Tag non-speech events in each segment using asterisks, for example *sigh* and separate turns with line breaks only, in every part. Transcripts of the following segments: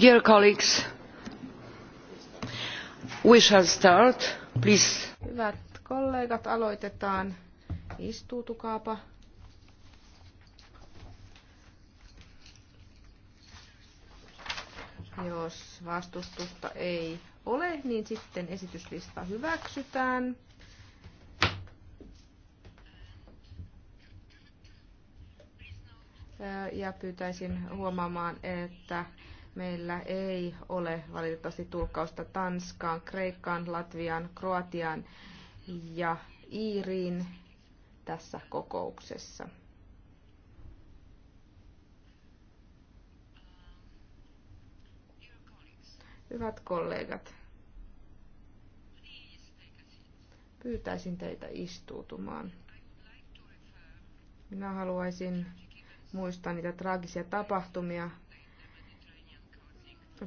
Dear colleagues, we shall start. Please.
Hyvät kollegat, aloitetaan. Istuutukaapa. Jos vastustusta ei ole, niin sitten esityslista hyväksytään. Ja pyytäisin huomaamaan, että Meillä ei ole valitettavasti tulkkausta Tanskaan, Kreikkaan, Latviaan, Kroatiaan ja Iiriin tässä kokouksessa. Hyvät kollegat, pyytäisin teitä istuutumaan. Minä haluaisin muistaa niitä traagisia tapahtumia,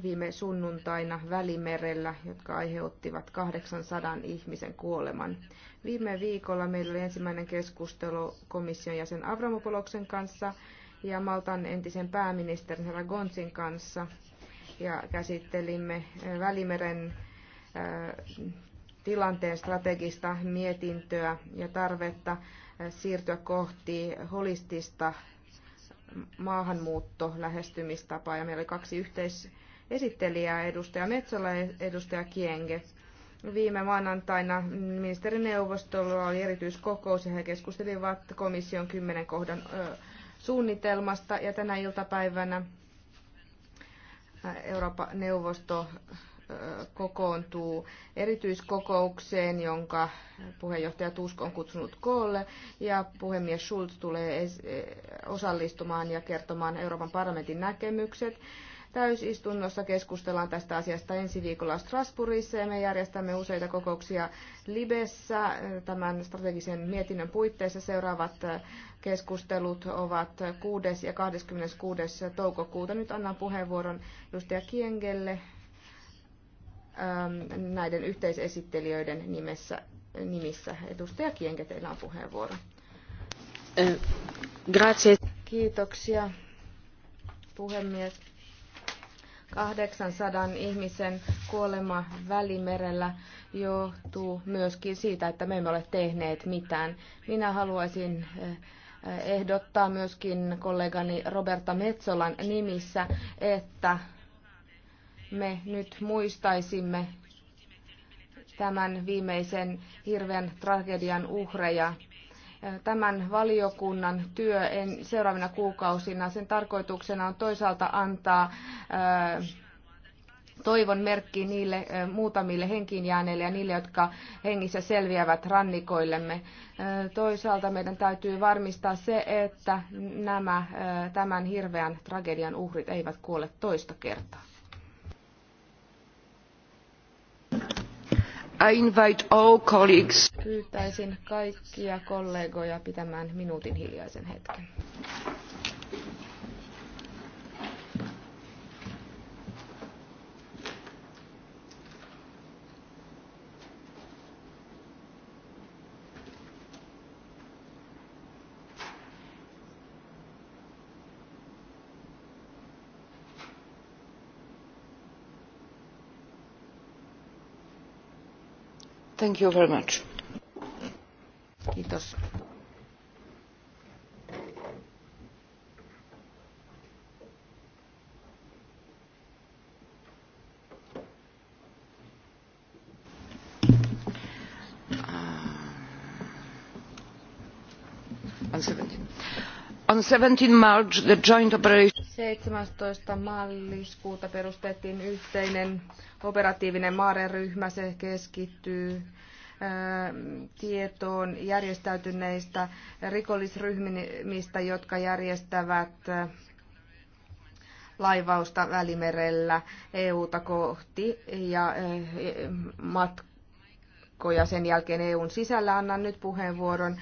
viime sunnuntaina Välimerellä, jotka aiheuttivat 800 ihmisen kuoleman. Viime viikolla meillä oli ensimmäinen keskustelu komission jäsen Avramopoloksen kanssa ja Maltan entisen pääministerin herra Gonsin kanssa ja käsittelimme Välimeren tilanteen strategista mietintöä ja tarvetta siirtyä kohti holistista maahanmuutto-lähestymistapaa. Ja meillä oli kaksi yhteistyötä esittelijää, edustaja Metsola ja edustaja Kienge. Viime maanantaina ministerineuvostolla oli erityiskokous ja he keskustelivat komission kymmenen kohdan suunnitelmasta ja tänä iltapäivänä Euroopan neuvosto kokoontuu erityiskokoukseen, jonka puheenjohtaja Tusk on kutsunut koolle, ja puhemies Schulz tulee osallistumaan ja kertomaan Euroopan parlamentin näkemykset. Täysistunnossa keskustellaan tästä asiasta ensi viikolla Strasbourgissa ja me järjestämme useita kokouksia Libessä tämän strategisen mietinnön puitteissa. Seuraavat keskustelut ovat 6. ja 26. toukokuuta. Nyt annan puheenvuoron Justia Kiengelle ähm, näiden yhteisesittelijöiden nimessä, nimissä. Edustaja Kienke, teillä on puheenvuoro. Äh, grazie. Kiitoksia, puhemies. 800 ihmisen kuolema välimerellä johtuu myöskin siitä, että me emme ole tehneet mitään. Minä haluaisin eh, ehdottaa myöskin kollegani Roberta Metsolan nimissä, että me nyt muistaisimme tämän viimeisen hirveän tragedian uhreja tämän valiokunnan työ en, seuraavina kuukausina. Sen tarkoituksena on toisaalta antaa toivon merkki niille muutamille henkiin jääneille ja niille, jotka hengissä selviävät rannikoillemme. Toisaalta meidän täytyy varmistaa se, että nämä tämän hirveän tragedian uhrit eivät kuole toista kertaa.
I invite all colleagues.
Pyytäisin kaikkia kollegoja pitämään minuutin hiljaisen hetken.
Thank you very much. Kiitos. on seventeen march the joint operation
17. maaliskuuta perustettiin yhteinen operatiivinen maareryhmä. Se keskittyy ähm, tietoon järjestäytyneistä rikollisryhmistä, jotka järjestävät äh, laivausta Välimerellä e ta kohti ja äh, e, matk- viikkoja sen jälkeen EUn sisällä. Annan nyt puheenvuoron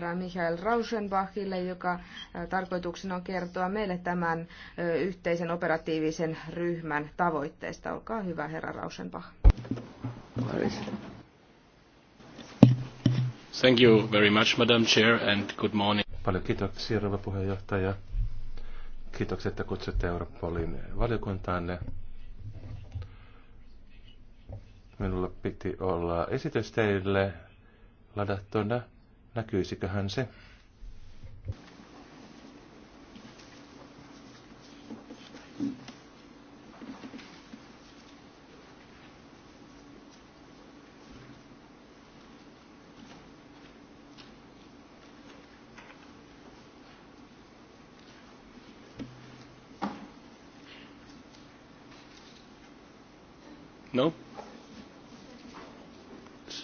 eh, Michael Rauschenbachille, joka eh, tarkoituksena on kertoa meille tämän eh, yhteisen operatiivisen ryhmän tavoitteista. Olkaa hyvä, herra Rauschenbach.
Thank you very much, Madam Chair, and good morning. Paljon kiitoksia, rouva puheenjohtaja. Kiitokset, että kutsutte Europolin valiokuntaanne. Minulla piti olla esitys teille ladattuna. Näkyisiköhän se?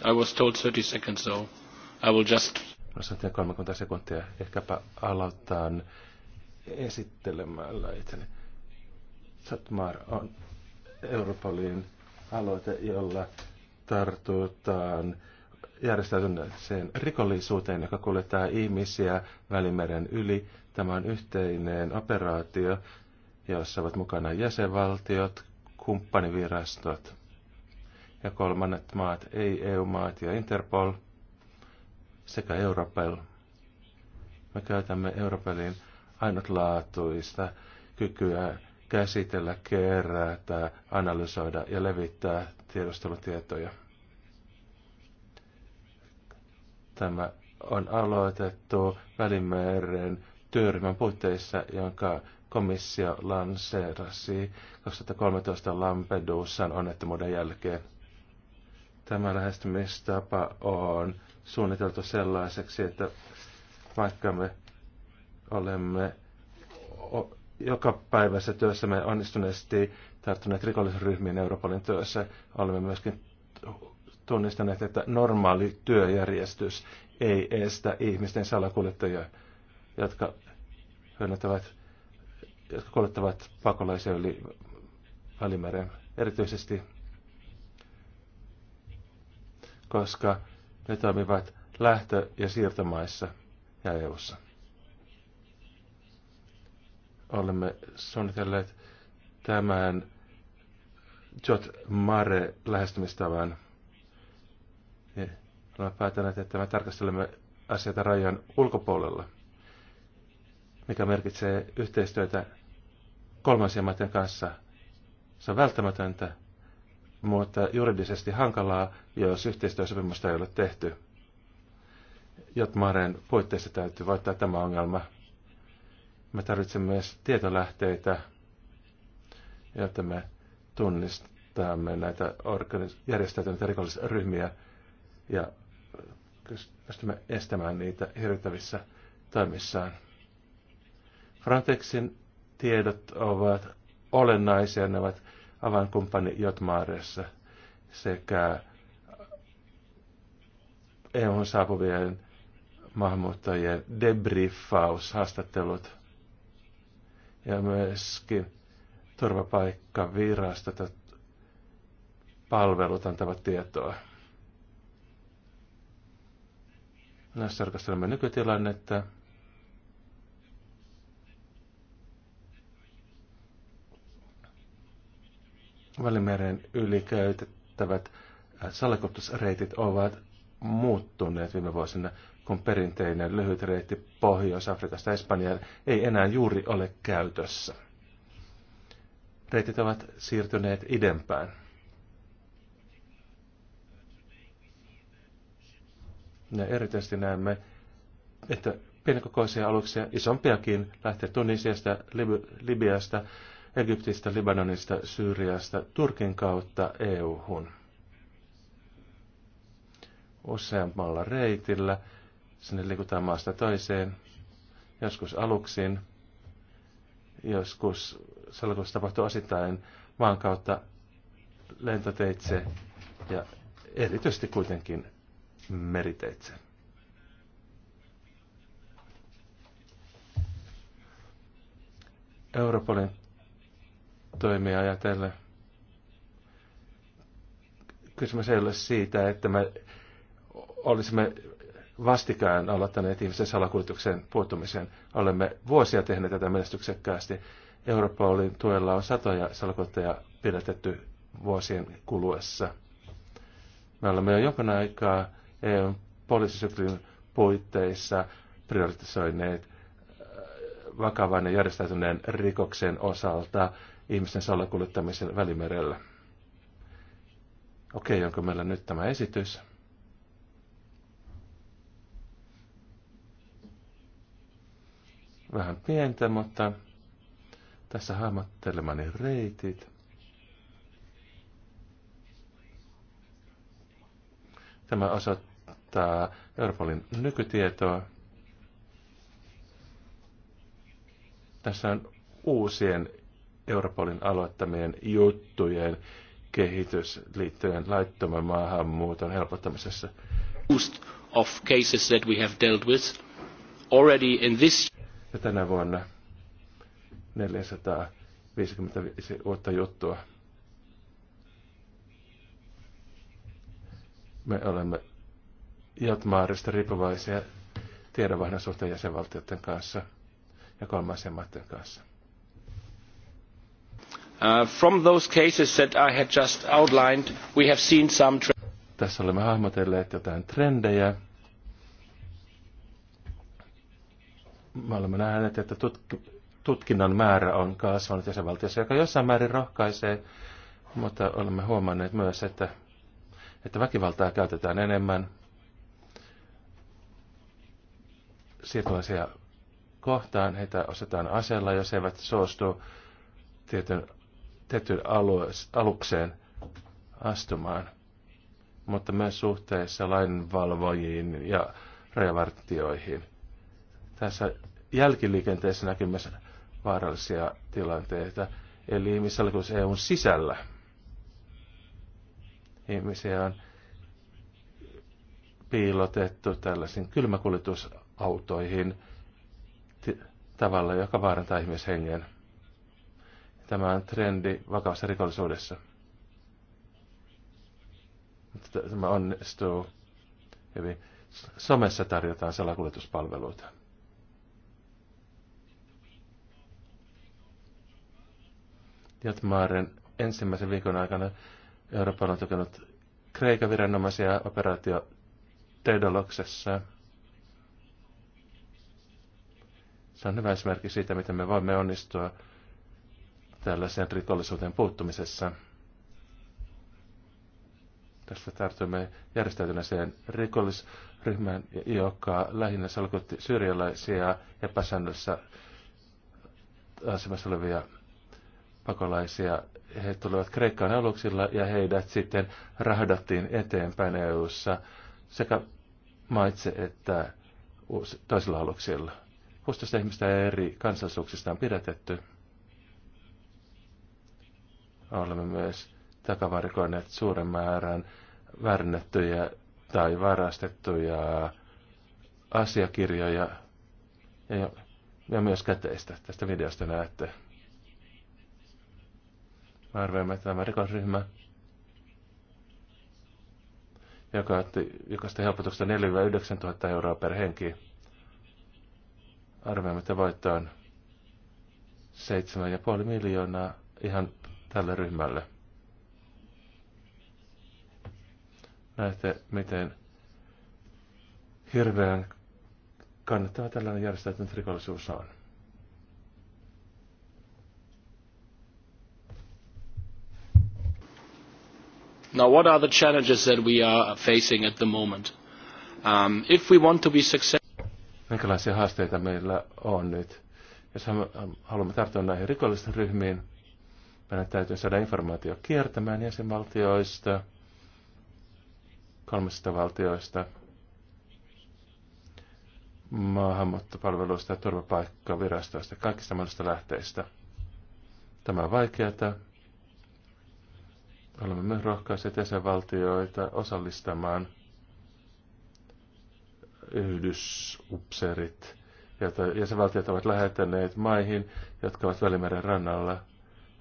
I was
told 30 seconds, so
I will just... No 30 sekuntia. Ehkäpä aloitan esittelemällä itseni. Satmar on Europolin aloite, jolla tartutaan järjestäytyneeseen rikollisuuteen, joka kuljettaa ihmisiä Välimeren yli. Tämä on yhteinen operaatio, jossa ovat mukana jäsenvaltiot, kumppanivirastot ja kolmannet maat, ei-EU-maat ja Interpol sekä Europel. Me käytämme Europelin ainutlaatuista kykyä käsitellä, kerätä, analysoida ja levittää tiedustelutietoja. Tämä on aloitettu Välimeren työryhmän puitteissa, jonka komissio lanseerasi 2013 Lampedusan onnettomuuden jälkeen. Tämä lähestymistapa on suunniteltu sellaiseksi, että vaikka me olemme päivässä työssä me onnistuneesti tarttuneet rikollisryhmiin Euroopan työssä, olemme myöskin tunnistaneet, että normaali työjärjestys ei estä ihmisten salakuljettajia, jotka hyödyntävät, jotka kuljettavat pakolaisia yli Välimeren, erityisesti koska ne toimivat lähtö- ja siirtomaissa ja EU-ssa. Olemme suunnitelleet tämän Jot Mare lähestymistavan. Ja olemme päättäneet, että me tarkastelemme asioita rajan ulkopuolella, mikä merkitsee yhteistyötä kolmansien maiden kanssa. Se on välttämätöntä, mutta juridisesti hankalaa, jos yhteistyösopimusta ei ole tehty. Jotmaren puitteissa täytyy voittaa tämä ongelma. Me tarvitsemme myös tietolähteitä, jotta me tunnistamme näitä järjestäytyneitä rikollisryhmiä ja pystymme estämään niitä hirvittävissä toimissaan. Frontexin tiedot ovat olennaisia, ne ovat avainkumppani Jotmaaressa sekä EUn saapuvien maahanmuuttajien debriefaushaastattelut ja myöskin turvapaikkavirastot ja palvelut antavat tietoa. Näissä tarkastelemme nykytilannetta. Välimeren yli käytettävät äh, salakotusreitit ovat muuttuneet viime vuosina, kun perinteinen lyhyt reitti Pohjois-Afrikasta Espanjaan ei enää juuri ole käytössä. Reitit ovat siirtyneet idempään. Ja erityisesti näemme, että pienikokoisia aluksia, isompiakin, lähtee Tunisiasta, Lib- Libiasta, Egyptistä, Libanonista, Syyriasta, Turkin kautta EU-hun. Useammalla reitillä sinne liikutaan maasta toiseen, joskus aluksin, joskus salkussa tapahtuu osittain maan kautta lentoteitse ja erityisesti kuitenkin meriteitse. Europolin toimia ajatellen. Kysymys ei ole siitä, että me olisimme vastikään aloittaneet ihmisen salakuljetuksen puuttumisen. Olemme vuosia tehneet tätä menestyksekkäästi. Europolin tuella on satoja salakuljettajia pidätetty vuosien kuluessa. Me olemme jo jonkun aikaa EUn poliisisyklin puitteissa prioritisoineet äh, vakavan ja järjestäytyneen rikoksen osalta ihmisten salakuljettamisen välimerellä. Okei, onko meillä nyt tämä esitys? Vähän pientä, mutta tässä hahmottelemani reitit. Tämä osoittaa Europolin nykytietoa. Tässä on uusien Europolin aloittamien juttujen kehitys liittyen laittoman maahanmuuton helpottamisessa.
Most of cases that we have dealt with already in this...
Ja tänä vuonna 455 uutta juttua. Me olemme Jatmaarista riippuvaisia tiedonvaihdon suhteen jäsenvaltioiden kanssa ja kolmansien maiden kanssa.
Uh, from those cases that I had just outlined, we have seen some
Tässä olemme hahmotelleet jotain trendejä. Me olemme nähneet, että tutkinnan määrä on kasvanut jäsenvaltiossa, joka jossain määrin rohkaisee, mutta olemme huomanneet myös, että, että väkivaltaa käytetään enemmän. Siirtolaisia kohtaan heitä osataan aseella, jos he eivät suostu tietyn tietyn alukseen astumaan, mutta myös suhteessa lainvalvojiin ja rajavartioihin. Tässä jälkiliikenteessä näkyy myös vaarallisia tilanteita, eli ihmisalkuus EUn sisällä. Ihmisiä on piilotettu tällaisiin kylmäkuljetusautoihin tavalla, joka vaarantaa ihmishengen. Tämä on trendi vakavassa rikollisuudessa. Tämä onnistuu hyvin. Somessa tarjotaan salakuljetuspalveluita. Jatmaaren ensimmäisen viikon aikana Eurooppa on tukenut Kreikan viranomaisia operaatio Teidoloksessa. Se on hyvä esimerkki siitä, miten me voimme onnistua tällaiseen rikollisuuteen puuttumisessa. Tässä tartumme järjestäytyneeseen rikollisryhmään, joka lähinnä salkutti syyrialaisia epäsäännöllisessä asemassa olevia pakolaisia. He tulivat Kreikkaan aluksilla ja heidät sitten rahdattiin eteenpäin EU-ssa sekä maitse että toisilla aluksilla. 16 ihmistä eri kansallisuuksista on pidätetty. Olemme myös takavarikoineet suuren määrän värnettyjä tai varastettuja asiakirjoja ja, ja myös käteistä. Tästä videosta näette. Mä arvioimme, että tämä rikosryhmä, joka otti jokaista helpotuksesta 4-9 000 euroa per henki, arvioimme, että voitto on 7,5 miljoonaa ihan tälle ryhmälle. Näette, miten hirveän kannattava tällainen järjestäytynyt rikollisuus on.
Now, what are the challenges that we are facing at the moment? Um, if we want to be successful...
Minkälaisia haasteita meillä on nyt? Jos haluamme tarttua näihin rikollisten ryhmiin, meidän täytyy saada informaatio kiertämään jäsenvaltioista, kolmesta valtioista, maahanmuuttopalveluista turvapaikkavirastoista, kaikista mahdollisista lähteistä. Tämä on vaikeaa. Olemme myös rohkaiset jäsenvaltioita osallistamaan yhdysupserit, joita jäsenvaltiot ovat lähettäneet maihin, jotka ovat Välimeren rannalla –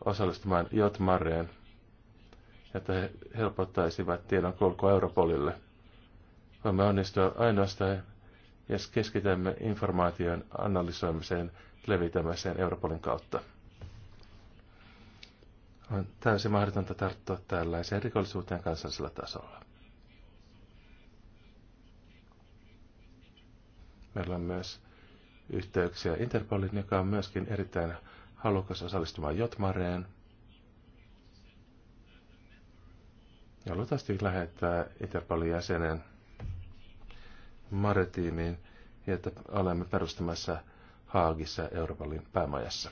osallistumaan Jotmareen, että he helpottaisivat tiedon kulkua Europolille. Voimme onnistua ainoastaan, jos keskitämme informaation analysoimiseen levitämiseen Europolin kautta. On täysin mahdotonta tarttua tällaiseen rikollisuuteen kansallisella tasolla. Meillä on myös yhteyksiä Interpolin, joka on myöskin erittäin halukas osallistumaan Jotmareen. Ja luultavasti lähettää Interpolin jäsenen Maritiimiin, niin että olemme perustamassa Haagissa Euroopan päämajassa.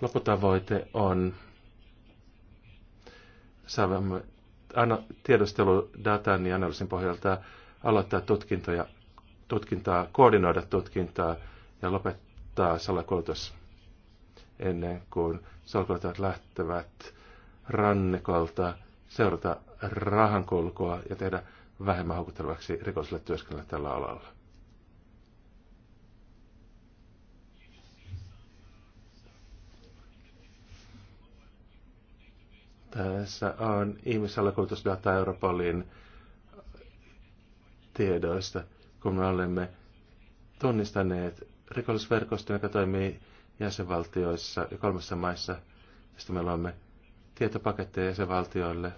Loputavoite on saavamme tiedosteludatan ja analyysin pohjalta aloittaa tutkintoja tutkintaa, koordinoida tutkintaa ja lopettaa salakuljetus ennen kuin salakoulutajat lähtevät rannikolta seurata rahankulkua ja tehdä vähemmän houkuttelevaksi rikolliselle työskennellä tällä alalla. Tässä on ihmisalakuljetusdataa Europolin tiedoista – kun me olemme tunnistaneet rikollisverkoston, joka toimii jäsenvaltioissa ja kolmessa maissa. Sitten me luomme tietopaketteja jäsenvaltioille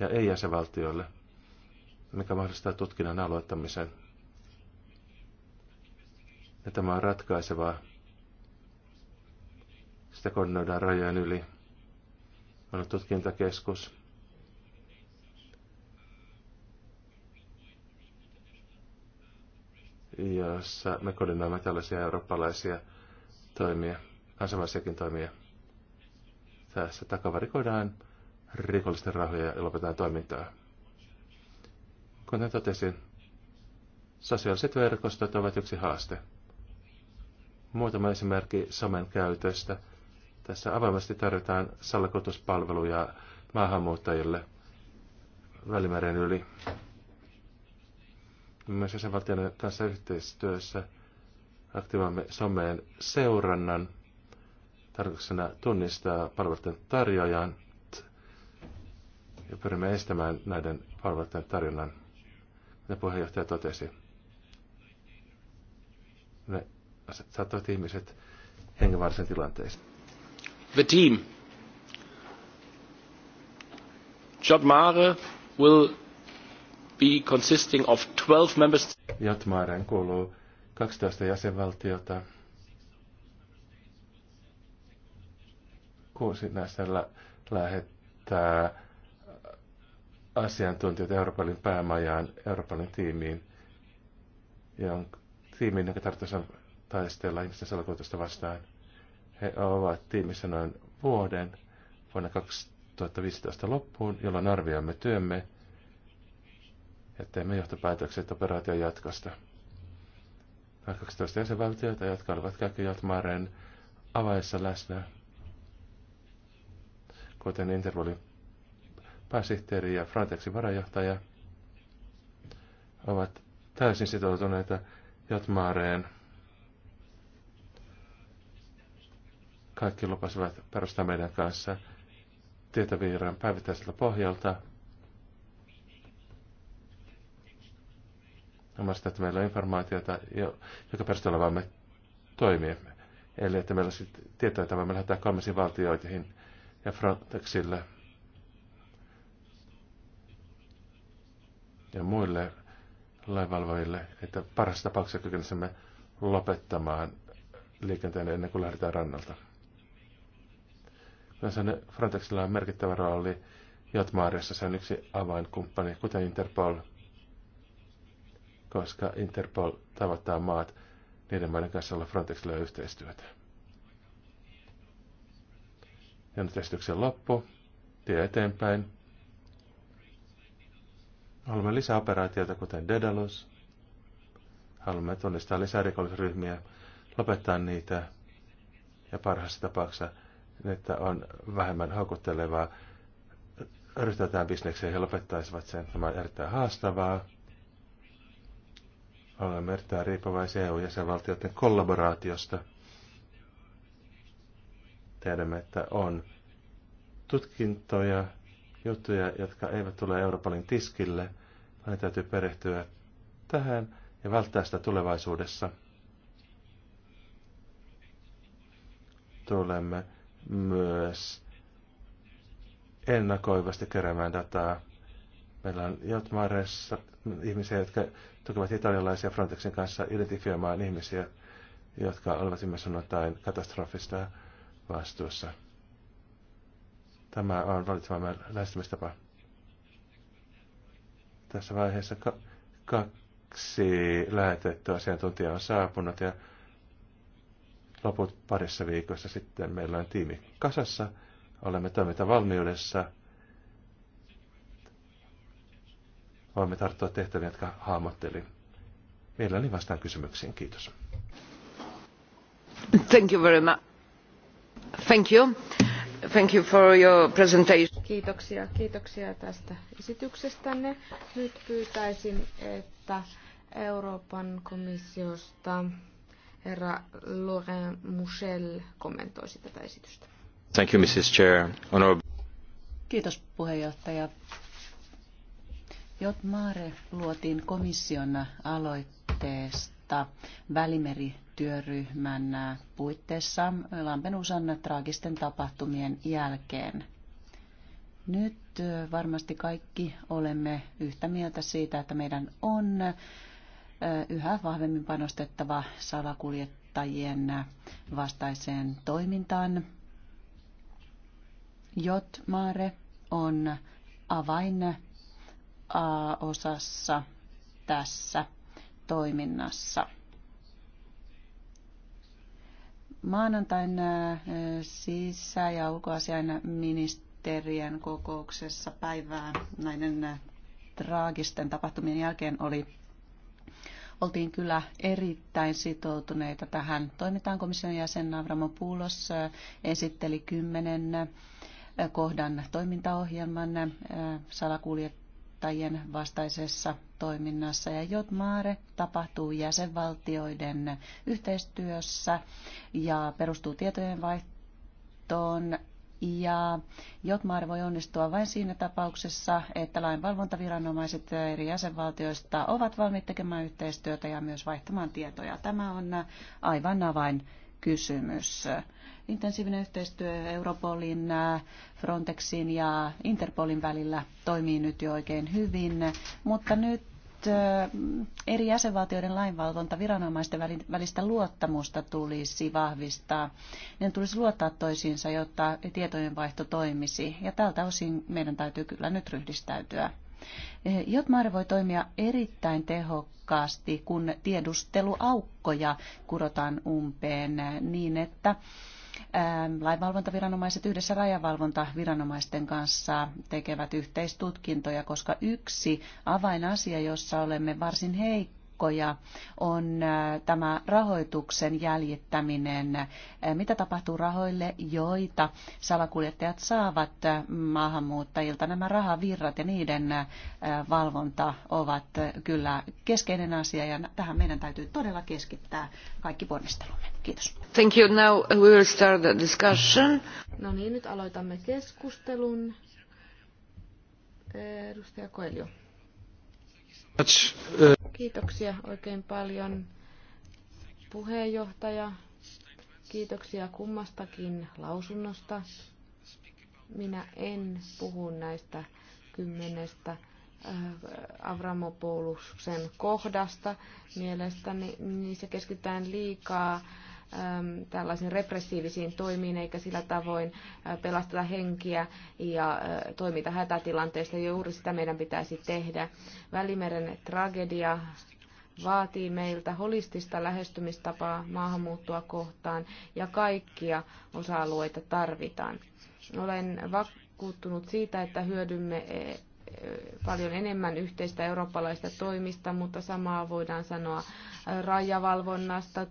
ja ei-jäsenvaltioille, mikä mahdollistaa tutkinnan aloittamisen. Ja tämä on ratkaisevaa. Sitä koordinoidaan rajojen yli. On tutkintakeskus, jossa me koordinoimme tällaisia eurooppalaisia toimia, kansainvälisiäkin toimia. Tässä takavarikoidaan rikollisten rahoja ja lopetetaan toimintaa. Kuten totesin, sosiaaliset verkostot ovat yksi haaste. Muutama esimerkki somen käytöstä. Tässä avoimesti tarjotaan salakutuspalveluja maahanmuuttajille Välimeren yli myös jäsenvaltioiden kanssa yhteistyössä aktivoimme someen seurannan tarkoituksena tunnistaa palveluiden tarjoajan ja pyrimme estämään näiden palveluiden tarjonnan, kuten puheenjohtaja totesi. Ne saattavat ihmiset hengenvaarallisen tilanteeseen.
The team. Jod Mare will be consisting of 12 member states.
Jatmaareen kuuluu 12 jäsenvaltiota. Kuusi näistä lä- lähettää asiantuntijoita Euroopan päämajaan, Euroopan tiimiin, jonka tiimiin, jonka tarkoitus on taistella ihmisten salakuljetusta vastaan. He ovat tiimissä noin vuoden vuonna 2015 loppuun, jolloin arvioimme työmme ja teemme johtopäätökset operaation jatkosta. Noin 12 jäsenvaltioita, jotka olivat kaikki Jotmaren avaessa läsnä, kuten Interpolin pääsihteeri ja Frontexin varajohtaja, ovat täysin sitoutuneita Jotmaareen. Kaikki lupasivat perustaa meidän kanssa tietoviiran päivittäiseltä pohjalta – omasta että meillä on informaatiota, joka perusteella me toimimme. Eli että meillä on tietoa, että me lähdetään kolmisiin valtioihin ja Frontexille ja muille lainvalvojille, että parhaassa tapauksessa kykenisimme lopettamaan liikenteen ennen kuin lähdetään rannalta. Yleensä Frontexilla on merkittävä rooli Jotmaariassa, se on yksi avainkumppani, kuten Interpol – koska Interpol tavoittaa maat niiden maiden kanssa, joilla Frontexilla on yhteistyötä. Ja nyt esityksen loppu, tie eteenpäin. Haluamme lisää operaatioita, kuten Dedalus. Haluamme tunnistaa lisää rikollisryhmiä, lopettaa niitä ja parhaassa tapauksessa, että on vähemmän houkuttelevaa ryhtyä tähän bisnekseen ja lopettaisivat sen. Tämä on erittäin haastavaa. Olemme erittäin riippuvaisia EU-jäsenvaltioiden kollaboraatiosta. Tiedämme, että on tutkintoja, juttuja, jotka eivät tule Euroopanin tiskille. Meidän täytyy perehtyä tähän ja välttää sitä tulevaisuudessa. Tulemme myös ennakoivasti keräämään dataa Meillä on Jotmaaressa ihmisiä, jotka tukevat italialaisia Frontexin kanssa identifioimaan ihmisiä, jotka olivat sanotaan katastrofista vastuussa. Tämä on valitsemamme lähestymistapa. Tässä vaiheessa ka- kaksi lähetettyä asiantuntijaa on saapunut ja loput parissa viikossa sitten meillä on tiimi kasassa. Olemme toimintavalmiudessa voimme tarttua tehtäviin, jotka hahmottelin. Mielelläni vastaan kysymyksiin. Kiitos.
Thank you very much. Thank you. Thank you for your presentation.
Kiitoksia, kiitoksia tästä esityksestänne. Nyt pyytäisin, että Euroopan komissiosta herra Laurent Michel kommentoisi tätä esitystä.
Thank you, Mrs. Chair. Honor...
Kiitos puheenjohtaja. Jot luotiin komission aloitteesta välimerityöryhmän puitteissa Lampenusan traagisten tapahtumien jälkeen. Nyt varmasti kaikki olemme yhtä mieltä siitä, että meidän on yhä vahvemmin panostettava salakuljettajien vastaiseen toimintaan. Jotmaare on avain osassa tässä toiminnassa. Maanantain sisä- ja ulkoasian ministerien kokouksessa päivää näiden traagisten tapahtumien jälkeen oli oltiin kyllä erittäin sitoutuneita tähän. Toimitaan komission jäsen Avramopoulos esitteli kymmenen kohdan toimintaohjelman salakuljet kuluttajien vastaisessa toiminnassa ja Jotmaare tapahtuu jäsenvaltioiden yhteistyössä ja perustuu tietojen vaihtoon ja Jotmaar voi onnistua vain siinä tapauksessa, että lainvalvontaviranomaiset eri jäsenvaltioista ovat valmiit tekemään yhteistyötä ja myös vaihtamaan tietoja. Tämä on aivan avainkysymys. kysymys intensiivinen yhteistyö Europolin, äh, Frontexin ja Interpolin välillä toimii nyt jo oikein hyvin, mutta nyt äh, eri jäsenvaltioiden lainvalvonta viranomaisten välistä luottamusta tulisi vahvistaa. Ne tulisi luottaa toisiinsa, jotta tietojenvaihto toimisi. Ja tältä osin meidän täytyy kyllä nyt ryhdistäytyä. Eh, Jotmar voi toimia erittäin tehokkaasti, kun tiedusteluaukkoja kurotaan umpeen eh, niin, että Ähm, lainvalvontaviranomaiset yhdessä rajavalvontaviranomaisten kanssa tekevät yhteistutkintoja, koska yksi avainasia, jossa olemme varsin heikkoja, aukkoja on äh, tämä rahoituksen jäljittäminen. Äh, mitä tapahtuu rahoille, joita salakuljettajat saavat äh, maahanmuuttajilta? Nämä rahavirrat ja niiden valvonta ovat kyllä keskeinen asia ja tähän meidän täytyy todella keskittää kaikki ponnistelumme. Kiitos.
Thank you. Now we will start the
discussion. No niin, nyt aloitamme
keskustelun.
Edustaja Koelio. Kiitoksia oikein paljon puheenjohtaja. Kiitoksia kummastakin lausunnosta. Minä en puhu näistä kymmenestä äh, Avramopouluksen kohdasta. Mielestäni niissä keskitytään liikaa Ähm, tällaisiin repressiivisiin toimiin, eikä sillä tavoin äh, pelasteta henkiä ja äh, toimita hätätilanteesta. Juuri sitä meidän pitäisi tehdä. Välimeren tragedia vaatii meiltä holistista lähestymistapaa maahanmuuttoa kohtaan ja kaikkia osa-alueita tarvitaan. Olen vakuuttunut siitä, että hyödymme paljon enemmän yhteistä eurooppalaista toimista, mutta samaa voidaan sanoa rajavalvonnasta,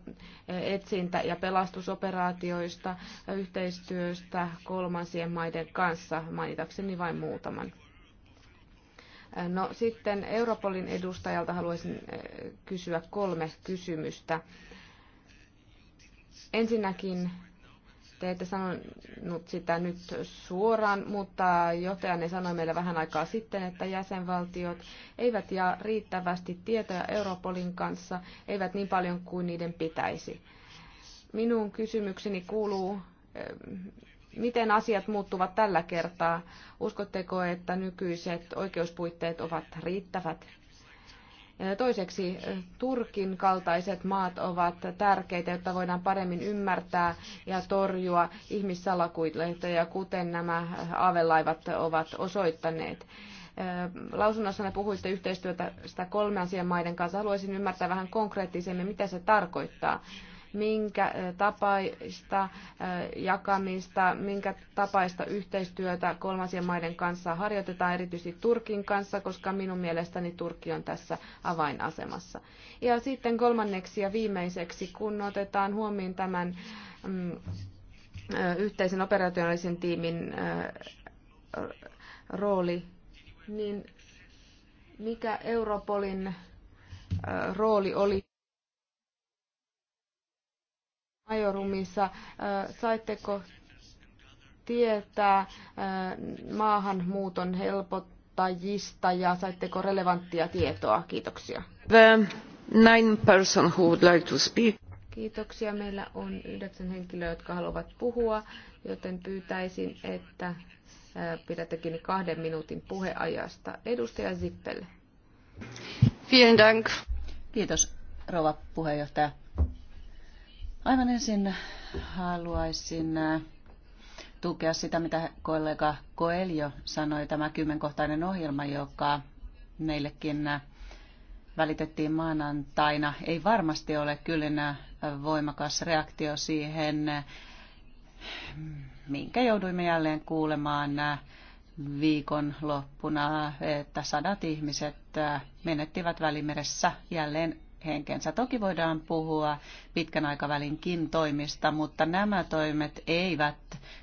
etsintä- ja pelastusoperaatioista, yhteistyöstä kolmansien maiden kanssa, mainitakseni vain muutaman. No sitten Europolin edustajalta haluaisin eh, kysyä kolme kysymystä. Ensinnäkin te ette sanonut sitä nyt suoraan, mutta johtajanne sanoi meille vähän aikaa sitten, että jäsenvaltiot eivät jaa riittävästi tietoja Europolin kanssa, eivät niin paljon kuin niiden pitäisi. Minun kysymykseni kuuluu, miten asiat muuttuvat tällä kertaa? Uskotteko, että nykyiset oikeuspuitteet ovat riittävät? Toiseksi Turkin kaltaiset maat ovat tärkeitä, jotta voidaan paremmin ymmärtää ja torjua ihmissalakuljettajia, kuten nämä avelaivat ovat osoittaneet. Lausunnossanne puhuitte yhteistyötä kolmansien maiden kanssa. Haluaisin ymmärtää vähän konkreettisemmin, mitä se tarkoittaa minkä tapaista jakamista, minkä tapaista yhteistyötä kolmansien maiden kanssa harjoitetaan, erityisesti Turkin kanssa, koska minun mielestäni Turkki on tässä avainasemassa. Ja sitten kolmanneksi ja viimeiseksi, kun otetaan huomioon tämän mm, yhteisen operationaalisen tiimin rooli, niin mikä Europolin rooli oli majorumissa. Saitteko tietää maahanmuuton helpottajista ja saitteko relevanttia tietoa? Kiitoksia.
The nine person who would like to speak.
Kiitoksia. Meillä on yhdeksän henkilöä, jotka haluavat puhua, joten pyytäisin, että pidätte kiinni kahden minuutin puheajasta.
Edustaja Zippel. Vielen Dank. Kiitos, rouva puheenjohtaja. Aivan ensin haluaisin äh, tukea sitä, mitä kollega Koelio sanoi, tämä kymmenkohtainen ohjelma, joka meillekin äh, välitettiin maanantaina. Ei varmasti ole kyllä äh, voimakas reaktio siihen, minkä jouduimme jälleen kuulemaan viikon loppuna, että sadat ihmiset menettivät välimeressä jälleen henkensä. Toki voidaan puhua pitkän aikavälinkin toimista, mutta nämä toimet eivät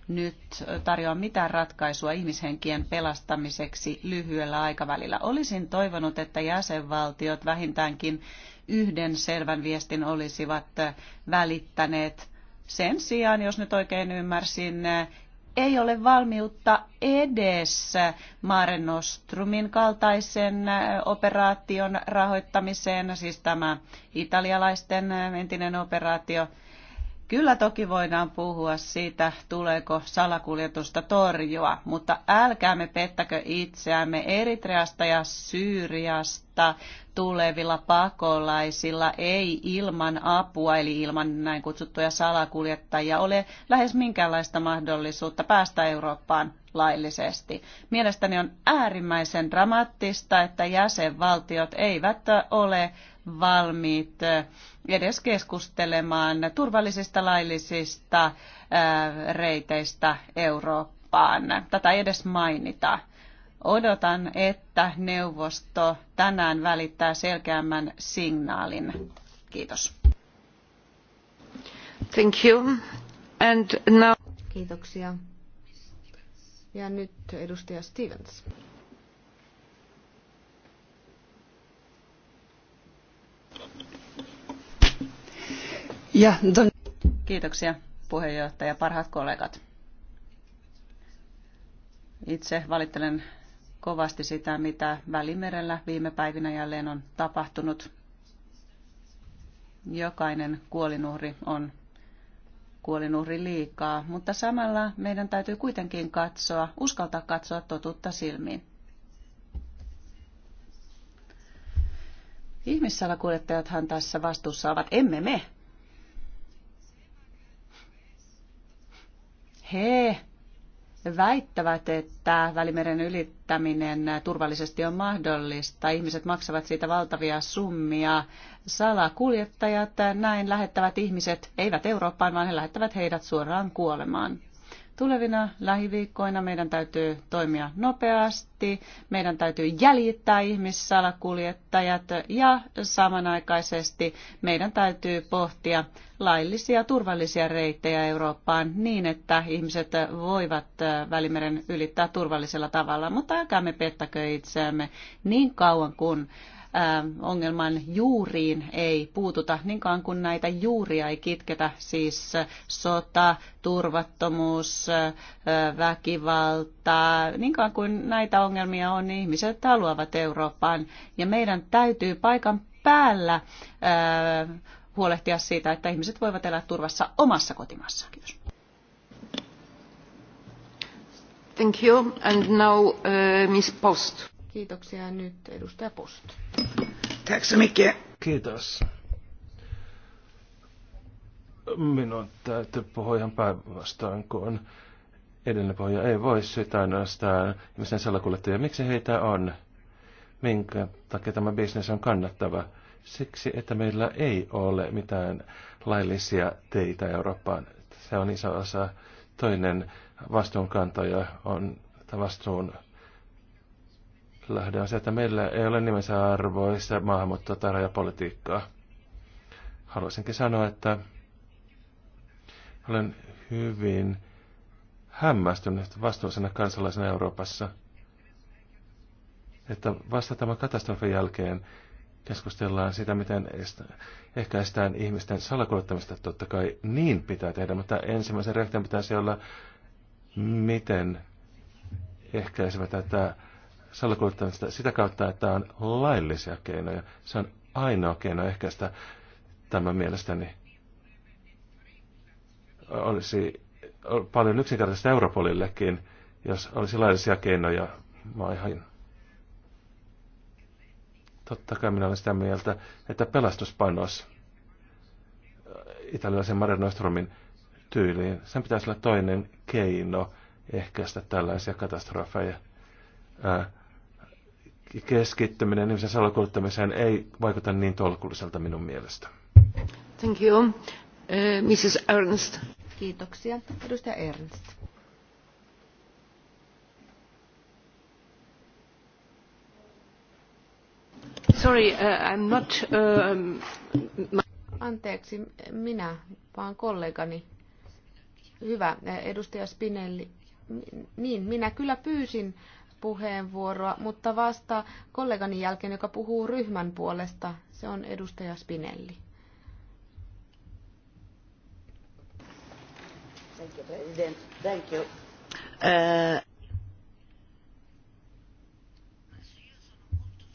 nyt tarjoa mitään ratkaisua ihmishenkien pelastamiseksi lyhyellä aikavälillä. Olisin toivonut, että jäsenvaltiot vähintäänkin yhden selvän viestin olisivat välittäneet. Sen sijaan, jos nyt oikein ymmärsin, ei ole valmiutta edes Mare Nostrumin kaltaisen operaation rahoittamiseen, siis tämä italialaisten entinen operaatio – Kyllä toki voidaan puhua siitä, tuleeko salakuljetusta torjua, mutta älkäämme pettäkö itseämme Eritreasta ja Syyriasta tulevilla pakolaisilla ei ilman apua, eli ilman näin kutsuttuja salakuljettajia, ole lähes minkäänlaista mahdollisuutta päästä Eurooppaan laillisesti. Mielestäni on äärimmäisen dramaattista, että jäsenvaltiot eivät ole valmiit edes keskustelemaan turvallisista laillisista reiteistä Eurooppaan. Tätä ei edes mainita. Odotan, että neuvosto tänään välittää selkeämmän signaalin. Kiitos.
Thank you. And now...
Kiitoksia. Ja nyt edustaja Stevens.
Ja, don...
Kiitoksia puheenjohtaja, parhaat kollegat. Itse valittelen kovasti sitä, mitä Välimerellä viime päivinä jälleen on tapahtunut. Jokainen kuolinuhri on kuolinuhri liikaa, mutta samalla meidän täytyy kuitenkin katsoa, uskaltaa katsoa totuutta silmiin. Ihmissalakuljettajathan tässä vastuussa ovat, emme me. He väittävät, että Välimeren ylittäminen turvallisesti on mahdollista. Ihmiset maksavat siitä valtavia summia. Salakuljettajat näin lähettävät ihmiset, eivät Eurooppaan, vaan he lähettävät heidät suoraan kuolemaan. Tulevina lähiviikkoina meidän täytyy toimia nopeasti, meidän täytyy jäljittää ihmissalakuljettajat ja samanaikaisesti meidän täytyy pohtia laillisia turvallisia reittejä Eurooppaan niin, että ihmiset voivat Välimeren ylittää turvallisella tavalla, mutta älkäämme pettäkö itseämme niin kauan kuin Ähm, ongelman juuriin ei puututa, niinkaan kun näitä juuria ei kitketä, siis äh, sota, turvattomuus, äh, väkivalta, niinkaan kuin näitä ongelmia on, niin ihmiset haluavat Eurooppaan ja meidän täytyy paikan päällä äh, huolehtia siitä, että ihmiset voivat elää turvassa omassa kotimassaan. Kiitos.
Thank you. And now, uh, Ms. Post.
Kiitoksia nyt edustaja Post.
mycket. Kiitos. Minun täytyy puhua ihan päinvastoin, kun edellinen puhuja ei voi syytä ainoastaan ihmisten salakuljettajia. Miksi heitä on? Minkä takia tämä bisnes on kannattava? Siksi, että meillä ei ole mitään laillisia teitä Eurooppaan. Se on iso osa. Toinen vastuunkantaja on, vastuun lähde on se, että meillä ei ole nimensä arvoissa maahanmuutto- ja politiikkaa. Haluaisinkin sanoa, että olen hyvin hämmästynyt vastuullisena kansalaisena Euroopassa, että vasta tämän katastrofin jälkeen keskustellaan sitä, miten ehkäistään ihmisten salakuluttamista. Totta kai niin pitää tehdä, mutta ensimmäisen reaktion pitäisi olla, miten ehkäisemme tätä salakuljettamista sitä kautta, että on laillisia keinoja. Se on ainoa keino ehkäistä tämä mielestäni olisi paljon yksinkertaisesti Europolillekin, jos olisi laillisia keinoja maihin. Totta kai minä olen sitä mieltä, että pelastuspanos italialaisen Maria Nostromin tyyliin, sen pitäisi olla toinen keino ehkäistä tällaisia katastrofeja. Ää, keskittyminen ihmisen salakuljettamiseen ei vaikuta niin tolkulliselta minun mielestä.
Thank you. Uh, eh, Mrs. Ernst. Kiitoksia. Edustaja Ernst.
Sorry, uh, I'm not... Uh, eh, my... Anteeksi, minä, vaan kollegani. Hyvä, edustaja Spinelli. Niin, minä kyllä pyysin puheenvuoroa, mutta vasta kollegani jälkeen, joka puhuu ryhmän puolesta. Se on edustaja Spinelli.
Thank you, President. Thank you.
Uh...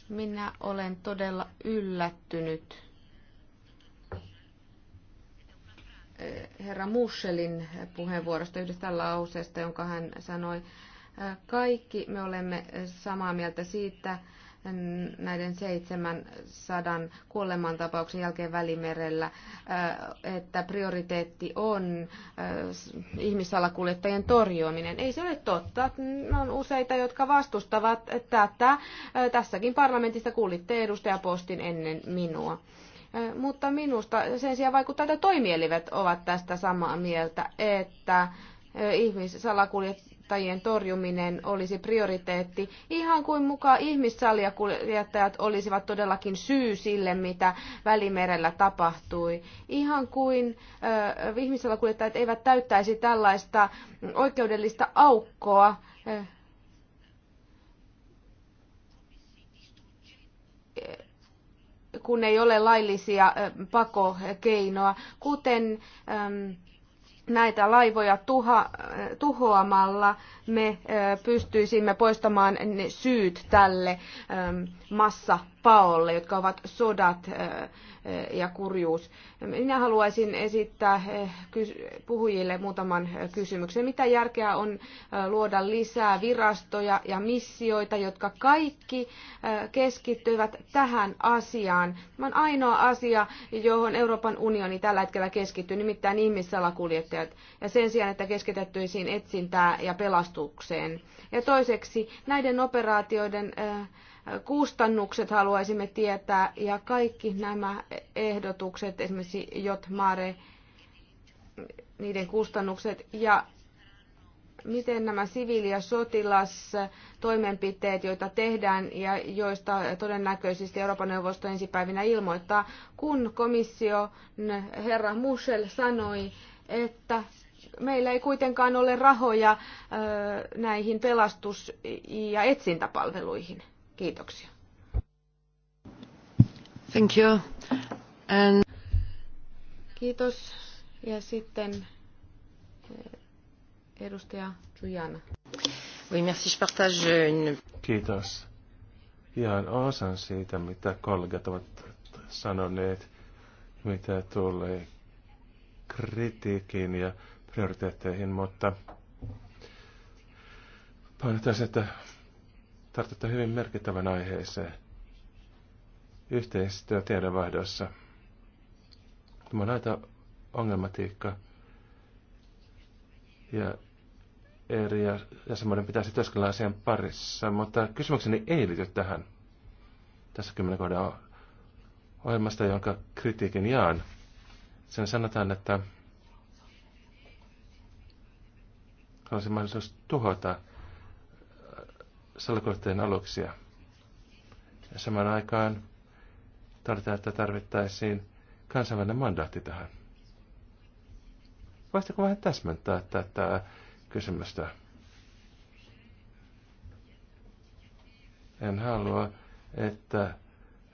Minä olen todella yllättynyt äh, herra Muschelin puheenvuorosta, yhdestä lauseesta, jonka hän sanoi. Kaikki me olemme samaa mieltä siitä näiden 700 kuolemantapauksen jälkeen välimerellä, että prioriteetti on ihmissalakuljettajien torjuminen. Ei se ole totta. On useita, jotka vastustavat tätä. Tässäkin parlamentista kuulitte edustaja Postin ennen minua mutta minusta sen sijaan vaikuttaa, että toimielivät ovat tästä samaa mieltä, että ihmissalakuljettajien matkustajien torjuminen olisi prioriteetti, ihan kuin mukaan ihmissaljakuljettajat olisivat todellakin syy sille, mitä Välimerellä tapahtui. Ihan kuin äh, ihmissaljakuljettajat eivät täyttäisi tällaista oikeudellista aukkoa. Äh, kun ei ole laillisia pakokeinoa, kuten ähm, näitä laivoja tuha, tuhoamalla me pystyisimme poistamaan ne syyt tälle massa paolle, jotka ovat sodat ja kurjuus. Minä haluaisin esittää puhujille muutaman kysymyksen. Mitä järkeä on luoda lisää virastoja ja missioita, jotka kaikki keskittyvät tähän asiaan? Tämä on ainoa asia, johon Euroopan unioni tällä hetkellä keskittyy, nimittäin ihmissalakuljettajat, ja sen sijaan, että keskitettyisiin etsintään ja pelastukseen. Ja toiseksi näiden operaatioiden äh, kustannukset haluaisimme tietää ja kaikki nämä ehdotukset, esimerkiksi Jotmare, niiden kustannukset ja miten nämä siviili- ja sotilastoimenpiteet, joita tehdään ja joista todennäköisesti Euroopan neuvosto ensi päivinä ilmoittaa, kun komission herra Muschel sanoi, että meillä ei kuitenkaan ole rahoja näihin pelastus- ja etsintäpalveluihin. Kiitoksia.
Thank you. And...
Kiitos. Ja sitten eh, edustaja Juliana. Oui,
merci, je partage
une... Kiitos. Ihan osan siitä, mitä kollegat ovat sanoneet, mitä tulee kritiikin ja prioriteetteihin, mutta painotan, että tartutte hyvin merkittävän aiheeseen yhteistyö tiedonvaihdossa. Tämä on aita ongelmatiikka. Ja eri semmoinen pitäisi työskennellä asian parissa, mutta kysymykseni ei liity tähän tässä kymmenen kohdan ohjelmasta, jonka kritiikin jaan. Sen sanotaan, että olisi mahdollisuus tuhota salkoitteen aluksia. Ja samaan aikaan tarvitaan, että tarvittaisiin kansainvälinen mandaatti tähän. Voisitko vähän täsmentää tätä kysymystä? En halua, että,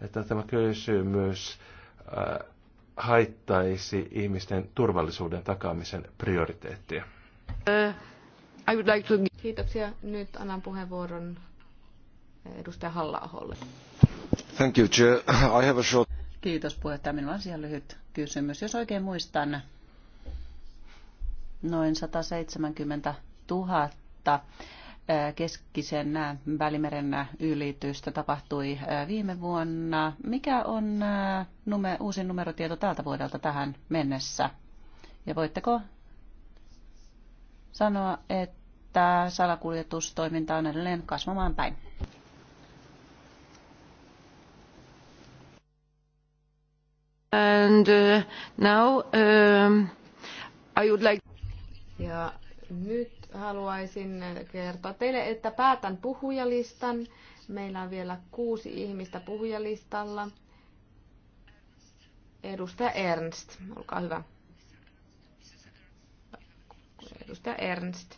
että tämä kysymys äh, haittaisi ihmisten turvallisuuden takaamisen prioriteettia.
Uh, I would like to Kiitoksia. Nyt annan puheenvuoron edustaja
halla
Thank you, Chair. I have a short...
Kiitos puheenjohtaja. Minulla on siellä lyhyt kysymys. Jos oikein muistan, noin 170 000 keskisen välimeren ylitystä tapahtui viime vuonna. Mikä on nume, uusi numerotieto tältä vuodelta tähän mennessä? Ja voitteko sanoa, että että salakuljetustoiminta on edelleen kasvamaan päin. And
uh, now um, I would like... Ja nyt haluaisin kertoa teille, että päätän puhujalistan. Meillä on vielä kuusi ihmistä puhujalistalla. Edustaja
Ernst, olkaa hyvä. Edustaja Ernst.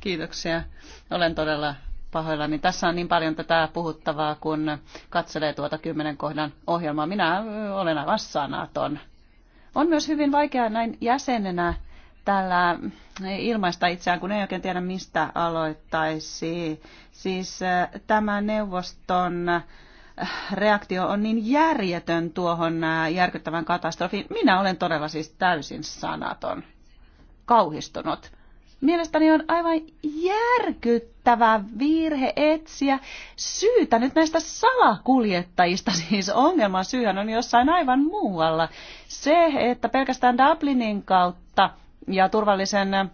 Kiitoksia. Olen todella pahoillani. Tässä on niin paljon tätä puhuttavaa, kun katselee tuota kymmenen kohdan ohjelmaa. Minä olen aivan sanaton. On myös hyvin vaikea näin jäsenenä tällä ilmaista itseään, kun ei oikein tiedä mistä aloittaisi. Siis tämä neuvoston reaktio on niin järjetön tuohon järkyttävän katastrofiin. Minä olen todella siis täysin sanaton, kauhistunut. Mielestäni on aivan järkyttävä virhe etsiä syytä nyt näistä salakuljettajista. *laughs* Siis ongelman syyhän on jossain aivan muualla. Se, että pelkästään Dublinin kautta ja turvallisen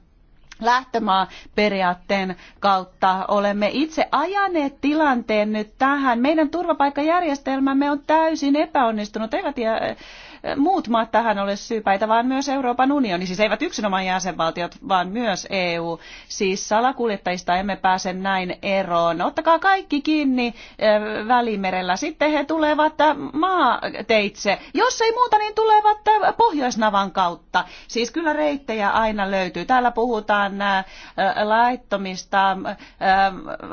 lähtömaa periaatteen kautta olemme itse ajaneet tilanteen nyt tähän. Meidän turvapaikkajärjestelmämme on täysin epäonnistunut. Eivät muut maat tähän ole syypäitä, vaan myös Euroopan unioni, siis eivät yksinomaan jäsenvaltiot, vaan myös EU. Siis salakuljettajista emme pääse näin eroon. Ottakaa kaikki kiinni eh, Välimerellä, sitten he tulevat eh, maateitse. Jos ei muuta, niin tulevat eh, Pohjoisnavan kautta. Siis kyllä reittejä aina löytyy. Täällä puhutaan laittomista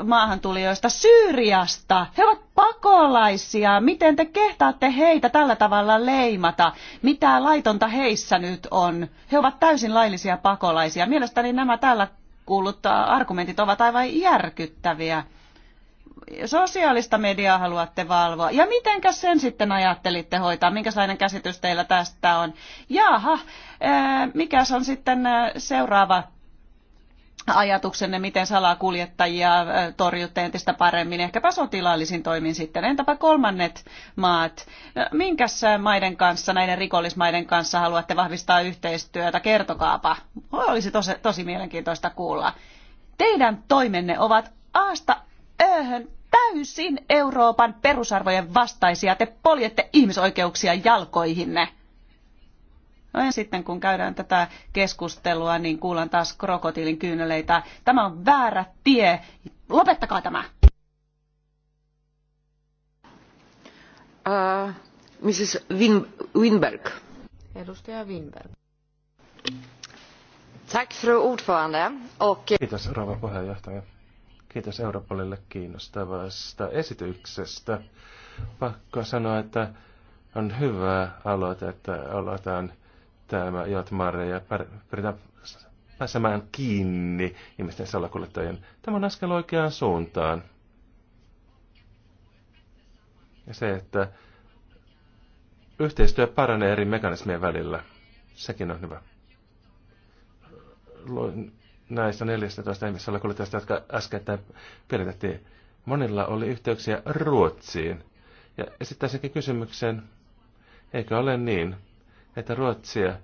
maahantulijoista Syyriasta. He ovat pakolaisia. Miten te kehtaatte heitä tällä tavalla leimata? Mitä laitonta heissä nyt on? He ovat täysin laillisia pakolaisia. Mielestäni nämä täällä kuulut argumentit ovat aivan järkyttäviä. Sosiaalista mediaa haluatte valvoa. Ja mitenkä sen sitten ajattelitte hoitaa? Minkälainen käsitys teillä tästä on? Jaaha, eh, mikäs on sitten eh, seuraava ajatuksenne, miten salakuljettajia torjutte entistä paremmin, ehkäpä sotilaallisin toimin sitten. Entäpä kolmannet maat? Minkäs maiden kanssa, näiden rikollismaiden kanssa haluatte vahvistaa yhteistyötä? Kertokaapa. Olisi tosi, tosi mielenkiintoista kuulla. Teidän toimenne ovat aasta ööhön täysin Euroopan perusarvojen vastaisia. Te poljette ihmisoikeuksia jalkoihinne. No ja sitten kun käydään tätä keskustelua, niin kuullaan taas krokotiilin kyyneleitä. Tämä on väärä tie. Lopettakaa tämä.
Uh, Mrs. Win- Winberg.
Edustaja Winberg. Tack fru ordförande.
Och... Eh, Kiitos rouva puheenjohtaja. Kiitos Europolille kiinnostavasta esityksestä. Pakko sanoa, että on hyvä aloite, että aloitetaan tämä Jotmare ja pyritään pääsemään kiinni ihmisten salakuljettajien. Tämä on askel oikeaan suuntaan. Ja se, että yhteistyö paranee eri mekanismien välillä. Sekin on hyvä. Luin näistä 14 salakuljettajista, jotka äskettäin pidätettiin. Monilla oli yhteyksiä Ruotsiin. Ja esittäisinkin kysymyksen, eikö ole niin, että Ruotsia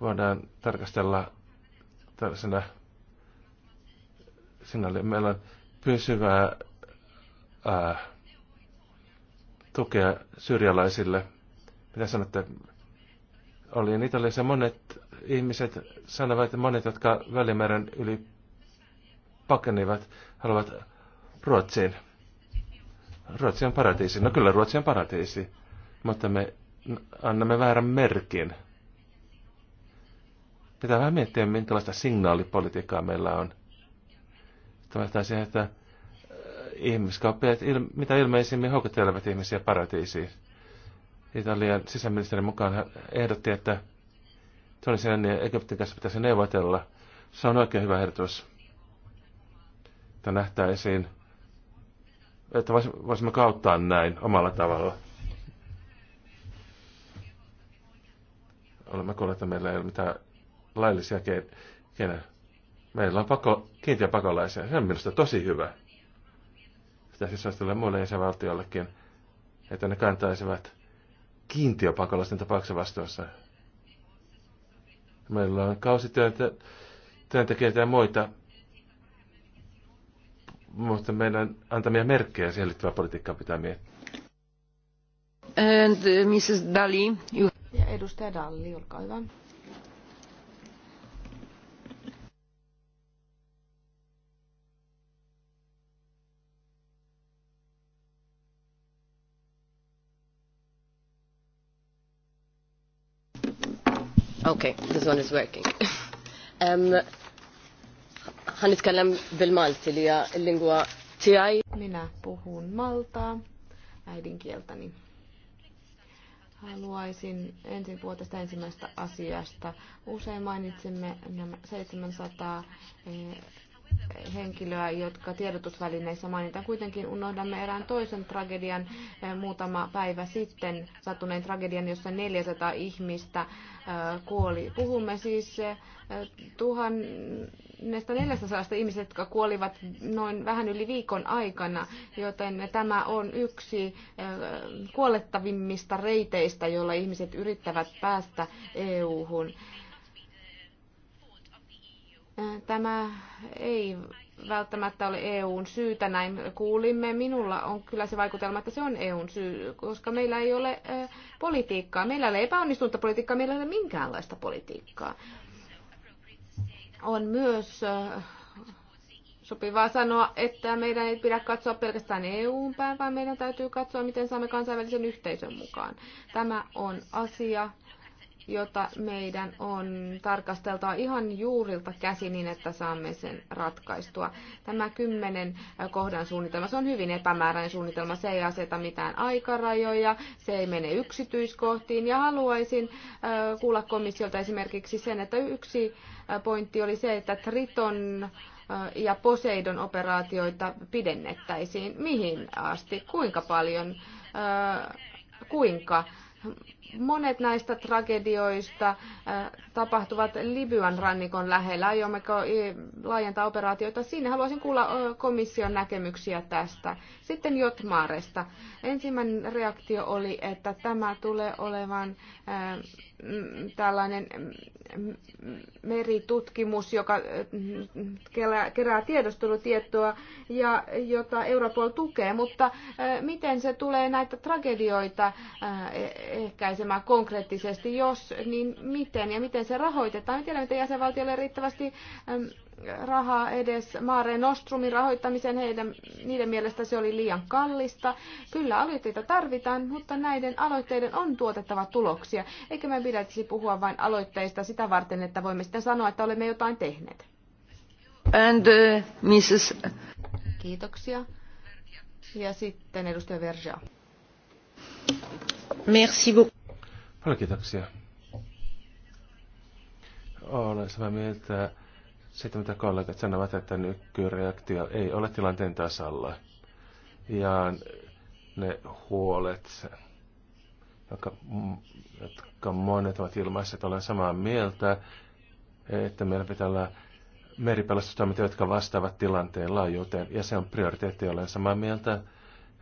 voidaan tarkastella tällaisena, siinä oli, meillä on pysyvää ää, tukea syrjalaisille. Mitä sanotte? oli Italiassa monet ihmiset sanovat, että monet, jotka Välimeren yli pakenivat, haluavat Ruotsiin. Ruotsi on paratiisi. No kyllä Ruotsi on paratiisi, mutta me annamme väärän merkin. Pitää vähän miettiä, minkälaista signaalipolitiikkaa meillä on. Tämä siihen, että äh, ihmiskauppiaat il, mitä ilmeisimmin houkuttelevat ihmisiä paratiisiin. Italian sisäministerin mukaan hän ehdotti, että Tunisian ja Egyptin kanssa pitäisi neuvotella. Se on oikein hyvä ehdotus. Tämä nähtäisiin, että voisimme kauttaa näin omalla tavalla. olemme kuulleet, että meillä ei ole mitään laillisia keinoja. Meillä on pako, pakolaisia. Se on minusta tosi hyvä. Sitä siis olisi muille jäsenvaltioillekin, että ne kantaisivat kiintiöpakolaisten tapauksen vastuussa. Meillä on kausityöntekijöitä ja muita, mutta meidän antamia merkkejä siihen liittyvää politiikkaa pitää miettiä.
And uh, Mrs. Dali,
you... Ja edustaja Dalli, olkaa hyvä.
Okay, this one is working. Um,
ħanitkellem bil-Malti li lingua l Minä puhun Maltaa, äidinkieltäni. Haluaisin ensin puhua tästä ensimmäisestä asiasta. Usein mainitsemme nämä 700 eh, henkilöä, jotka tiedotusvälineissä mainitaan. Kuitenkin unohdamme erään toisen tragedian eh, muutama päivä sitten sattuneen tragedian, jossa 400 ihmistä eh, kuoli. Puhumme siis tuhan näistä 400 ihmisistä, jotka kuolivat noin vähän yli viikon aikana, joten tämä on yksi kuolettavimmista reiteistä, joilla ihmiset yrittävät päästä EU-hun. Tämä ei välttämättä ole EUn syytä, näin kuulimme. Minulla on kyllä se vaikutelma, että se on EUn syy, koska meillä ei ole politiikkaa. Meillä ei ole epäonnistunutta politiikkaa, meillä ei ole minkäänlaista politiikkaa on myös äh, sopivaa sanoa, että meidän ei pidä katsoa pelkästään EUn päin, vaan meidän täytyy katsoa, miten saamme kansainvälisen yhteisön mukaan. Tämä on asia, jota meidän on tarkasteltava ihan juurilta käsi niin, että saamme sen ratkaistua. Tämä kymmenen äh, kohdan suunnitelma, se on hyvin epämääräinen suunnitelma, se ei aseta mitään aikarajoja, se ei mene yksityiskohtiin ja haluaisin äh, kuulla komissiolta esimerkiksi sen, että yksi äh, pointti oli se, että Triton ja Poseidon operaatioita pidennettäisiin. Mihin asti? Kuinka paljon? Kuinka? Monet näistä tragedioista äh, tapahtuvat Libyan rannikon lähellä. Aiommeko eh, laajentaa operaatioita sinne? Haluaisin kuulla komission näkemyksiä tästä. Sitten Jotmaaresta. Ensimmäinen reaktio oli, että tämä tulee olevan äh, tällainen meritutkimus, joka mm, kerää tiedostelutietoa ja jota Europol tukee, mutta eh, miten se tulee näitä tragedioita eh, e- ehkäisemään konkreettisesti, jos, niin miten ja miten se rahoitetaan? Me tiedämme, että jäsenvaltiolle riittävästi mm, rahaa edes Maare Nostrumin rahoittamiseen. Heidän, niiden mielestä se oli liian kallista. Kyllä aloitteita tarvitaan, mutta näiden aloitteiden on tuotettava tuloksia. Eikä me pidäisi puhua vain aloitteista sitä varten, että voimme sitten sanoa, että olemme jotain tehneet. And,
uh, Mrs.
Kiitoksia. Ja sitten edustaja Verja.
Merci beaucoup. Paljon kiitoksia. Olen samaa mieltä sitten mitä kollegat sanovat, että nykyreaktio ei ole tilanteen tasalla. Ja ne huolet, jotka, jotka monet ovat ilmaisseet, olen samaa mieltä, että meillä pitää olla meripelastustoimintoja, jotka vastaavat tilanteen laajuuteen, ja se on prioriteetti, olen samaa mieltä,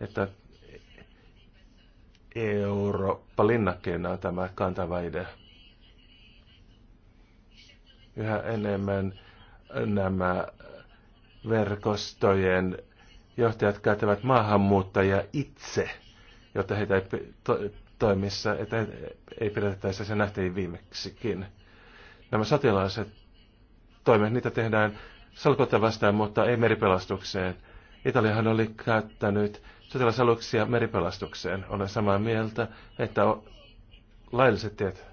että Eurooppa-linnakkeena on tämä kantava idea. Yhä enemmän nämä verkostojen johtajat käytävät maahanmuuttajia itse, jotta heitä ei to, toimissa, että he, ei pidettäisi se nähtiin viimeksikin. Nämä sotilaiset toimet, niitä tehdään salkoita vastaan, mutta ei meripelastukseen. Italiahan oli käyttänyt sotilasaluksia meripelastukseen. Olen samaa mieltä, että lailliset tiet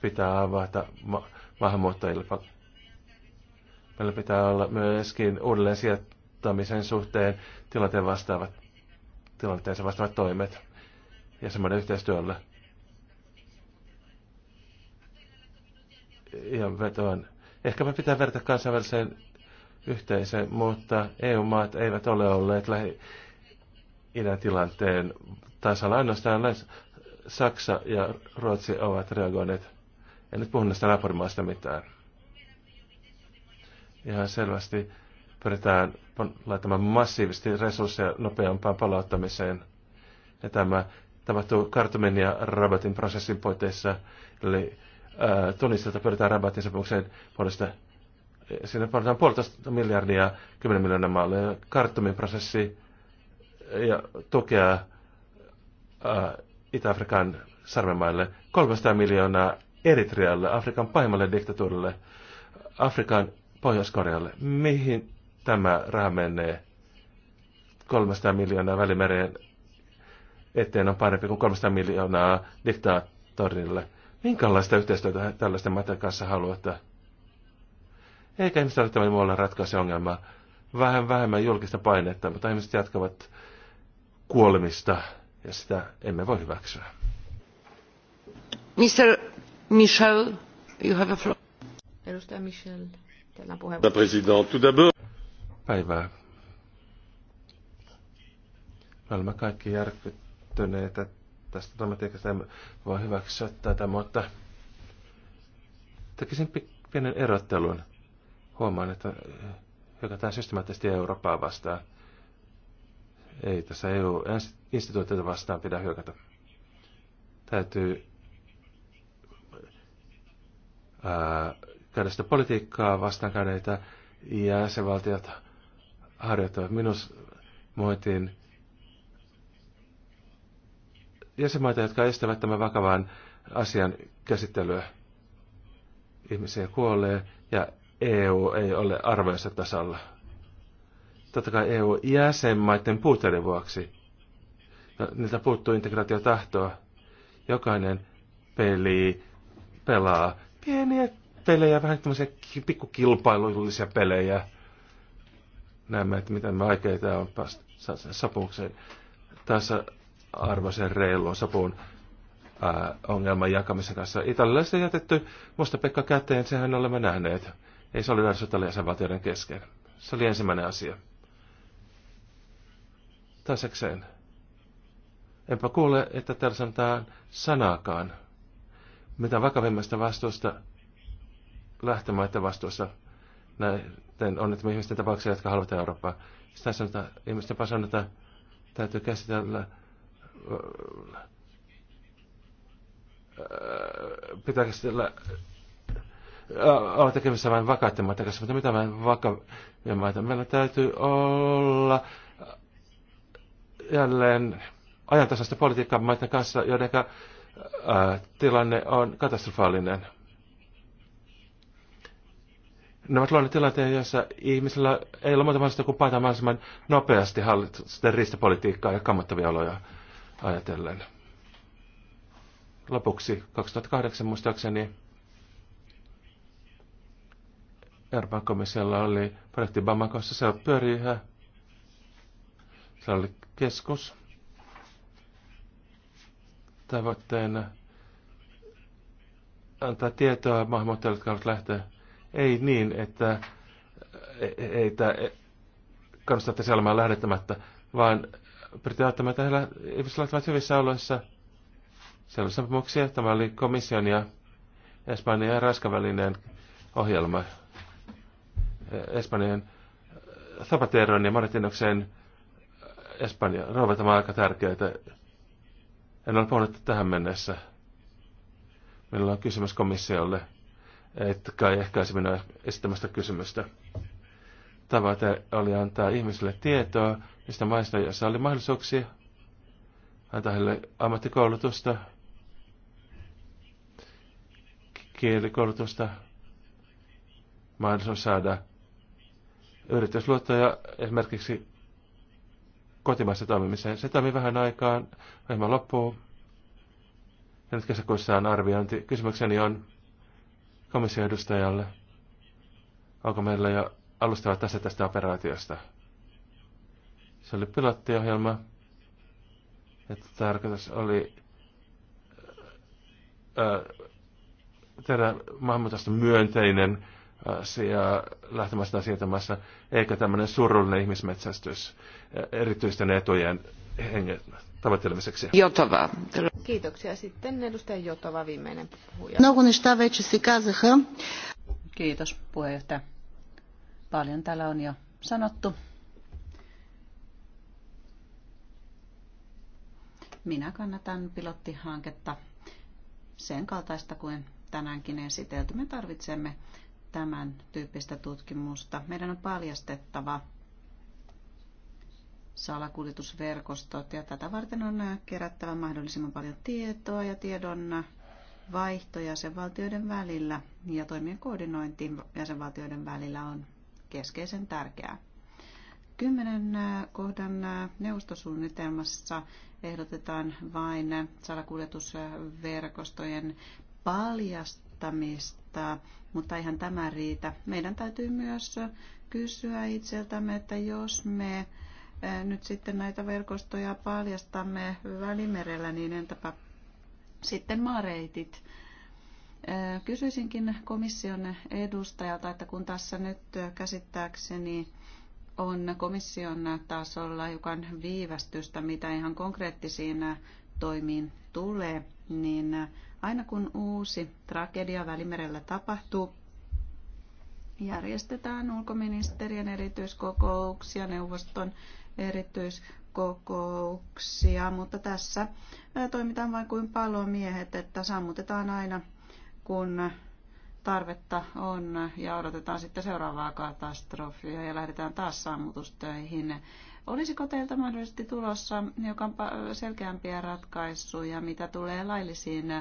pitää avata ma- maahanmuuttajille Meillä pitää olla myöskin uudelleen sijoittamisen suhteen tilanteen vastaavat, tilanteensa vastaavat toimet ja semmoinen yhteistyöllä. Ja vetoan. Ehkä me pitää verrata kansainväliseen yhteisöön, mutta EU-maat eivät ole olleet lähi idän tilanteen tasalla. Ainoastaan Saksa ja Ruotsi ovat reagoineet. En nyt puhu näistä naapurimaista mitään ihan selvästi pyritään laittamaan massiivisesti resursseja nopeampaan palauttamiseen. Ja tämä tapahtuu Kartumin ja Rabatin prosessin puitteissa, eli tunnistelta pyritään Rabatin sopimukseen puolesta. Siinä palataan puolitoista miljardia 10 miljoonaa maalle. Kartumin prosessi ja tukea Itä-Afrikan sarvemaille 300 miljoonaa Eritrealle, Afrikan pahimmalle diktatuurille, Afrikan Pohjois-Korealle. Mihin tämä raha menee? 300 miljoonaa välimereen eteen on parempi kuin 300 miljoonaa diktaattorille. Minkälaista yhteistyötä tällaisten maiden kanssa haluatte? Eikä ihmiset ole tämän muualla ratkaise ongelmaa. Vähän vähemmän julkista painetta, mutta ihmiset jatkavat kuolemista ja sitä emme voi hyväksyä.
Mr. Michel, you have a floor. Edustaja Michel.
Teillä on
puheenvuoro. Päivää. Me olemme kaikki järkyttyneitä tästä dramatiikasta. En voi hyväksyä tätä, mutta tekisin pienen erottelun. Huomaan, että hyökätään eh, systemaattisesti Eurooppaa vastaan. Ei tässä EU-instituutioita vastaan pidä hyökätä. Täytyy ää, käydä sitä politiikkaa vastaankäyneitä ja jäsenvaltiot harjoittavat minus moitin jäsenmaita, jotka estävät tämän vakavan asian käsittelyä. Ihmisiä kuolee ja EU ei ole arvoissa tasalla. Totta kai EU-jäsenmaiden puutteiden vuoksi. No, niiltä puuttuu integraatiotahtoa. Jokainen peli pelaa pieniä pelejä, vähän tämmöisiä pikkukilpailullisia pelejä. Näemme, että miten vaikeita on päästä sopimukseen. Tässä arvoisen reilun on ää, ongelman jakamisen kanssa. Italialaisista jätetty musta Pekka käteen, sehän olemme nähneet. Ei se oli jäsenvaltioiden kesken. Se oli ensimmäinen asia. Tasekseen. Enpä kuule, että täällä sanotaan sanaakaan. Mitä vakavimmasta vastuusta lähtömaiden vastuussa näiden onnettomien ihmisten tapauksia, jotka haluavat Eurooppaa. Sitä sanotaan, ihmisten sanotaan, täytyy käsitellä äh, pitää käsitellä äh, olla tekemisissä vain vakaiden maita kanssa, mutta mitä vain vakavia maita. Meillä täytyy olla jälleen ajantasaista politiikkaa maiden kanssa, joiden äh, tilanne on katastrofaalinen. Ne ovat luoneet tilanteen, jossa ihmisillä ei ole muuta mahdollista kuin paeta mahdollisimman nopeasti hallitusten ristipolitiikkaa ja kammottavia oloja ajatellen. Lopuksi 2008 muistaakseni Euroopan komissiolla oli projekti Bamakossa, se on yhä. Se oli keskus. Tavoitteena antaa tietoa maahanmuuttajille, jotka haluavat lähteä ei niin, että ei tämä kannattaisi olemaan lähdettämättä, vaan pyritään auttamaan, että he ihmiset lähtevät hyvissä oloissa. Sellaisia oli sopimuksia. Tämä oli komission ja Espanjan ja Ranskan välinen ohjelma. Espanjan Zapateron ja Martinoksen Espanja. Rouva, tämä on aika tärkeää. En ole puhunut tähän mennessä. Meillä on kysymys komissiolle että kai ehkäisi minua esittämästä kysymystä. Tavoite oli antaa ihmisille tietoa niistä maista, joissa oli mahdollisuuksia, antaa heille ammattikoulutusta, kielikoulutusta, mahdollisuus saada yritysluottoja esimerkiksi kotimaassa toimimiseen. Se toimii vähän aikaan, ohjelma loppuu. Ja nyt kesäkuussa on arviointi. Kysymykseni on, komission edustajalle. Onko meillä jo alustava tässä tästä operaatiosta? Se oli pilottiohjelma. Että tarkoitus oli ää, tehdä maahanmuutosta myönteinen asia lähtemästä siirtämässä, eikä tämmöinen surullinen ihmismetsästys erityisten etujen hengen tavoittelemiseksi. Jotova.
Kiitoksia. Sitten edustaja Jotova,
viimeinen puhuja. Много неща вече се Kiitos puheenjohtaja. Paljon täällä on jo sanottu. Minä kannatan pilottihanketta sen kaltaista kuin tänäänkin esitelty. Me tarvitsemme tämän tyyppistä tutkimusta. Meidän on paljastettava salakuljetusverkostot ja tätä varten on kerättävä mahdollisimman paljon tietoa ja tiedon vaihto jäsenvaltioiden välillä ja toimien koordinointi jäsenvaltioiden välillä on keskeisen tärkeää. Kymmenen äh, kohdan äh, neuvostosuunnitelmassa ehdotetaan vain salakuljetusverkostojen paljastamista, mutta ihan tämä riitä. Meidän täytyy myös äh, kysyä itseltämme, että jos me nyt sitten näitä verkostoja paljastamme Välimerellä, niin entäpä sitten maareitit. Kysyisinkin komission edustajalta, että kun tässä nyt käsittääkseni on komission tasolla hiukan viivästystä, mitä ihan konkreettisiin toimiin tulee, niin aina kun uusi tragedia Välimerellä tapahtuu, järjestetään ulkoministerien erityiskokouksia, neuvoston erityiskokouksia, mutta tässä toimitaan vain kuin palomiehet, että sammutetaan aina, kun tarvetta on ja odotetaan sitten seuraavaa katastrofia ja lähdetään taas sammutustöihin. Olisiko teiltä mahdollisesti tulossa hiukan selkeämpiä ratkaisuja, mitä tulee laillisiin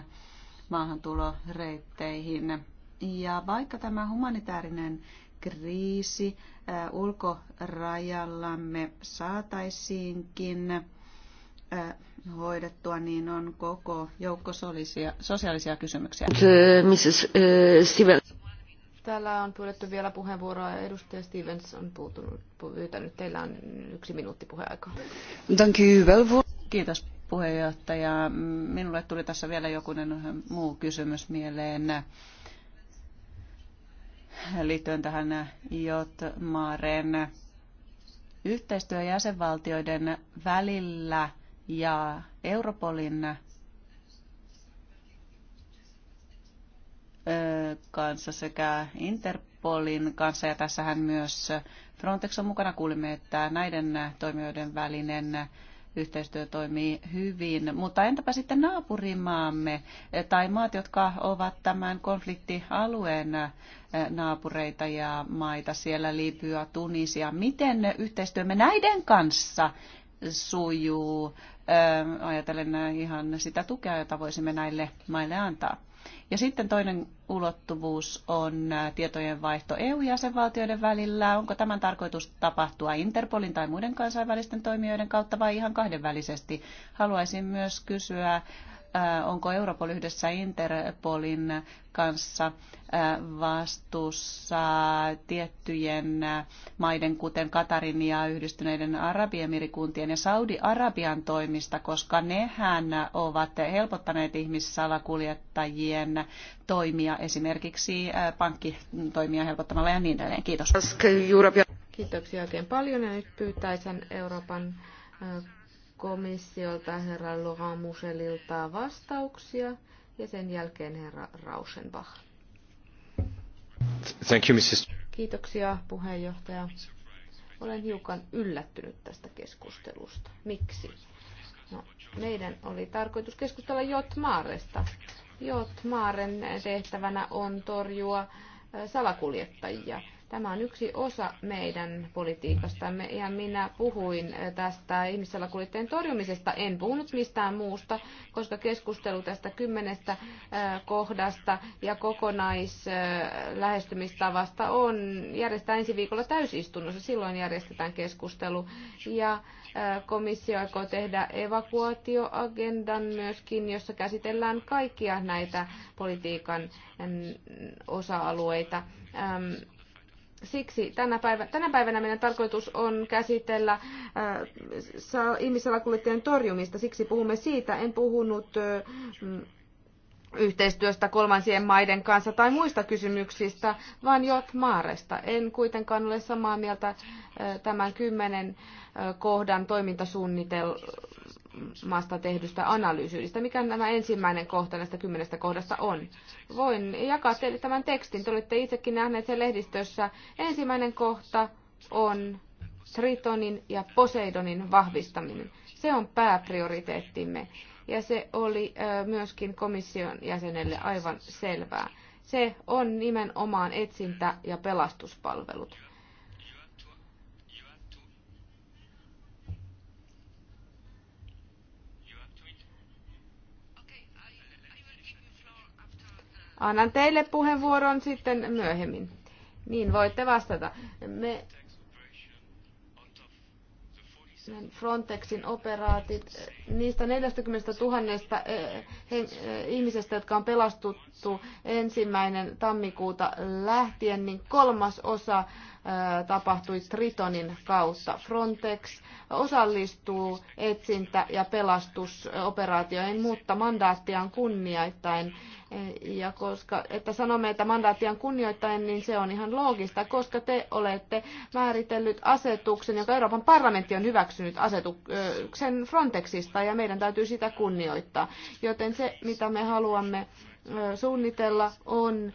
maahantuloreitteihin? Ja vaikka tämä humanitaarinen kriisi äh, ulkorajallamme saataisiinkin äh, hoidettua, niin on koko joukko sosiaalisia kysymyksiä.
Äh,
Täällä on pyydetty vielä puheenvuoroa
ja edustaja Stevens on puutunut, pyytänyt. Teillä on yksi minuutti puheaikaa. Kiitos puheenjohtaja. Minulle tuli tässä vielä jokunen muu kysymys mieleen liittyen tähän Jotmaaren yhteistyö jäsenvaltioiden välillä ja Europolin kanssa sekä Interpolin kanssa ja tässähän myös Frontex on mukana. Kuulimme, että näiden toimijoiden välinen yhteistyö toimii hyvin. Mutta entäpä sitten naapurimaamme tai maat, jotka ovat tämän konfliktialueen naapureita ja maita siellä, Libya, Tunisia. Miten yhteistyömme näiden kanssa sujuu? Ajatellen ihan sitä tukea, jota voisimme näille maille antaa. Ja sitten toinen ulottuvuus on äh, tietojen vaihto EU-jäsenvaltioiden välillä. Onko tämän tarkoitus tapahtua Interpolin tai muiden kansainvälisten toimijoiden kautta vai ihan kahdenvälisesti? Haluaisin myös kysyä Äh, onko Europol yhdessä Interpolin kanssa äh, vastuussa tiettyjen äh, maiden, kuten Katarin ja yhdistyneiden Arabiemirikuntien ja Saudi-Arabian toimista, koska nehän ovat helpottaneet ihmissalakuljettajien toimia, esimerkiksi pankkitoimia helpottamalla ja niin edelleen. Kiitos.
Kiitoksia oikein paljon ja nyt pyytäisin Euroopan komissiolta herra Laurent Muselilta vastauksia ja sen jälkeen herra Rauschenbach.
Thank you, Mrs.
Kiitoksia puheenjohtaja. Olen hiukan yllättynyt tästä keskustelusta. Miksi? No, meidän oli tarkoitus keskustella Jotmaaresta. Jotmaaren tehtävänä on torjua salakuljettajia. Tämä on yksi osa meidän politiikastamme ja minä puhuin tästä ihmissalakuljettajien torjumisesta. En puhunut mistään muusta, koska keskustelu tästä kymmenestä kohdasta ja kokonaislähestymistavasta on järjestää ensi viikolla täysistunnossa. Silloin järjestetään keskustelu ja Komissio aikoo tehdä evakuaatioagendan myöskin, jossa käsitellään kaikkia näitä politiikan mm, osa-alueita siksi tänä, päivä, tänä päivänä meidän tarkoitus on käsitellä äh, ihmissalakuljettajien torjumista. Siksi puhumme siitä. En puhunut äh, yhteistyöstä kolmansien maiden kanssa tai muista kysymyksistä, vaan maaresta. En kuitenkaan ole samaa mieltä tämän kymmenen kohdan toimintasuunnitelmasta tehdystä analyysistä. Mikä nämä ensimmäinen kohta näistä kymmenestä kohdasta on? Voin jakaa teille tämän tekstin. Te olette itsekin nähneet sen lehdistössä. Ensimmäinen kohta on Tritonin ja Poseidonin vahvistaminen. Se on pääprioriteettimme ja se oli myöskin komission jäsenelle aivan selvää. Se on nimenomaan etsintä- ja pelastuspalvelut. Annan teille puheenvuoron sitten myöhemmin. Niin voitte vastata. Me Frontexin operaatit, niistä 40 000 eh, eh, ihmisestä, jotka on pelastuttu ensimmäinen tammikuuta lähtien, niin kolmas osa tapahtui Tritonin kautta. Frontex osallistuu etsintä- ja pelastusoperaatioihin, mutta mandaattiaan kunnioittain. E, ja koska, että sanomme, että mandaattiaan kunnioittain, niin se on ihan loogista, koska te olette määritellyt asetuksen, joka Euroopan parlamentti on hyväksynyt asetuksen Frontexista, ja meidän täytyy sitä kunnioittaa. Joten se, mitä me haluamme suunnitella, on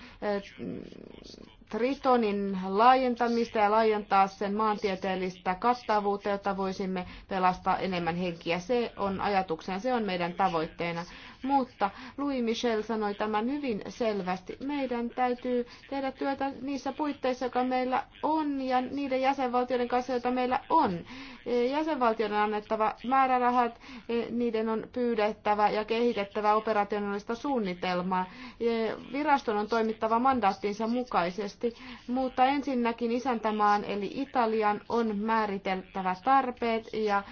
Tritonin laajentamista ja laajentaa sen maantieteellistä kattavuutta, jotta voisimme pelastaa enemmän henkiä. Se on ajatuksena, se on meidän tavoitteena. Mutta Louis Michel sanoi tämän hyvin selvästi. Meidän täytyy tehdä työtä niissä puitteissa, jotka meillä on ja niiden jäsenvaltioiden kanssa, joita meillä on. E, jäsenvaltioiden annettava määrärahat, e, niiden on pyydettävä ja kehitettävä operationaalista suunnitelmaa. E, viraston on toimittava mandaattinsa mukaisesti, mutta ensinnäkin isäntämaan eli Italian on määriteltävä tarpeet ja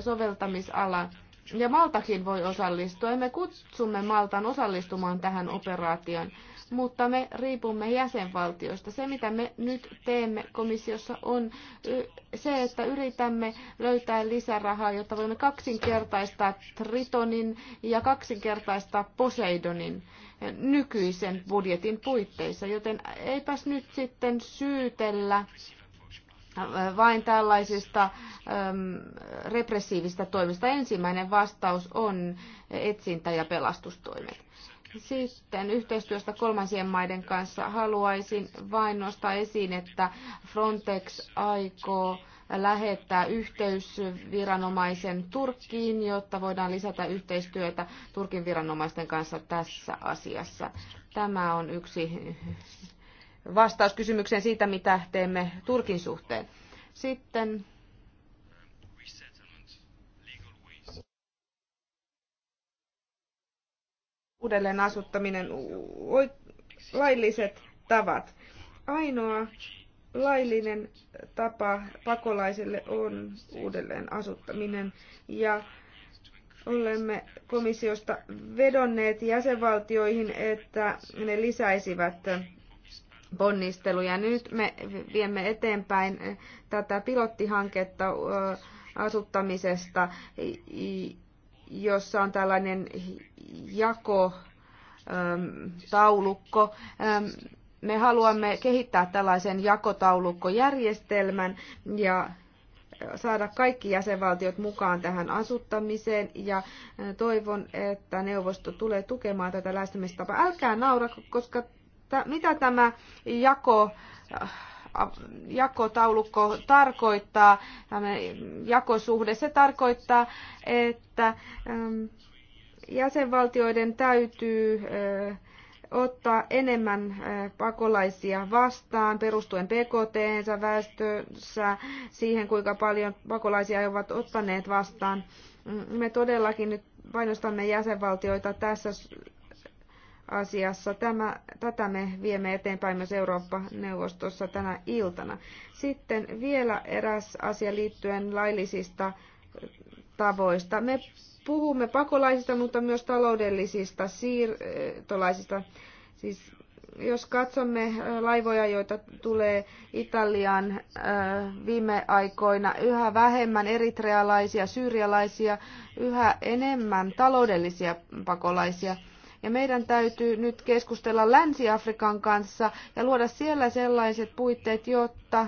soveltamisala. Ja Maltakin voi osallistua. Me kutsumme Maltan osallistumaan tähän operaatioon, mutta me riipumme jäsenvaltioista. Se, mitä me nyt teemme komissiossa, on se, että yritämme löytää lisärahaa, jotta voimme kaksinkertaistaa Tritonin ja kaksinkertaistaa Poseidonin nykyisen budjetin puitteissa. Joten eipäs nyt sitten syytellä vain tällaisista ähm, repressiivistä toimista. Ensimmäinen vastaus on etsintä- ja pelastustoimet. Sitten yhteistyöstä kolmansien maiden kanssa haluaisin vain nostaa esiin, että Frontex aikoo lähettää yhteysviranomaisen Turkkiin, jotta voidaan lisätä yhteistyötä Turkin viranomaisten kanssa tässä asiassa. Tämä on yksi vastaus kysymykseen siitä, mitä teemme Turkin suhteen. Sitten uudelleen asuttaminen, lailliset tavat. Ainoa laillinen tapa pakolaiselle on uudelleen asuttaminen ja olemme komissiosta vedonneet jäsenvaltioihin, että ne lisäisivät ponnisteluja. Nyt me viemme eteenpäin eh, tätä pilottihanketta eh, asuttamisesta, jossa on tällainen jako ehm, taulukko. Ehm, me haluamme kehittää tällaisen jakotaulukkojärjestelmän ja saada kaikki jäsenvaltiot mukaan tähän asuttamiseen ja eh, toivon, että neuvosto tulee tukemaan tätä lähestymistapaa. Älkää naura, koska mitä tämä jako äh, jakotaulukko tarkoittaa, Tämä jakosuhde, se tarkoittaa, että ähm, jäsenvaltioiden täytyy äh, ottaa enemmän äh, pakolaisia vastaan perustuen pkt nsä siihen kuinka paljon pakolaisia he ovat ottaneet vastaan. Mm, me todellakin nyt painostamme jäsenvaltioita tässä asiassa. Tämä, tätä me viemme eteenpäin myös Eurooppa-neuvostossa tänä iltana. Sitten vielä eräs asia liittyen laillisista tavoista. Me puhumme pakolaisista, mutta myös taloudellisista siirtolaisista. Siis jos katsomme äh, laivoja, joita tulee Italian äh, viime aikoina, yhä vähemmän eritrealaisia, syyrialaisia, yhä enemmän taloudellisia pakolaisia – ja meidän täytyy nyt keskustella Länsi-Afrikan kanssa ja luoda siellä sellaiset puitteet, jotta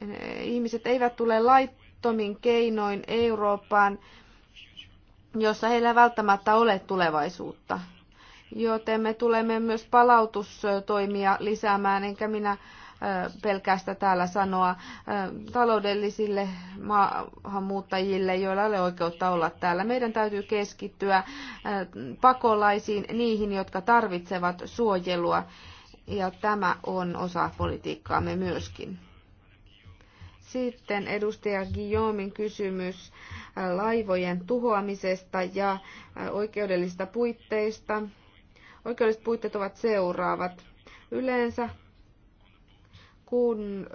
eh, ihmiset eivät tule laittomin keinoin Eurooppaan, jossa heillä välttämättä ole tulevaisuutta. Joten me tulemme myös palautustoimia lisäämään, enkä minä pelkästä täällä sanoa taloudellisille maahanmuuttajille, joilla ei ole oikeutta olla täällä. Meidän täytyy keskittyä pakolaisiin, niihin, jotka tarvitsevat suojelua. Ja tämä on osa politiikkaamme myöskin. Sitten edustaja Guillaumin kysymys laivojen tuhoamisesta ja oikeudellisista puitteista. Oikeudelliset puitteet ovat seuraavat. Yleensä kun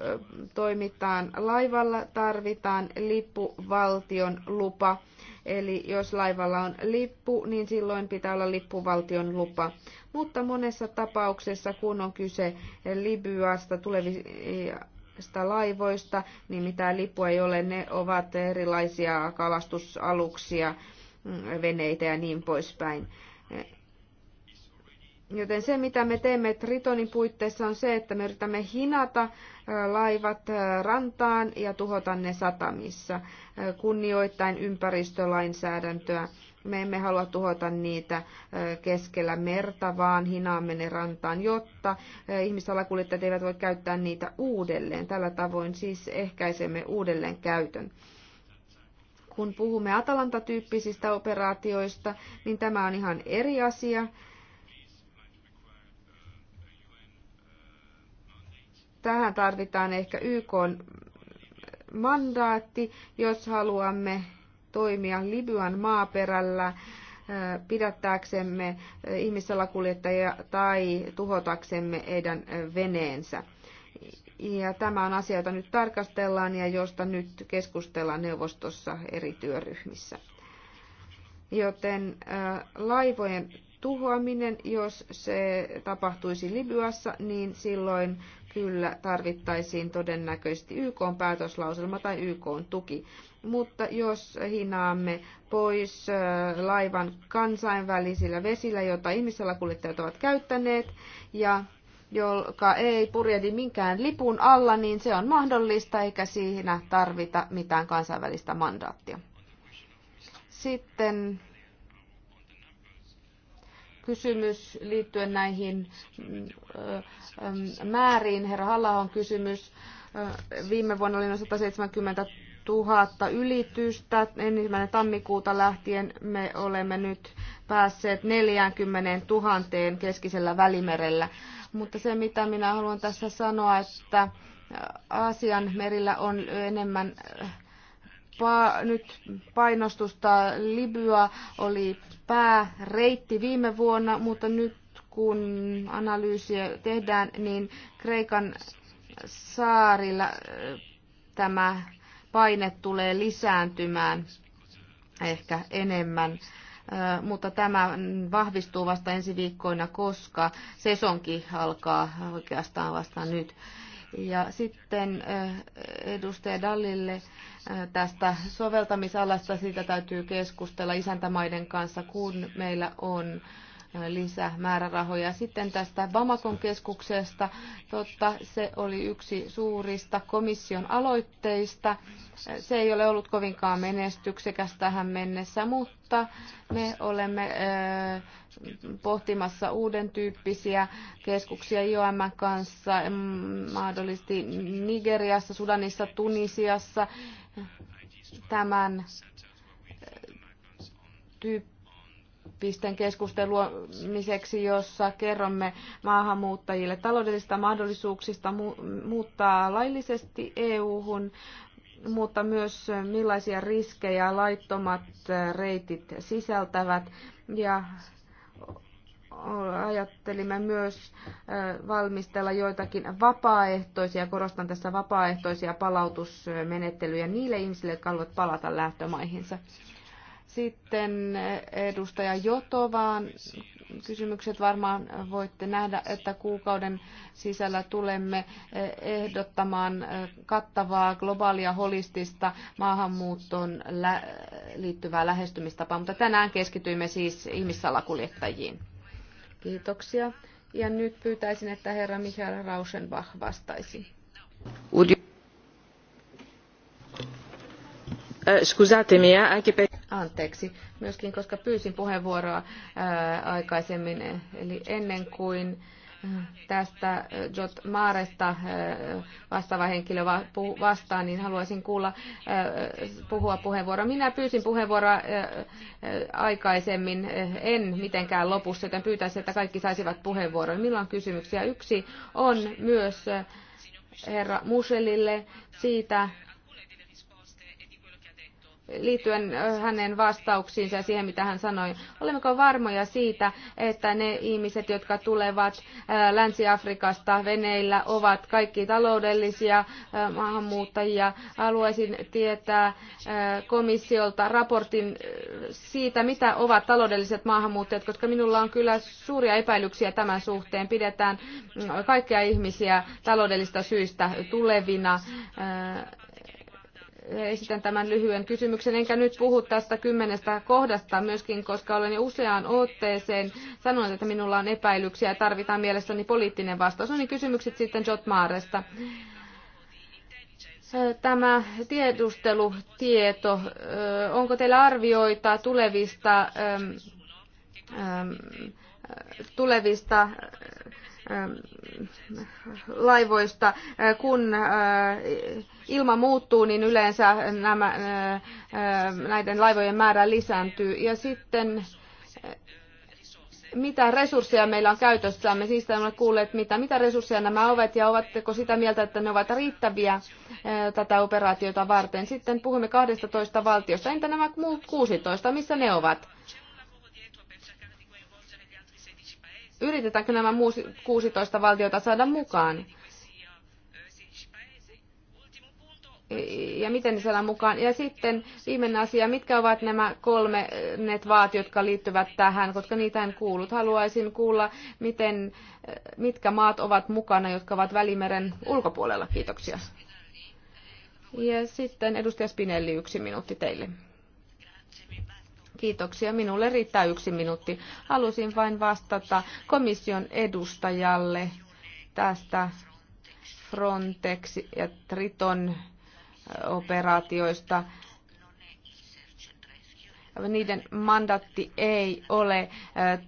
toimitaan laivalla, tarvitaan lippuvaltion lupa. Eli jos laivalla on lippu, niin silloin pitää olla lippuvaltion lupa. Mutta monessa tapauksessa, kun on kyse Libyasta tulevista laivoista, niin mitään lippu ei ole. Ne ovat erilaisia kalastusaluksia, mm, veneitä ja niin poispäin. Joten se, mitä me teemme Tritonin puitteissa, on se, että me yritämme hinata laivat rantaan ja tuhota ne satamissa, kunnioittain ympäristölainsäädäntöä. Me emme halua tuhota niitä keskellä merta, vaan hinaamme ne rantaan, jotta ihmisalakuljettajat eivät voi käyttää niitä uudelleen. Tällä tavoin siis ehkäisemme uudelleen käytön kun puhumme Atalanta-tyyppisistä operaatioista, niin tämä on ihan eri asia. Tähän tarvitaan ehkä YK mandaatti, jos haluamme toimia Libyan maaperällä pidättääksemme ihmissalakuljettajia tai tuhotaksemme heidän veneensä. Ja tämä on asia, jota nyt tarkastellaan ja josta nyt keskustellaan neuvostossa eri työryhmissä. Joten laivojen tuhoaminen, jos se tapahtuisi Libyassa, niin silloin kyllä tarvittaisiin todennäköisesti YK päätöslauselma tai YK tuki. Mutta jos hinaamme pois laivan kansainvälisillä vesillä, jota ihmissalakuljettajat ovat käyttäneet, ja joka ei purjehdi minkään lipun alla, niin se on mahdollista eikä siinä tarvita mitään kansainvälistä mandaattia. Sitten kysymys liittyen näihin mm, määriin. Herra halla on kysymys. Viime vuonna oli noin 170 000 ylitystä. Ensimmäinen tammikuuta lähtien me olemme nyt päässeet 40 000 keskisellä välimerellä. Mutta se, mitä minä haluan tässä sanoa, että Aasian merillä on enemmän pa- nyt painostusta. Libya oli pääreitti viime vuonna, mutta nyt kun analyysiä tehdään, niin Kreikan saarilla äh, tämä paine tulee lisääntymään ehkä enemmän äh, mutta tämä vahvistuu vasta ensi viikkoina, koska sesonki alkaa oikeastaan vasta nyt. Ja sitten eh, edustaja Dallille eh, tästä soveltamisalasta, siitä täytyy keskustella isäntämaiden kanssa, kun meillä on lisämäärärahoja. Sitten tästä Bamakon keskuksesta, totta, se oli yksi suurista komission aloitteista. Se ei ole ollut kovinkaan menestyksekäs tähän mennessä, mutta me olemme pohtimassa uuden tyyppisiä keskuksia IOM kanssa, mahdollisesti Nigeriassa, Sudanissa, Tunisiassa, tämän tyyppi pisteen keskustelemiseksi, jossa kerromme maahanmuuttajille taloudellisista mahdollisuuksista muuttaa laillisesti EU-hun, mutta myös millaisia riskejä laittomat reitit sisältävät. Ja ajattelimme myös valmistella joitakin vapaaehtoisia, korostan tässä vapaaehtoisia palautusmenettelyjä niille ihmisille, jotka haluavat palata lähtömaihinsa. Sitten edustaja Jotovaan kysymykset varmaan voitte nähdä, että kuukauden sisällä tulemme ehdottamaan kattavaa globaalia holistista maahanmuuttoon liittyvää lähestymistapaa, mutta tänään keskityimme siis ihmissalakuljettajiin. Kiitoksia. Ja nyt pyytäisin, että herra Michael Rauschenbach vastaisi. Äh, scusatemi, anche per anteeksi myöskin, koska pyysin puheenvuoroa aikaisemmin, eli ennen kuin tästä Jot Maaresta vastaava henkilö vastaa, niin haluaisin kuulla puhua puheenvuoroa. Minä pyysin puheenvuoroa aikaisemmin, en mitenkään lopussa, joten pyytäisin, että kaikki saisivat puheenvuoron. Minulla on kysymyksiä. Yksi on myös herra Muselille siitä, liittyen hänen vastauksiinsa ja siihen, mitä hän sanoi. Olemmeko varmoja siitä, että ne ihmiset, jotka tulevat Länsi-Afrikasta veneillä, ovat kaikki taloudellisia maahanmuuttajia? Haluaisin tietää komissiolta raportin siitä, mitä ovat taloudelliset maahanmuuttajat, koska minulla on kyllä suuria epäilyksiä tämän suhteen. Pidetään mm, kaikkia ihmisiä taloudellista syistä tulevina esitän tämän lyhyen kysymyksen, enkä nyt puhu tästä kymmenestä kohdasta myöskin, koska olen jo useaan otteeseen sanonut, että minulla on epäilyksiä ja tarvitaan mielessäni poliittinen vastaus. On no niin kysymykset sitten Jotmaaresta. Tämä tiedustelutieto, onko teillä arvioita tulevista, tulevista Ähm, laivoista, äh, kun äh, ilma muuttuu, niin yleensä nämä, äh, ähm, näiden laivojen määrä lisääntyy. Ja sitten mitä resursseja meillä on käytössämme, siis olemme kuulleet, mitä, mitä resursseja nämä ovat ja ovatteko sitä mieltä, että ne ovat riittäviä tätä operaatiota varten. Sitten puhumme 12 valtiosta. Entä nämä muut 16, missä ne ovat? yritetäänkö nämä 16 valtiota saada mukaan? ja miten ne saadaan mukaan. Ja sitten viimeinen asia, mitkä ovat nämä kolme eh, net jotka liittyvät tähän, koska niitä en kuullut. Haluaisin kuulla, miten, eh, mitkä maat ovat mukana, jotka ovat Välimeren ulkopuolella. Kiitoksia. Ja sitten edustaja Spinelli, yksi minuutti teille kiitoksia. Minulle riittää yksi minuutti. Halusin vain vastata komission edustajalle tästä Frontex ja Triton operaatioista niiden mandatti ei ole äh,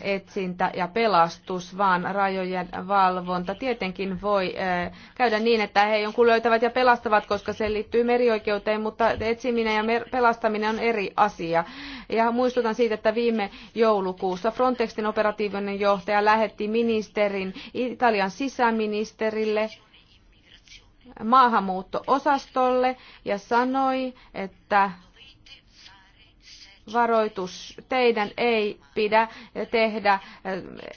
etsintä ja pelastus, vaan rajojen valvonta. Tietenkin voi äh, käydä niin, että he jonkun löytävät ja pelastavat, koska se liittyy merioikeuteen, mutta etsiminen ja pelastaminen on eri asia. Ja muistutan siitä, että viime joulukuussa Frontexin operatiivinen johtaja lähetti ministerin Italian sisäministerille maahanmuutto-osastolle ja sanoi, että varoitus. Teidän ei pidä tehdä eh,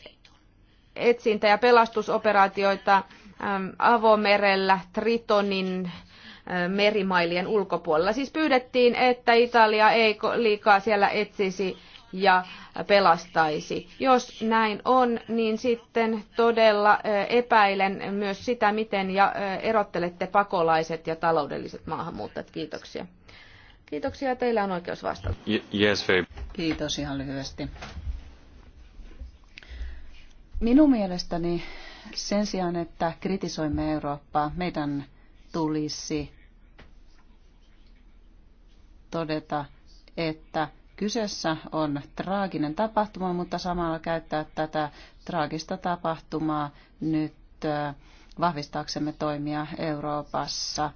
etsintä- ja pelastusoperaatioita eh, avomerellä Tritonin eh, merimailien ulkopuolella. Siis pyydettiin, että Italia ei liikaa siellä etsisi ja pelastaisi. Jos näin on, niin sitten todella epäilen myös sitä, miten ja erottelette pakolaiset ja taloudelliset maahanmuuttajat. Kiitoksia. Kiitoksia,
teillä on oikeus vastata. Yes, Kiitos ihan lyhyesti. Minun mielestäni sen sijaan, että kritisoimme Eurooppaa, meidän tulisi todeta, että kyseessä on traaginen tapahtuma, mutta samalla käyttää tätä traagista tapahtumaa nyt äh, vahvistaaksemme toimia Euroopassa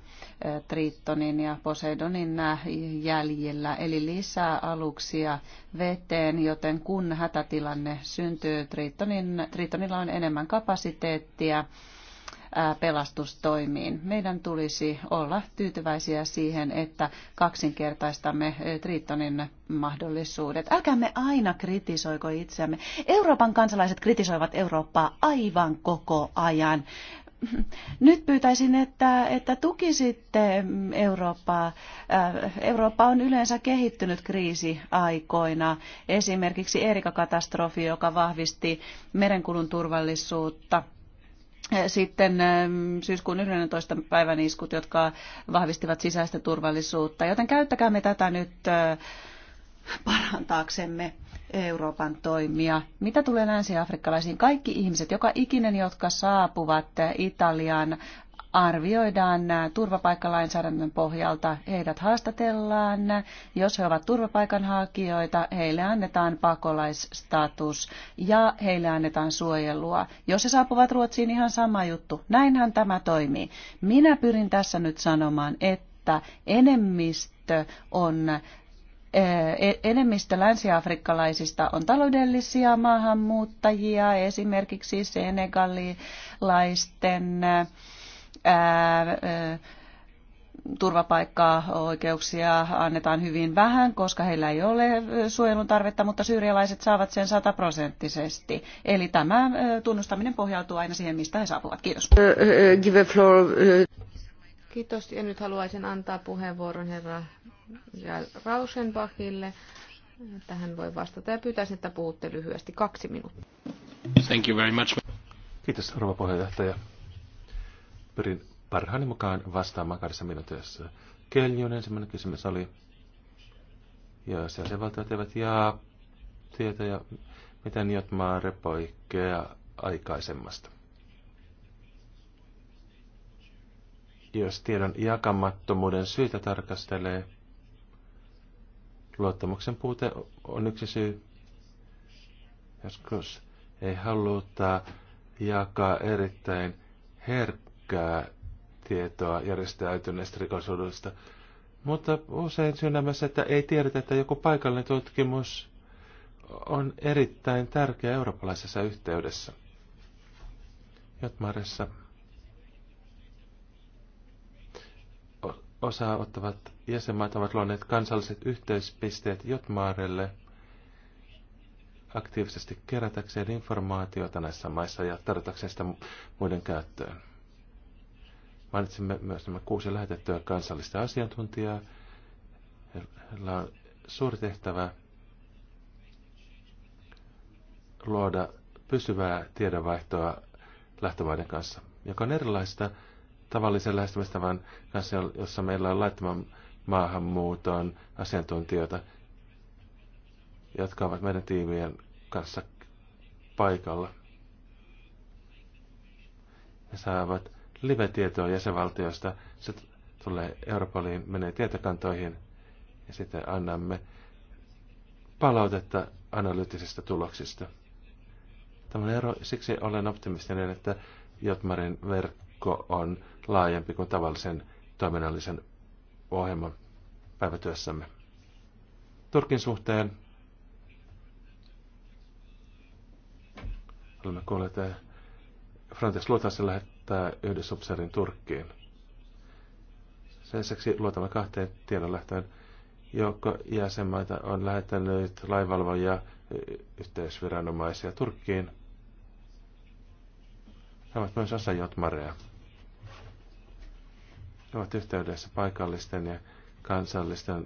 Tritonin ja Poseidonin äh, jäljillä, eli lisää aluksia veteen, joten kun hätätilanne syntyy, Tritonin, Tritonilla on enemmän kapasiteettia äh, pelastustoimiin. Meidän tulisi olla tyytyväisiä siihen, että kaksinkertaistamme Tritonin mahdollisuudet. Älkäämme aina kritisoiko itseämme. Euroopan kansalaiset kritisoivat Eurooppaa aivan koko ajan nyt pyytäisin, että, että tukisitte Eurooppaa. Äh, Eurooppa on yleensä kehittynyt kriisiaikoina. Esimerkiksi Erika-katastrofi, joka vahvisti merenkulun turvallisuutta. Äh, sitten ähm, syyskuun 11. päivän iskut, jotka vahvistivat sisäistä turvallisuutta. Joten käyttäkäämme tätä nyt äh, parantaaksemme Euroopan toimia. Mitä tulee länsi-afrikkalaisiin? Kaikki ihmiset, joka ikinen, jotka saapuvat Italiaan, arvioidaan turvapaikkalainsäädännön pohjalta. Heidät haastatellaan. Jos he ovat turvapaikanhakijoita, heille annetaan pakolaisstatus ja heille annetaan suojelua. Jos he saapuvat Ruotsiin, ihan sama juttu. Näinhän tämä toimii. Minä pyrin tässä nyt sanomaan, että enemmistö on E- enemmistö länsiafrikkalaisista on taloudellisia maahanmuuttajia, esimerkiksi senegalilaisten turvapaikkaa oikeuksia annetaan hyvin vähän, koska heillä ei ole suojelun tarvetta, mutta syyrialaiset saavat sen sataprosenttisesti. Eli tämä tunnustaminen pohjautuu aina siihen, mistä he saapuvat. Kiitos.
Give a floor.
Kiitos. Ja nyt haluaisin antaa puheenvuoron herra Rauschenbachille, tähän voi vastata ja pyytäisin, että puhutte lyhyesti kaksi minuuttia.
Thank you very much. Kiitos, rouva puheenjohtaja. Pyrin parhaani mukaan vastaamaan kahdessa minuutissa. Keljun ensimmäinen kysymys oli, jos asianvaltajat eivät jaa tietoja, miten Jotmaa repoikkeaa aikaisemmasta. Jos tiedon jakamattomuuden syitä tarkastelee, Luottamuksen puute on yksi syy. Joskus ei haluta jakaa erittäin herkkää tietoa järjestäytyneestä rikollisuudesta. Mutta usein syynämässä, että ei tiedetä, että joku paikallinen tutkimus on erittäin tärkeä eurooppalaisessa yhteydessä. Jotmarissa osaa ottavat jäsenmaat ovat luoneet kansalliset yhteyspisteet Jotmaarelle aktiivisesti kerätäkseen informaatiota näissä maissa ja tarjotakseen sitä muiden käyttöön. Mainitsimme myös nämä kuusi lähetettyä kansallista asiantuntijaa. Heillä on suuri tehtävä luoda pysyvää tiedonvaihtoa lähtömaiden kanssa, joka on erilaista tavallisen lähestymistavan kanssa, jossa meillä on laittoman maahanmuuton asiantuntijoita, jotka ovat meidän tiimien kanssa paikalla. He saavat live-tietoa jäsenvaltiosta. Se tulee Europoliin, menee tietokantoihin ja sitten annamme palautetta analyyttisista tuloksista. Tämä on ero, siksi olen optimistinen, että Jotmarin verkko on laajempi kuin tavallisen toiminnallisen ohjelman päivätyössämme. Turkin suhteen olemme kuulleet, että Frontex luotaisi lähettää yhden Turkkiin. Sen lisäksi luotamme kahteen tiedon lähtöön. Joukko jäsenmaita on lähettänyt laivalvoja yhteisviranomaisia Turkkiin. He ovat myös osa Jotmarea ovat yhteydessä paikallisten ja kansallisten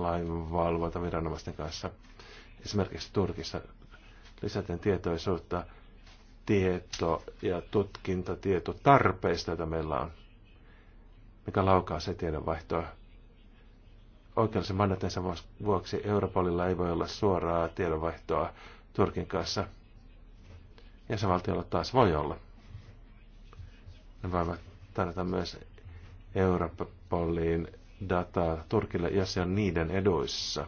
lainvalvontaviranomaisten kanssa. Esimerkiksi Turkissa lisäten tietoisuutta tieto- ja tutkintatietotarpeista, joita meillä on, mikä laukaa se tiedonvaihtoa. Oikeudellisen mandatinsa vuoksi Europolilla ei voi olla suoraa tiedonvaihtoa Turkin kanssa. Jäsenvaltiolla taas voi olla. Ne voivat tarjota myös Europoliin dataa Turkille ja se on niiden eduissa.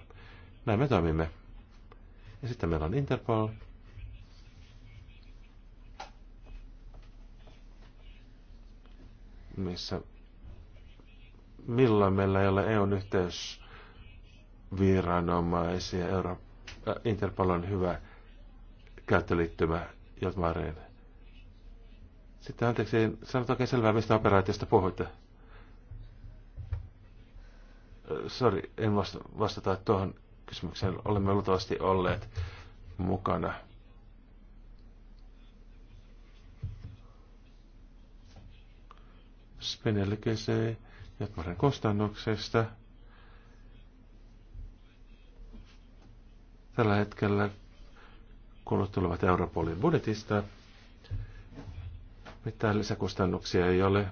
Näin me toimimme. Ja sitten meillä on Interpol. Missä milloin meillä ei ole EUn yhteysviranomaisia. Euro, äh, Interpol on hyvä käyttöliittymä Jotmareen. Sitten anteeksi, en oikein selvää, mistä operaatiosta puhuitte. Sori, en vasta, vastata tuohon kysymykseen. Olemme luultavasti olleet mukana. Spinelli kesee Jatmaren kustannuksesta. Tällä hetkellä kulut tulevat Europolin budjetista. Mitään lisäkustannuksia ei ole.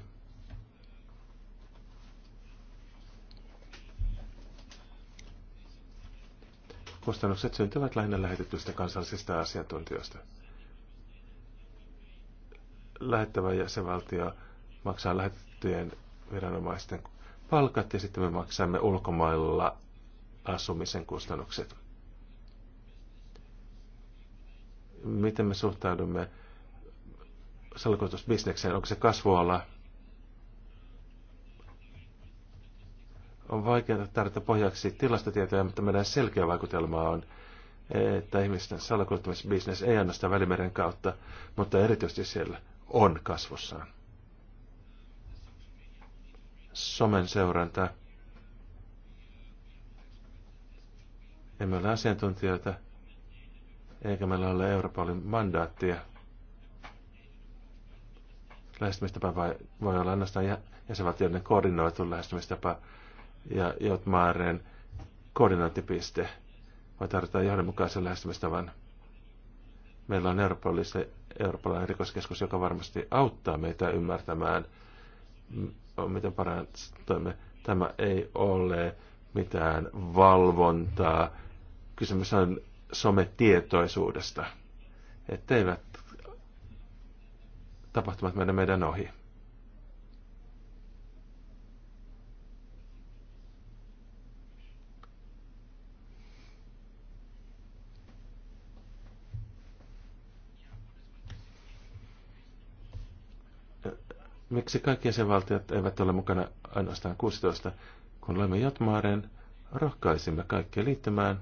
kustannukset syntyvät lähinnä lähetetyistä kansallisista asiantuntijoista. Lähettävä jäsenvaltio maksaa lähetettyjen viranomaisten palkat ja sitten me maksamme ulkomailla asumisen kustannukset. Miten me suhtaudumme salkoitusbisnekseen? Onko se kasvuala on vaikea tarjota pohjaksi tilastotietoja, mutta meidän selkeä vaikutelma on, että ihmisten salakuljettamisbisnes ei anna sitä välimeren kautta, mutta erityisesti siellä on kasvussaan. Somen seuranta. Emme ole asiantuntijoita, eikä meillä ole Euroopan mandaattia. Lähestymistapa vai, voi olla ainoastaan jäsenvaltioiden koordinoitu lähestymistapa ja Jotmaaren koordinaattipiste, vai tarvitaan johdonmukaisen lähestymistavan. Meillä on Europolissa eurooppalainen rikoskeskus, joka varmasti auttaa meitä ymmärtämään, miten parantamme. Tämä ei ole mitään valvontaa. Kysymys on sometietoisuudesta, etteivät tapahtumat mene meidän ohi. miksi kaikki jäsenvaltiot eivät ole mukana ainoastaan 16, kun olemme Jotmaaren, rohkaisimme kaikkia liittymään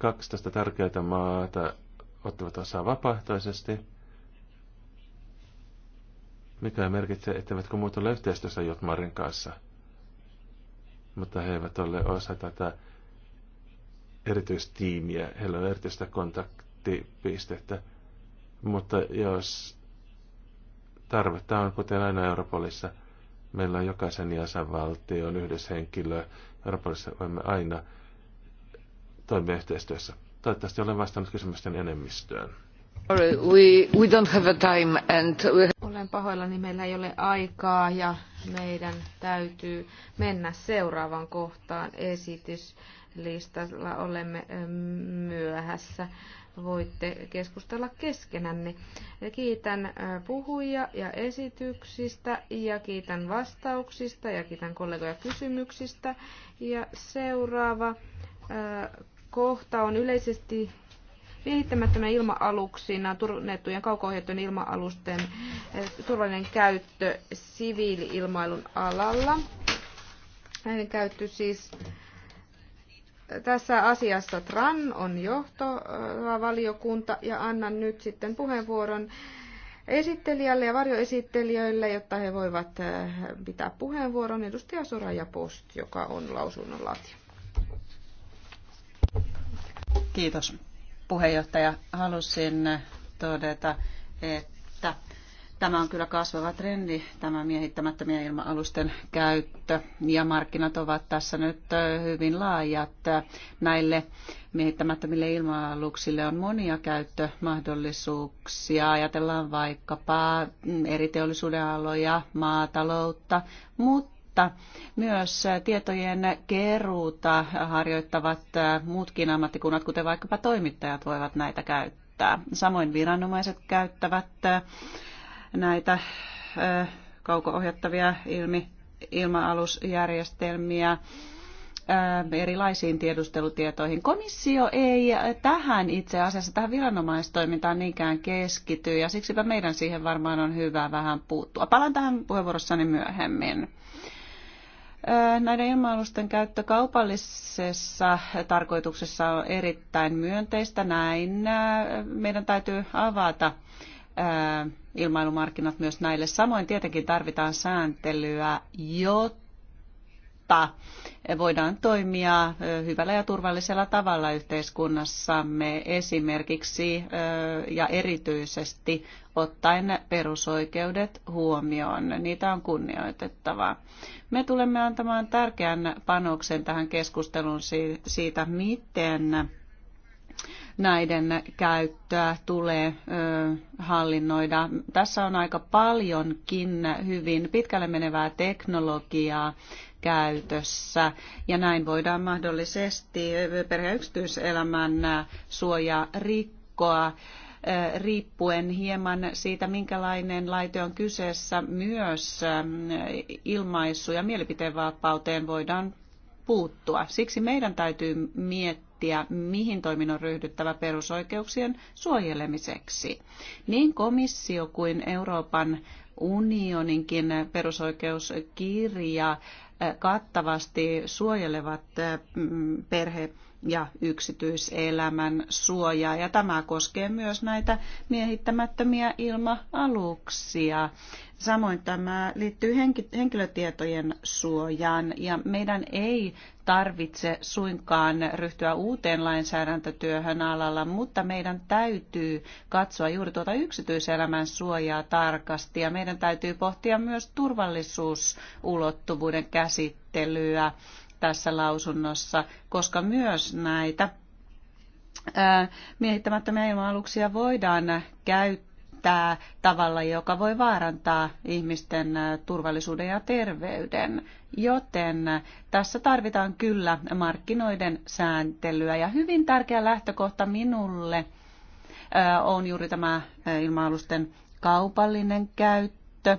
12 tärkeää maata ottavat osaa vapaaehtoisesti, mikä merkitsee, etteivätkö muut ole yhteistyössä Jotmarin kanssa. Mutta he eivät ole osa tätä erityistiimiä, heillä on erityistä kontaktipistettä. Mutta jos tarvetta on, kuten aina Europolissa, meillä on jokaisen jäsenvaltion yhdessä henkilö. Europolissa voimme aina toimia yhteistyössä. Toivottavasti olen vastannut kysymysten enemmistöön.
Sorry, we, we don't have a time and we...
Olen pahoillani, niin meillä ei ole aikaa ja meidän täytyy mennä seuraavaan kohtaan esityslistalla. Olemme myöhässä voitte keskustella keskenänne. Kiitän puhujia ja esityksistä ja kiitän vastauksista ja kiitän kollegoja kysymyksistä. Ja seuraava kohta on yleisesti miehittämättömän ilma-aluksina, turvannettujen kauko ilma-alusten turvallinen käyttö siviili-ilmailun alalla. Näiden käyttö siis tässä asiassa TRAN on johtava valiokunta ja annan nyt sitten puheenvuoron esittelijälle ja varjoesittelijöille, jotta he voivat äh, pitää puheenvuoron. Edustaja Soraja Post, joka on lausunnonlaatija.
Kiitos puheenjohtaja. Halusin todeta, että Tämä on kyllä kasvava trendi, tämä miehittämättömien ilma-alusten käyttö, ja markkinat ovat tässä nyt hyvin laajat. Näille miehittämättömille ilma-aluksille on monia käyttömahdollisuuksia. Ajatellaan vaikkapa mm, eri teollisuuden aloja, maataloutta, mutta myös tietojen keruuta harjoittavat muutkin ammattikunnat, kuten vaikkapa toimittajat, voivat näitä käyttää. Samoin viranomaiset käyttävät näitä kauko-ohjattavia ilmi, ilma-alusjärjestelmiä erilaisiin tiedustelutietoihin. Komissio ei tähän itse asiassa, tähän viranomaistoimintaan niinkään keskity, ja siksipä meidän siihen varmaan on hyvä vähän puuttua. Palaan tähän puheenvuorossani myöhemmin. Näiden ilmailusten käyttö kaupallisessa tarkoituksessa on erittäin myönteistä. Näin meidän täytyy avata ilmailumarkkinat myös näille. Samoin tietenkin tarvitaan sääntelyä, jotta voidaan toimia hyvällä ja turvallisella tavalla yhteiskunnassamme esimerkiksi ja erityisesti ottaen perusoikeudet huomioon. Niitä on kunnioitettava. Me tulemme antamaan tärkeän panoksen tähän keskusteluun siitä, miten näiden käyttöä tulee hallinnoida. Tässä on aika paljonkin hyvin pitkälle menevää teknologiaa käytössä ja näin voidaan mahdollisesti perhe- yksityiselämän suoja rikkoa riippuen hieman siitä, minkälainen laite on kyseessä, myös ilmaisu- ja mielipiteenvapauteen voidaan puuttua. Siksi meidän täytyy miettiä, miettiä, mihin toiminnon ryhdyttävä perusoikeuksien suojelemiseksi. Niin komissio kuin Euroopan unioninkin perusoikeuskirja eh, kattavasti suojelevat eh, perhe- ja yksityiselämän suojaa. Ja tämä koskee myös näitä miehittämättömiä ilma-aluksia. Samoin tämä liittyy henkilötietojen suojaan ja meidän ei tarvitse suinkaan ryhtyä uuteen lainsäädäntötyöhön alalla, mutta meidän täytyy katsoa juuri tuota yksityiselämän suojaa tarkasti ja meidän täytyy pohtia myös turvallisuusulottuvuuden käsittelyä tässä lausunnossa, koska myös näitä miehittämättömiä ilma-aluksia voidaan käyttää tavalla, joka voi vaarantaa ihmisten turvallisuuden ja terveyden. Joten tässä tarvitaan kyllä markkinoiden sääntelyä. Ja hyvin tärkeä lähtökohta minulle on juuri tämä ilma-alusten kaupallinen käyttö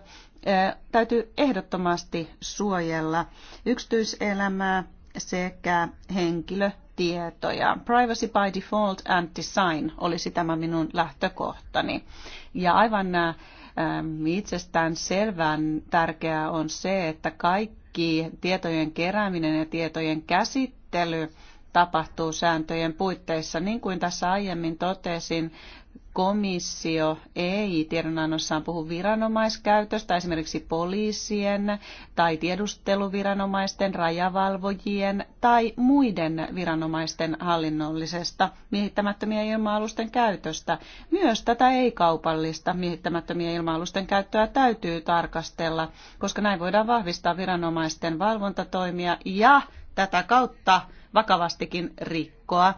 täytyy ehdottomasti suojella yksityiselämää sekä henkilötietoja. Privacy by default and design olisi tämä minun lähtökohtani. Ja aivan itsestään selvän tärkeää on se, että kaikki tietojen kerääminen ja tietojen käsittely tapahtuu sääntöjen puitteissa. Niin kuin tässä aiemmin totesin, komissio ei tiedonannossaan puhu viranomaiskäytöstä, esimerkiksi poliisien tai tiedusteluviranomaisten, rajavalvojien tai muiden viranomaisten hallinnollisesta miehittämättömien ilma-alusten käytöstä. Myös tätä ei-kaupallista miehittämättömien ilma-alusten käyttöä täytyy tarkastella, koska näin voidaan vahvistaa viranomaisten valvontatoimia ja tätä kautta vakavastikin rikkoa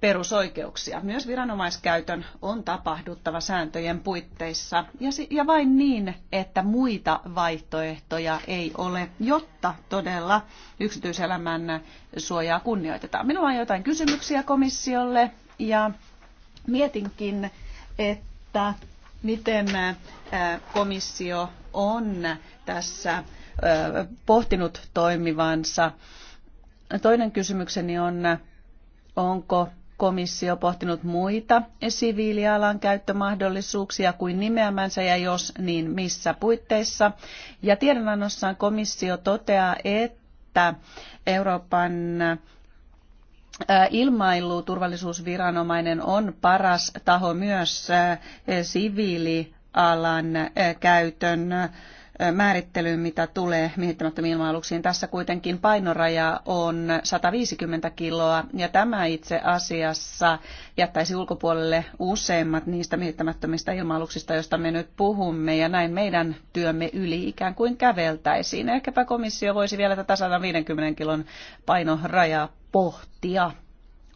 perusoikeuksia. Myös viranomaiskäytön on tapahduttava sääntöjen puitteissa ja, vain niin, että muita vaihtoehtoja ei ole, jotta todella yksityiselämän suojaa kunnioitetaan. Minulla on jotain kysymyksiä komissiolle ja mietinkin, että miten komissio on tässä pohtinut toimivansa. Toinen kysymykseni on, onko komissio pohtinut muita siviilialan käyttömahdollisuuksia kuin nimeämänsä ja jos niin missä puitteissa. Ja tiedonannossaan komissio toteaa, että Euroopan turvallisuusviranomainen on paras taho myös siviilialan käytön määrittelyyn, mitä tulee miehittämättömiin ilma-aluksiin. Tässä kuitenkin painoraja on 150 kiloa ja tämä itse asiassa jättäisi ulkopuolelle useimmat niistä miehittämättömistä ilma-aluksista, joista me nyt puhumme ja näin meidän työmme yli ikään kuin käveltäisiin. Ehkäpä komissio voisi vielä tätä 150 kilon painorajaa pohtia.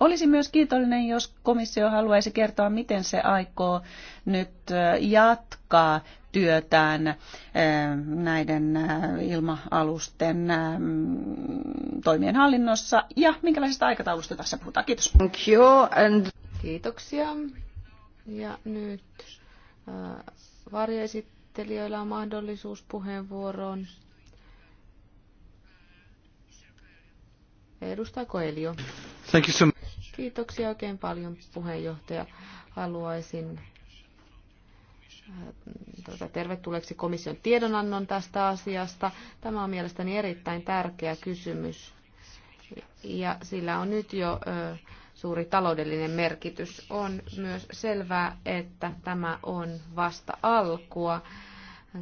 Olisin myös kiitollinen, jos komissio haluaisi kertoa, miten se aikoo nyt äh, jatkaa työtään äh, näiden äh, ilma-alusten ähm, toimien hallinnossa ja minkälaisesta aikataulusta tässä puhutaan. Kiitos. Thank you and... Kiitoksia. Ja nyt
äh, on mahdollisuus puheenvuoroon. Edustaja Koelio. Thank you so much. Kiitoksia oikein paljon puheenjohtaja. Haluaisin äh, tuota, tervetulleeksi komission tiedonannon tästä asiasta. Tämä on mielestäni erittäin tärkeä kysymys ja sillä on nyt jo suuri taloudellinen merkitys. On myös selvää, että tämä on vasta alkua.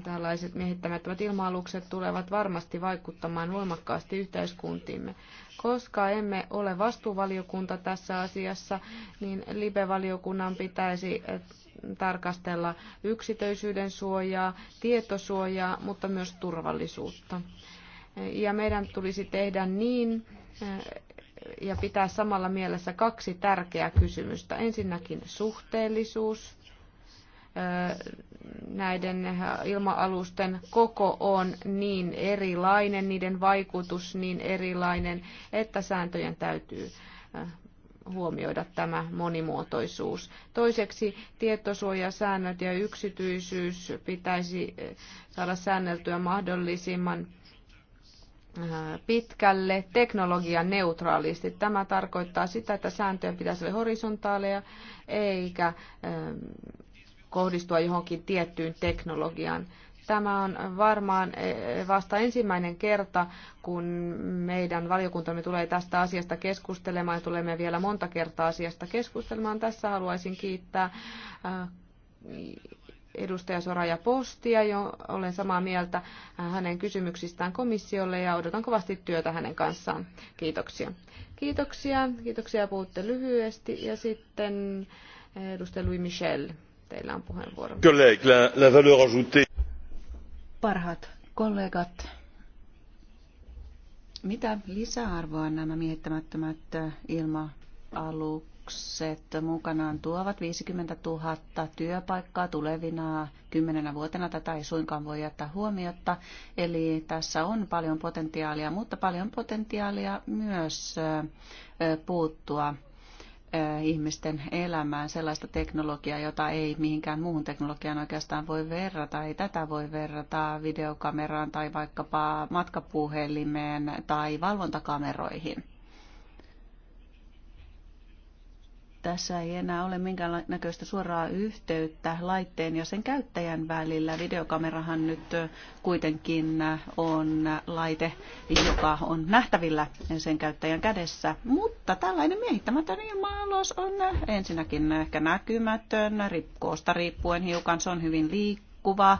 Tällaiset miehittämättömät ilma-alukset tulevat varmasti vaikuttamaan voimakkaasti yhteiskuntiimme. Koska emme ole vastuuvaliokunta tässä asiassa, niin libe valiokunnan pitäisi eh, tarkastella yksityisyyden suojaa, tietosuojaa, mutta myös turvallisuutta. Eh, ja meidän tulisi tehdä niin eh, ja pitää samalla mielessä kaksi tärkeää kysymystä. Ensinnäkin suhteellisuus näiden ilma-alusten koko on niin erilainen, niiden vaikutus niin erilainen, että sääntöjen täytyy huomioida tämä monimuotoisuus. Toiseksi tietosuojasäännöt ja yksityisyys pitäisi saada säänneltyä mahdollisimman pitkälle teknologian neutraalisti. Tämä tarkoittaa sitä, että sääntöjen pitäisi olla horisontaaleja eikä kohdistua johonkin tiettyyn teknologiaan. Tämä on varmaan eh, vasta ensimmäinen kerta, kun meidän valiokuntamme tulee tästä asiasta keskustelemaan ja tulemme vielä monta kertaa asiasta keskustelemaan. Tässä haluaisin kiittää eh, edustaja Soraja Postia, jo olen samaa mieltä eh, hänen kysymyksistään komissiolle ja odotan kovasti työtä hänen kanssaan. Kiitoksia. Kiitoksia. Kiitoksia puhutte lyhyesti ja sitten edustaja Louis Michel. Teillä on puheenvuoro.
Parhaat kollegat, mitä lisäarvoa nämä miehittämättömät ilma-alukset mukanaan tuovat? 50 000 työpaikkaa tulevina kymmenenä vuotena. Tätä ei suinkaan voi jättää huomiota. Eli tässä on paljon potentiaalia, mutta paljon potentiaalia myös puuttua Äh, ihmisten elämään sellaista teknologiaa, jota ei mihinkään muuhun teknologiaan oikeastaan voi verrata. Ei tätä voi verrata videokameraan tai vaikkapa matkapuhelimeen tai valvontakameroihin. Tässä ei enää ole minkään näköistä suoraa yhteyttä laitteen ja sen käyttäjän välillä. Videokamerahan nyt kuitenkin on laite, joka on nähtävillä sen käyttäjän kädessä. Mutta tällainen miehittämätön ilma on ensinnäkin ehkä näkymätön, koosta riippuen hiukan se on hyvin liikkuva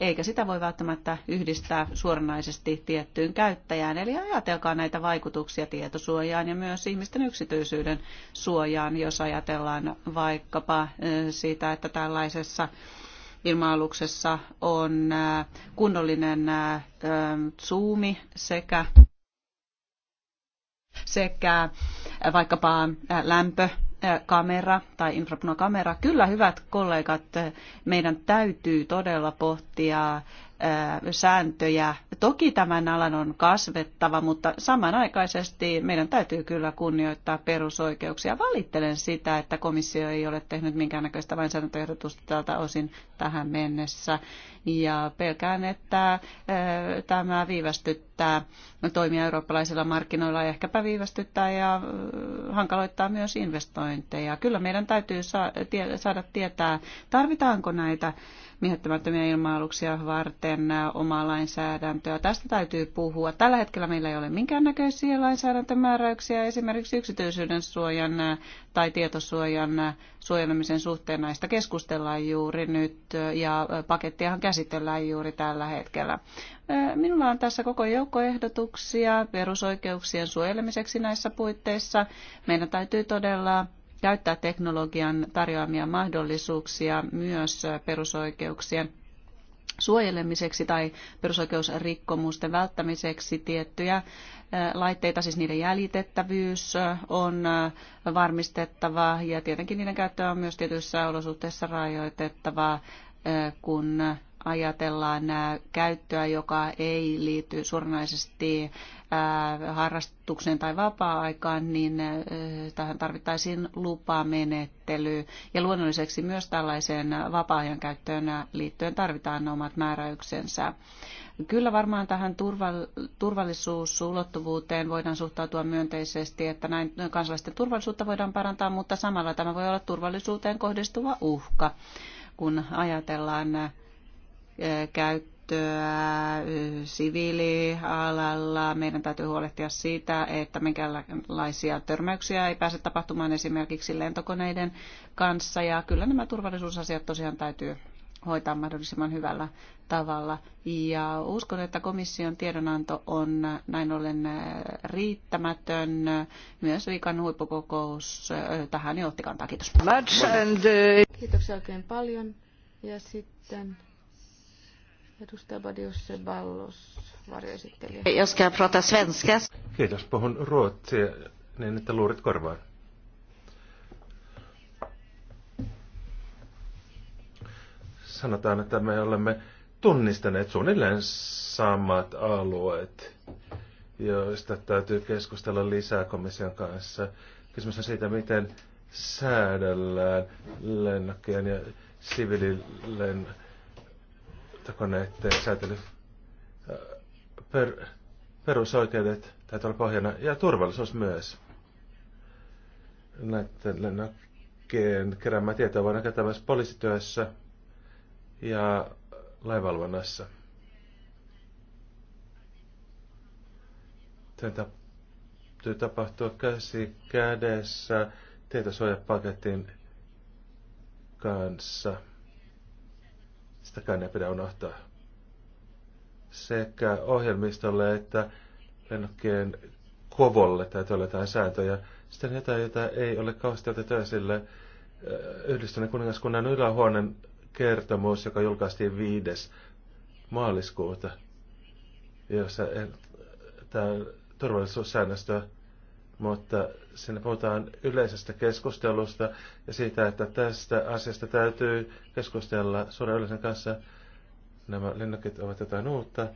eikä sitä voi välttämättä yhdistää suoranaisesti tiettyyn käyttäjään. Eli ajatelkaa näitä vaikutuksia tietosuojaan ja myös ihmisten yksityisyyden suojaan, jos ajatellaan vaikkapa sitä, että tällaisessa ilma-aluksessa on kunnollinen zoomi sekä sekä vaikkapa lämpö kamera tai infrapunakamera. Kyllä, hyvät kollegat, meidän täytyy todella pohtia sääntöjä. Toki tämän alan on kasvettava, mutta samanaikaisesti meidän täytyy kyllä kunnioittaa perusoikeuksia. Valittelen sitä, että komissio ei ole tehnyt minkäännäköistä lainsäädäntöehdotusta tältä osin tähän mennessä. Ja pelkään, että tämä viivästyttää toimia eurooppalaisilla markkinoilla, ehkäpä viivästyttää ja hankaloittaa myös investointeja. Kyllä meidän täytyy saada tietää, tarvitaanko näitä miehittämättömiä ilma-aluksia varten omaa lainsäädäntöä. Tästä täytyy puhua. Tällä hetkellä meillä ei ole minkäännäköisiä lainsäädäntömääräyksiä esimerkiksi yksityisyyden suojan tai tietosuojan suojelemisen suhteen. Näistä keskustellaan juuri nyt ja pakettiahan käsitellään juuri tällä hetkellä. Minulla on tässä koko joukko ehdotuksia perusoikeuksien suojelemiseksi näissä puitteissa. Meidän täytyy todella käyttää teknologian tarjoamia mahdollisuuksia myös perusoikeuksien suojelemiseksi tai perusoikeusrikkomusten välttämiseksi tiettyjä laitteita, siis niiden jäljitettävyys on varmistettava ja tietenkin niiden käyttöä on myös tietyissä olosuhteissa rajoitettava, kun ajatellaan käyttöä, joka ei liity suoranaisesti harrastukseen tai vapaa-aikaan, niin tähän tarvittaisiin lupamenettely. Ja luonnolliseksi myös tällaiseen vapaa-ajan käyttöön liittyen tarvitaan omat määräyksensä. Kyllä varmaan tähän turvallisuusulottuvuuteen voidaan suhtautua myönteisesti, että näin kansalaisten turvallisuutta voidaan parantaa, mutta samalla tämä voi olla turvallisuuteen kohdistuva uhka, kun ajatellaan käyttöä käyttöä siviilialalla. Meidän täytyy huolehtia siitä, että minkälaisia törmäyksiä ei pääse tapahtumaan esimerkiksi lentokoneiden kanssa. Ja kyllä nämä turvallisuusasiat tosiaan täytyy hoitaa mahdollisimman hyvällä tavalla. Ja uskon, että komission tiedonanto on näin ollen riittämätön. Myös viikon huippukokous tähän jo kantaa. Kiitos.
Kiitoksia oikein paljon. Ja sitten
Edustaja Badius Ballos, varjoesittelijä. Jos
käy prata svenska.
Kiitos, puhun ruotsia niin, että luurit korvaan. Sanotaan, että me olemme tunnistaneet suunnilleen samat alueet, joista täytyy keskustella lisää komission kanssa. Kysymys on siitä, miten säädellään lennokkien ja siviililennokkien tietokoneiden säätely, äh, per, perusoikeudet täytyy olla pohjana ja turvallisuus myös. Näiden lennokkien keräämä tietoa voidaan käyttää myös poliisityössä ja laivalvonnassa. Sen täytyy tapahtua käsi kädessä tietosuojapaketin kanssa. Sitäkään ei pidä unohtaa. Sekä ohjelmistolle että lennokkien kovolle täytyy olla jotain sääntöjä. Sitten jotain, jota ei ole kauheasti otettu esille. Yhdistyneen kuningaskunnan ylähuoneen kertomus, joka julkaistiin 5. maaliskuuta, jossa tämä turvallisuussäännöstö, mutta Siinä puhutaan yleisestä keskustelusta ja siitä, että tästä asiasta täytyy keskustella suuren yleisen kanssa. Nämä lennokit ovat jotain uutta.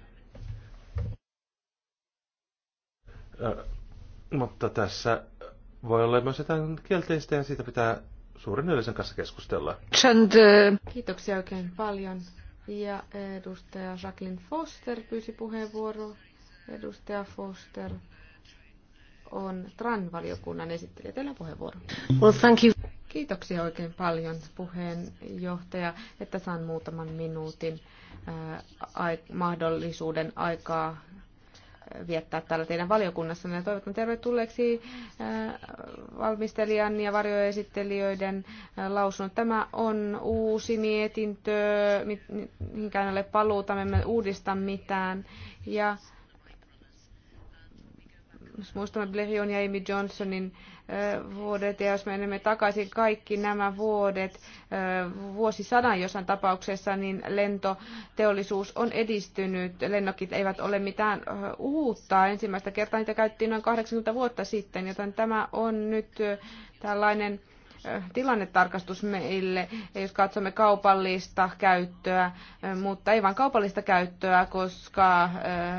Mutta tässä voi olla myös jotain kielteistä ja siitä pitää suuren yleisen kanssa keskustella.
Kiitoksia oikein paljon. Ja edustaja Jacqueline Foster pyysi puheenvuoroa. Edustaja Foster on TRAN-valiokunnan esittelijä. Teillä on puheenvuoro. Well, thank you. Kiitoksia oikein paljon puheenjohtaja, että saan muutaman minuutin mahdollisuuden aikaa viettää täällä teidän valiokunnassa. Ja toivotan tervetulleeksi valmistelijan ja varjoesittelijöiden lausunnot. Tämä on uusi mietintö, mihinkään ei ole paluuta, me emme uudista mitään. Ja jos muistamme Blerion ja Amy Johnsonin vuodet, ja jos menemme takaisin kaikki nämä vuodet, vuosisadan jossain tapauksessa, niin lentoteollisuus on edistynyt. Lennokit eivät ole mitään uutta. Ensimmäistä kertaa niitä käyttiin noin 80 vuotta sitten, joten tämä on nyt tällainen Äh, tilannetarkastus meille, jos katsomme kaupallista käyttöä, äh, mutta ei vain kaupallista käyttöä, koska äh,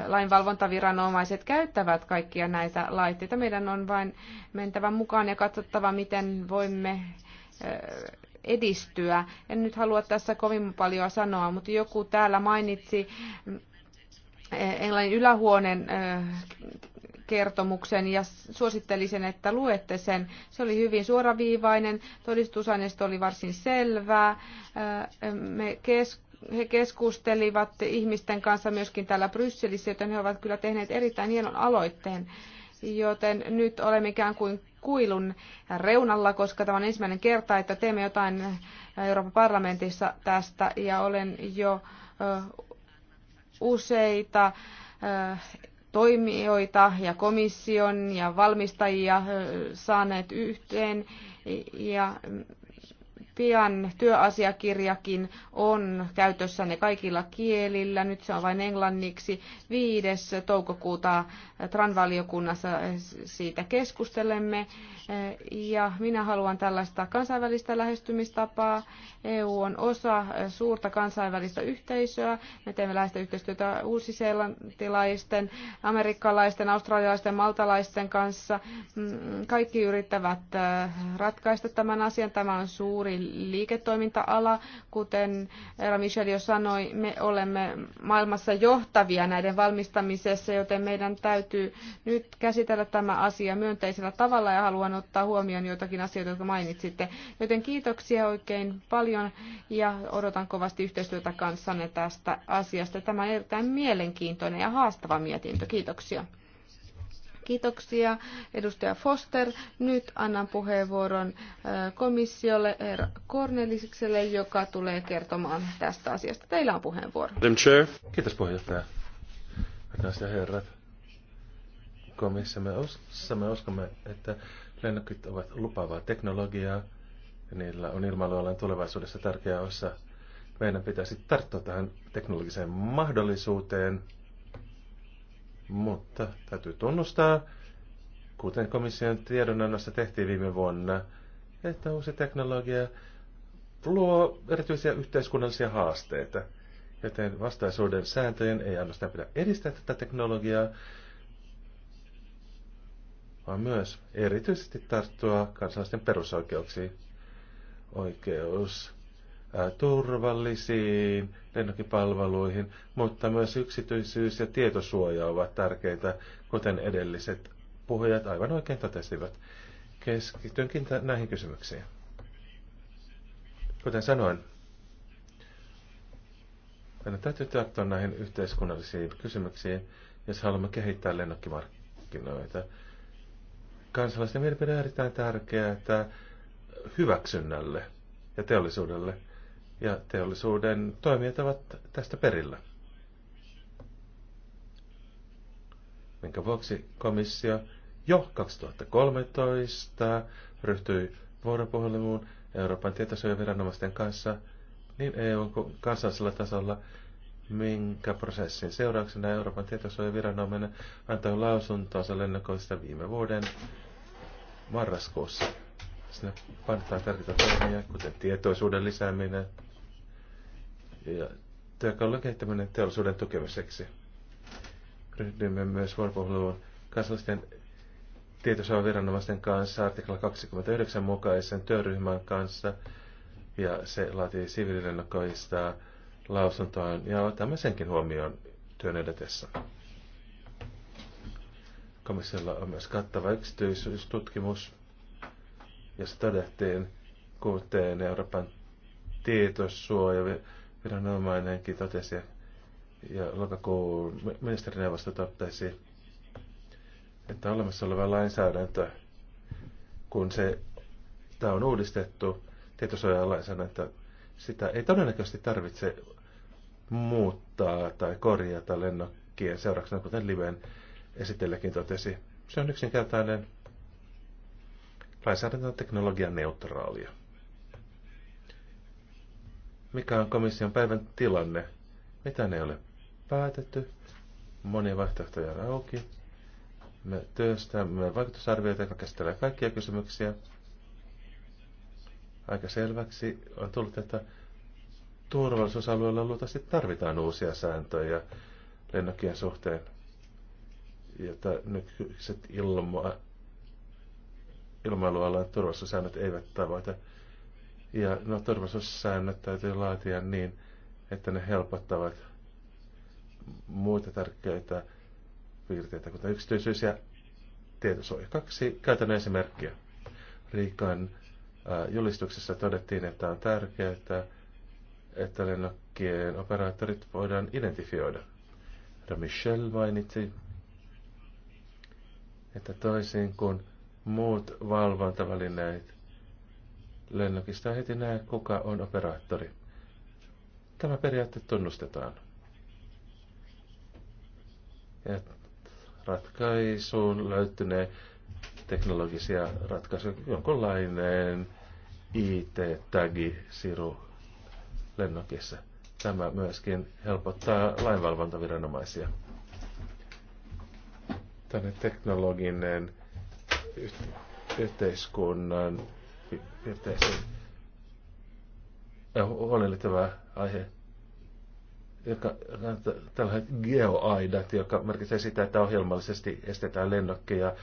lainvalvontaviranomaiset käyttävät kaikkia näitä laitteita. Meidän on vain mentävä mukaan ja katsottava, miten voimme edistyä. En nyt halua tässä kovin paljon sanoa, mutta joku täällä mainitsi englannin ylähuoneen kertomuksen ja suosittelisin, että luette sen. Se oli hyvin suoraviivainen, todistusaineisto oli varsin selvää. Me kes- he keskustelivat ihmisten kanssa myöskin täällä Brysselissä, joten he ovat kyllä tehneet erittäin hienon aloitteen. Joten nyt olemme ikään kuin kuilun reunalla, koska tämä on ensimmäinen kerta, että teemme jotain Euroopan parlamentissa tästä ja olen jo useita toimijoita ja komission ja valmistajia saaneet yhteen ja Pian työasiakirjakin on ne kaikilla kielillä. Nyt se on vain englanniksi. 5. toukokuuta Tranvaliokunnassa siitä keskustelemme. Ja minä haluan tällaista kansainvälistä lähestymistapaa. EU on osa suurta kansainvälistä yhteisöä. Me teemme lähestä yhteistyötä uusiseelantilaisten, amerikkalaisten, australialaisten, maltalaisten kanssa. Mm, kaikki yrittävät äh, ratkaista tämän asian. Tämä on suuri liiketoiminta-ala. Kuten Era Michel jo sanoi, me olemme maailmassa johtavia näiden valmistamisessa, joten meidän täytyy nyt käsitellä tämä asia myönteisellä tavalla ja haluan ottaa huomioon joitakin asioita, jotka mainitsitte. Joten kiitoksia oikein paljon ja odotan kovasti yhteistyötä kanssanne tästä asiasta. Tämä on erittäin mielenkiintoinen ja haastava mietintö. Kiitoksia. Kiitoksia edustaja Foster. Nyt annan puheenvuoron äh, komissiolle herra joka tulee kertomaan tästä asiasta. Teillä on puheenvuoro.
Kiitos puheenjohtaja. Hyvät ja herrat. Komissa me, os- me uskomme, että lennokit ovat lupaavaa teknologiaa ja niillä on ilmailualan tulevaisuudessa tärkeä osa. Meidän pitäisi tarttua tähän teknologiseen mahdollisuuteen – mutta täytyy tunnustaa, kuten komission tiedonannossa tehtiin viime vuonna, että uusi teknologia luo erityisiä yhteiskunnallisia haasteita. Joten vastaisuuden sääntöjen ei ainoastaan pidä edistää tätä teknologiaa, vaan myös erityisesti tarttua kansalaisten perusoikeuksiin. Oikeus turvallisiin lennokipalveluihin, mutta myös yksityisyys ja tietosuoja ovat tärkeitä, kuten edelliset puhujat aivan oikein totesivat. Keskitynkin näihin kysymyksiin. Kuten sanoin, meidän täytyy tarttua näihin yhteiskunnallisiin kysymyksiin, jos haluamme kehittää lennokkimarkkinoita. Kansalaisten mielipide on erittäin tärkeää hyväksynnälle ja teollisuudelle ja teollisuuden toimijat ovat tästä perillä. Minkä vuoksi komissio jo 2013 ryhtyi vuoropuheluun Euroopan tietosuojaviranomaisten kanssa niin EUn kuin kansallisella tasolla, minkä prosessin seurauksena Euroopan tietosuojaviranomainen antoi lausuntoa lennokoista viime vuoden marraskuussa. Sinne panttaa tärkeitä toimia, kuten tietoisuuden lisääminen, ja työkalun kehittäminen teollisuuden tukemiseksi. Ryhdymme myös vuoropuheluun kansallisten tietosuojaviranomaisten kanssa artikla 29 mukaisen työryhmän kanssa ja se laatii siviililennokoista lausuntoon ja otamme senkin huomioon työn edetessä. Komissiolla on myös kattava yksityisyystutkimus, jossa todettiin kuuteen Euroopan tietosuoja viranomainenkin totesi, ja lokakuun ministerineuvosto totesi, että olemassa oleva lainsäädäntö, kun se, tämä on uudistettu, tietosuojalainsäädäntö, sitä ei todennäköisesti tarvitse muuttaa tai korjata lennokkien seurauksena, kuten Liven esitelläkin totesi. Se on yksinkertainen. Lainsäädäntö teknologian neutraalia mikä on komission päivän tilanne. Mitä ne ole päätetty? Moni vaihtoehtoja on auki. Me työstämme vaikutusarvioita, jotka käsittelee kaikkia kysymyksiä. Aika selväksi on tullut, että turvallisuusalueella luultavasti tarvitaan uusia sääntöjä lennokien suhteen, jotta nykyiset ilma, ilmailualan turvallisuussäännöt eivät tavoita. Ja no, turvallisuussäännöt täytyy laatia niin, että ne helpottavat muita tärkeitä piirteitä, kuten yksityisyys ja tietosuoja. Kaksi käytännön esimerkkiä. Riikan julistuksessa todettiin, että on tärkeää, että lennokkien operaattorit voidaan identifioida. Michel mainitsi, että toisin kuin muut valvontavälineet, lennokista heti näe, kuka on operaattori. Tämä periaate tunnustetaan. Ja ratkaisuun löytynee teknologisia ratkaisuja, jonkunlainen IT-tagi siru lennokissa. Tämä myöskin helpottaa lainvalvontaviranomaisia. Tänne teknologinen yhteiskunnan piirteisiin. huolellittava aihe, joka on tällainen geoaidat, joka merkitsee sitä, että ohjelmallisesti estetään lennokkeja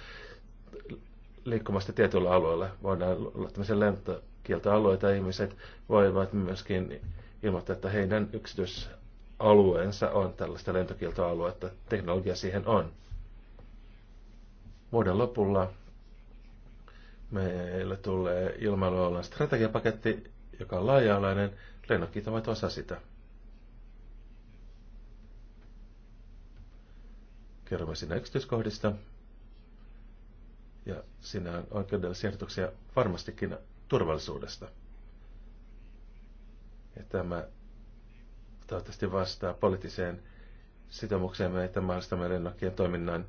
liikkumasta tietyllä alueella. Voidaan olla tämmöisiä lentokieltoalueita, ihmiset voivat myöskin ilmoittaa, että heidän yksityisalueensa on tällaista lentokieltoaluetta. Teknologia siihen on. Vuoden lopulla Meille tulee ilmailualan strategiapaketti, joka on laaja-alainen. Lennokit ovat osa sitä. Kerromme sinä yksityiskohdista. Ja sinä on oikeudellisia ehdotuksia varmastikin turvallisuudesta. Ja tämä toivottavasti vastaa poliittiseen sitoumukseen, että mahdollistamme lennokkien toiminnan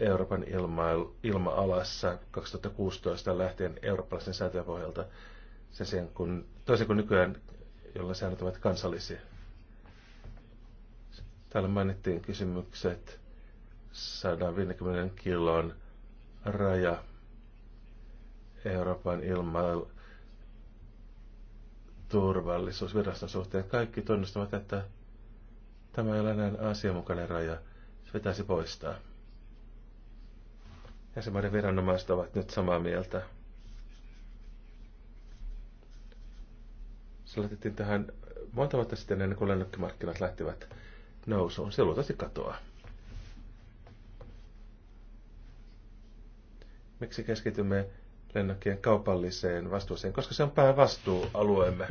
Euroopan ilma- ilma-alassa 2016 lähtien eurooppalaisen säätöjen pohjalta se sen, kun, toisin kuin nykyään, jolla säännöt ovat kansallisia. Täällä mainittiin kysymykset 150 kilon raja Euroopan ilma- turvallisuusviraston suhteen. Kaikki tunnustavat, että tämä ei ole enää asianmukainen raja. Se pitäisi poistaa jäsenmaiden viranomaiset ovat nyt samaa mieltä. Se laitettiin tähän monta vuotta sitten ennen kuin lennokkimarkkinat lähtivät nousuun. Se luultavasti katoaa. Miksi keskitymme lennokkien kaupalliseen vastuuseen? Koska se on päävastuualueemme.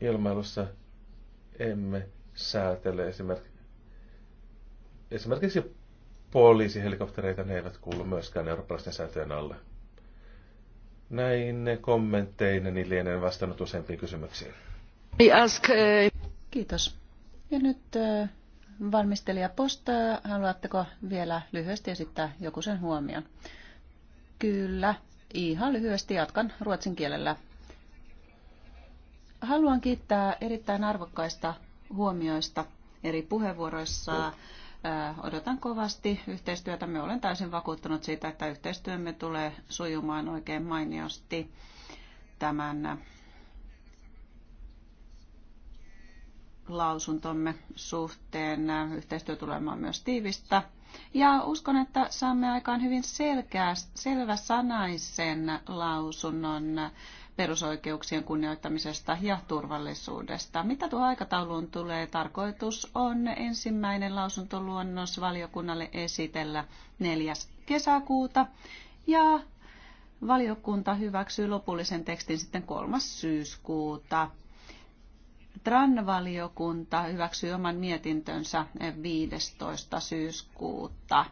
Ilmailussa emme säätele esimerkiksi esimerkiksi poliisihelikoptereita, ne eivät kuulu myöskään eurooppalaisten säätöjen alle. Näin kommentteina niin lienen vastannut useampiin kysymyksiin.
Eh, Kiitos. Ja nyt eh, valmistelija postaa. Haluatteko vielä lyhyesti esittää joku sen huomion? Kyllä, ihan lyhyesti jatkan ruotsin kielellä. Haluan kiittää erittäin arvokkaista huomioista eri puheenvuoroissa. Oh Odotan kovasti yhteistyötä. Me olen täysin vakuuttunut siitä, että yhteistyömme tulee sujumaan oikein mainiosti tämän lausuntomme suhteen. Yhteistyö tulee myös tiivistä. Ja uskon, että saamme aikaan hyvin selkeä, selvä sanaisen lausunnon perusoikeuksien kunnioittamisesta ja turvallisuudesta. Mitä tuo aikatauluun tulee? Tarkoitus on ensimmäinen lausuntoluonnos valiokunnalle esitellä 4. kesäkuuta ja valiokunta hyväksyy lopullisen tekstin sitten 3. syyskuuta. TRAN-valiokunta oman mietintönsä 15. syyskuuta.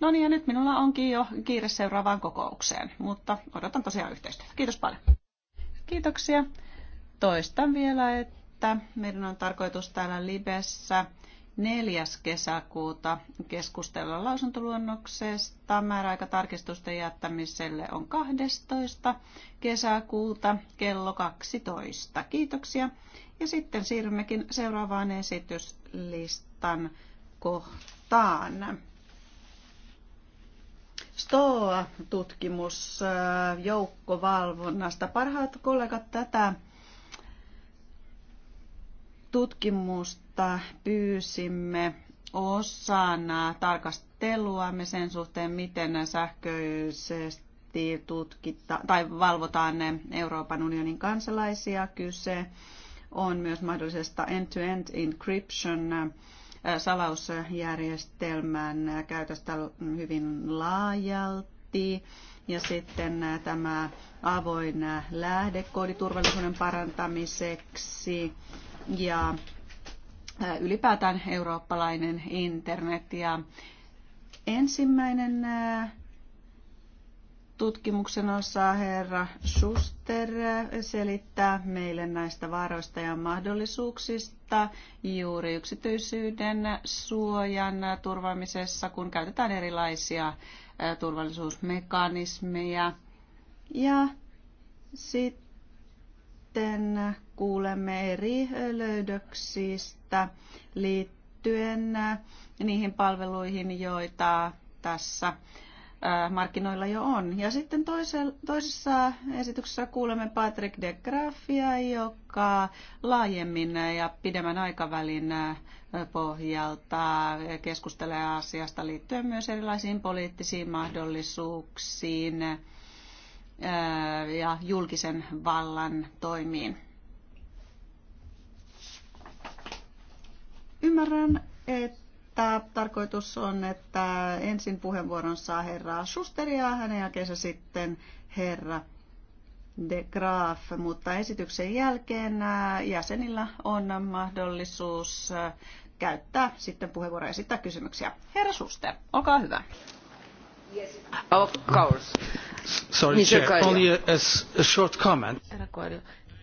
No niin, ja nyt minulla onkin jo kiire seuraavaan kokoukseen, mutta odotan tosiaan yhteistyötä. Kiitos paljon. Kiitoksia. Toistan vielä, että meidän on tarkoitus täällä Libessä 4. kesäkuuta keskustella lausuntoluonnoksesta. Määräaika tarkistusten jättämiselle on 12. kesäkuuta kello 12. Kiitoksia. Ja sitten siirrymmekin seuraavaan esityslistan kohtaan. STOA-tutkimus äh, joukkovalvonnasta. Parhaat kollegat tätä tutkimusta pyysimme osana me sen suhteen, miten sähköisesti tutkita, tai valvotaan ne Euroopan unionin kansalaisia. Kyse on myös mahdollisesta end-to-end -end encryption salausjärjestelmän käytöstä hyvin laajalti. Ja sitten tämä avoin lähdekoodi turvallisuuden parantamiseksi ja ylipäätään eurooppalainen internet. Ja ensimmäinen tutkimuksen osaa herra Schuster selittää meille näistä vaaroista ja mahdollisuuksista juuri yksityisyyden suojan turvaamisessa, kun käytetään erilaisia turvallisuusmekanismeja. Ja sitten kuulemme eri löydöksistä liittyen niihin palveluihin, joita tässä markkinoilla jo on. Ja sitten toisessa esityksessä kuulemme Patrick de Graffia, joka laajemmin ja pidemmän aikavälin pohjalta keskustelee asiasta liittyen myös erilaisiin poliittisiin mahdollisuuksiin ja julkisen vallan toimiin. Ymmärrän, että että tarkoitus on, että ensin puheenvuoron saa herra Susteria, ja hänen jälkeensä sitten herra de Graaf, mutta esityksen jälkeen äh, jäsenillä on mahdollisuus äh, käyttää sitten puheenvuoroja esittää kysymyksiä. Herra Schuster, olkaa hyvä.
Yes, of
course. Sorry, Chair, only a, a short comment.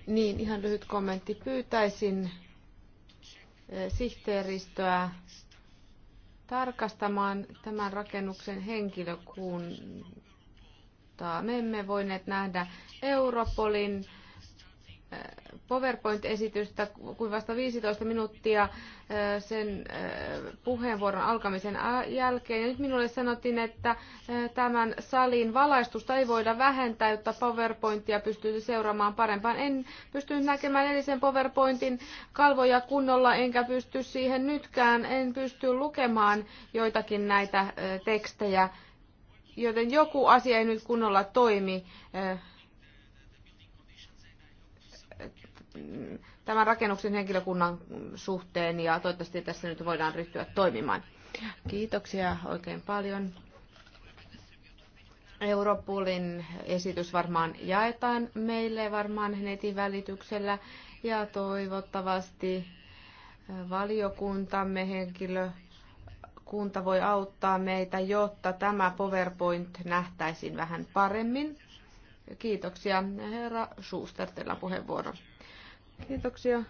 Niin, ihan lyhyt kommentti. Pyytäisin äh, sihteeristöä tarkastamaan tämän rakennuksen henkilökuntaa. Me emme voineet nähdä Europolin PowerPoint-esitystä kuin vasta 15 minuuttia äh, sen äh, puheenvuoron alkamisen jälkeen. Ja nyt minulle sanottiin, että äh, tämän salin valaistusta ei voida vähentää, jotta PowerPointia pystyy seuraamaan parempaan. En pystynyt näkemään edellisen PowerPointin kalvoja kunnolla, enkä pysty siihen nytkään. En pysty lukemaan joitakin näitä tekstejä, joten joku asia ei nyt kunnolla toimi tämän rakennuksen henkilökunnan suhteen ja toivottavasti tässä nyt voidaan ryhtyä toimimaan. Kiitoksia oikein paljon. Europolin esitys varmaan jaetaan meille varmaan netin välityksellä ja toivottavasti valiokuntamme henkilö kunta voi auttaa meitä, jotta tämä PowerPoint nähtäisiin vähän paremmin. Kiitoksia. Herra Schuster, teillä puheenvuoro. Kiitoksia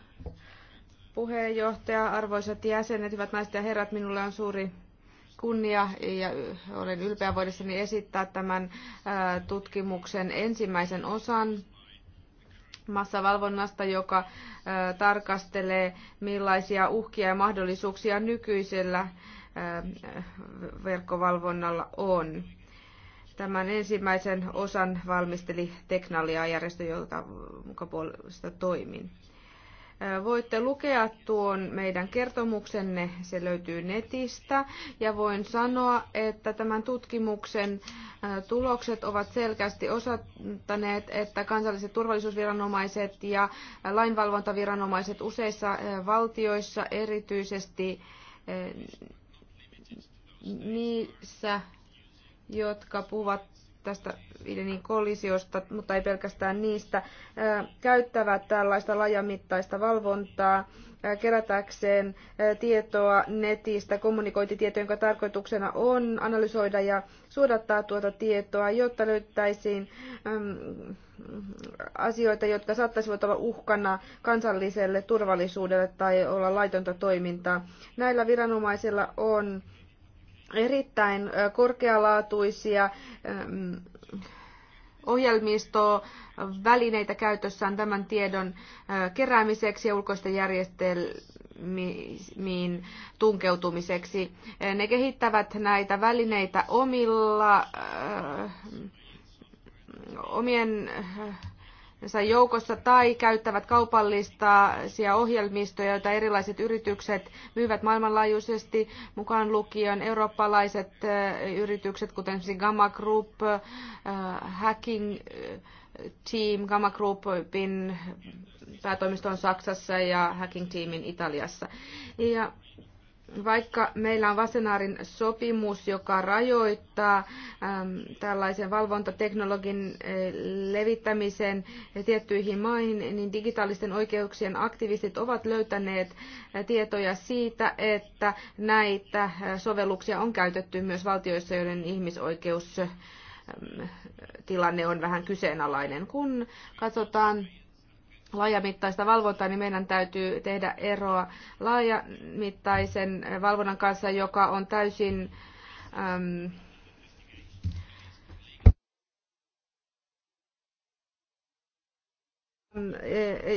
puheenjohtaja, arvoisat jäsenet, hyvät naiset ja herrat, minulla on suuri kunnia ja olen ylpeä voidessani esittää tämän tutkimuksen ensimmäisen osan massavalvonnasta, joka tarkastelee millaisia uhkia ja mahdollisuuksia nykyisellä verkkovalvonnalla on. Tämän ensimmäisen osan valmisteli Teknalia-järjestö, jonka puolesta toimin. Voitte lukea tuon meidän kertomuksenne, se löytyy netistä. Ja voin sanoa, että tämän tutkimuksen tulokset ovat selkeästi osoittaneet, että kansalliset turvallisuusviranomaiset ja lainvalvontaviranomaiset useissa valtioissa, erityisesti niissä jotka puhuvat tästä Idenin kollisiosta, mutta ei pelkästään niistä, käyttävät tällaista lajamittaista valvontaa kerätäkseen tietoa netistä, kommunikointitietoa, jonka tarkoituksena on analysoida ja suodattaa tuota tietoa, jotta löytäisiin asioita, jotka saattaisivat olla uhkana kansalliselle turvallisuudelle tai olla laitonta toimintaa. Näillä viranomaisilla on erittäin korkealaatuisia ähm, ohjelmistoa, välineitä käytössään tämän tiedon keräämiseksi ja ulkoisten järjestelmiin tunkeutumiseksi. Ne kehittävät näitä välineitä omilla, omien joukossa tai käyttävät kaupallisia ohjelmistoja, joita erilaiset yritykset myyvät maailmanlaajuisesti, mukaan lukion eurooppalaiset eh, yritykset, kuten siis Gamma Group, eh, Hacking eh, Team, Gamma Groupin päätoimisto on Saksassa ja Hacking Teamin Italiassa. Ja vaikka meillä on Vasenaarin sopimus, joka rajoittaa äm, tällaisen valvontateknologin ä, äh, levittämisen tiettyihin maihin, niin digitaalisten oikeuksien aktivistit ovat löytäneet äh, tietoja siitä, että näitä äh, sovelluksia on käytetty myös valtioissa, joiden ihmisoikeustilanne on vähän kyseenalainen. Kun katsotaan laajamittaista valvontaa, niin meidän täytyy tehdä eroa laajamittaisen valvonnan kanssa, joka on täysin äm,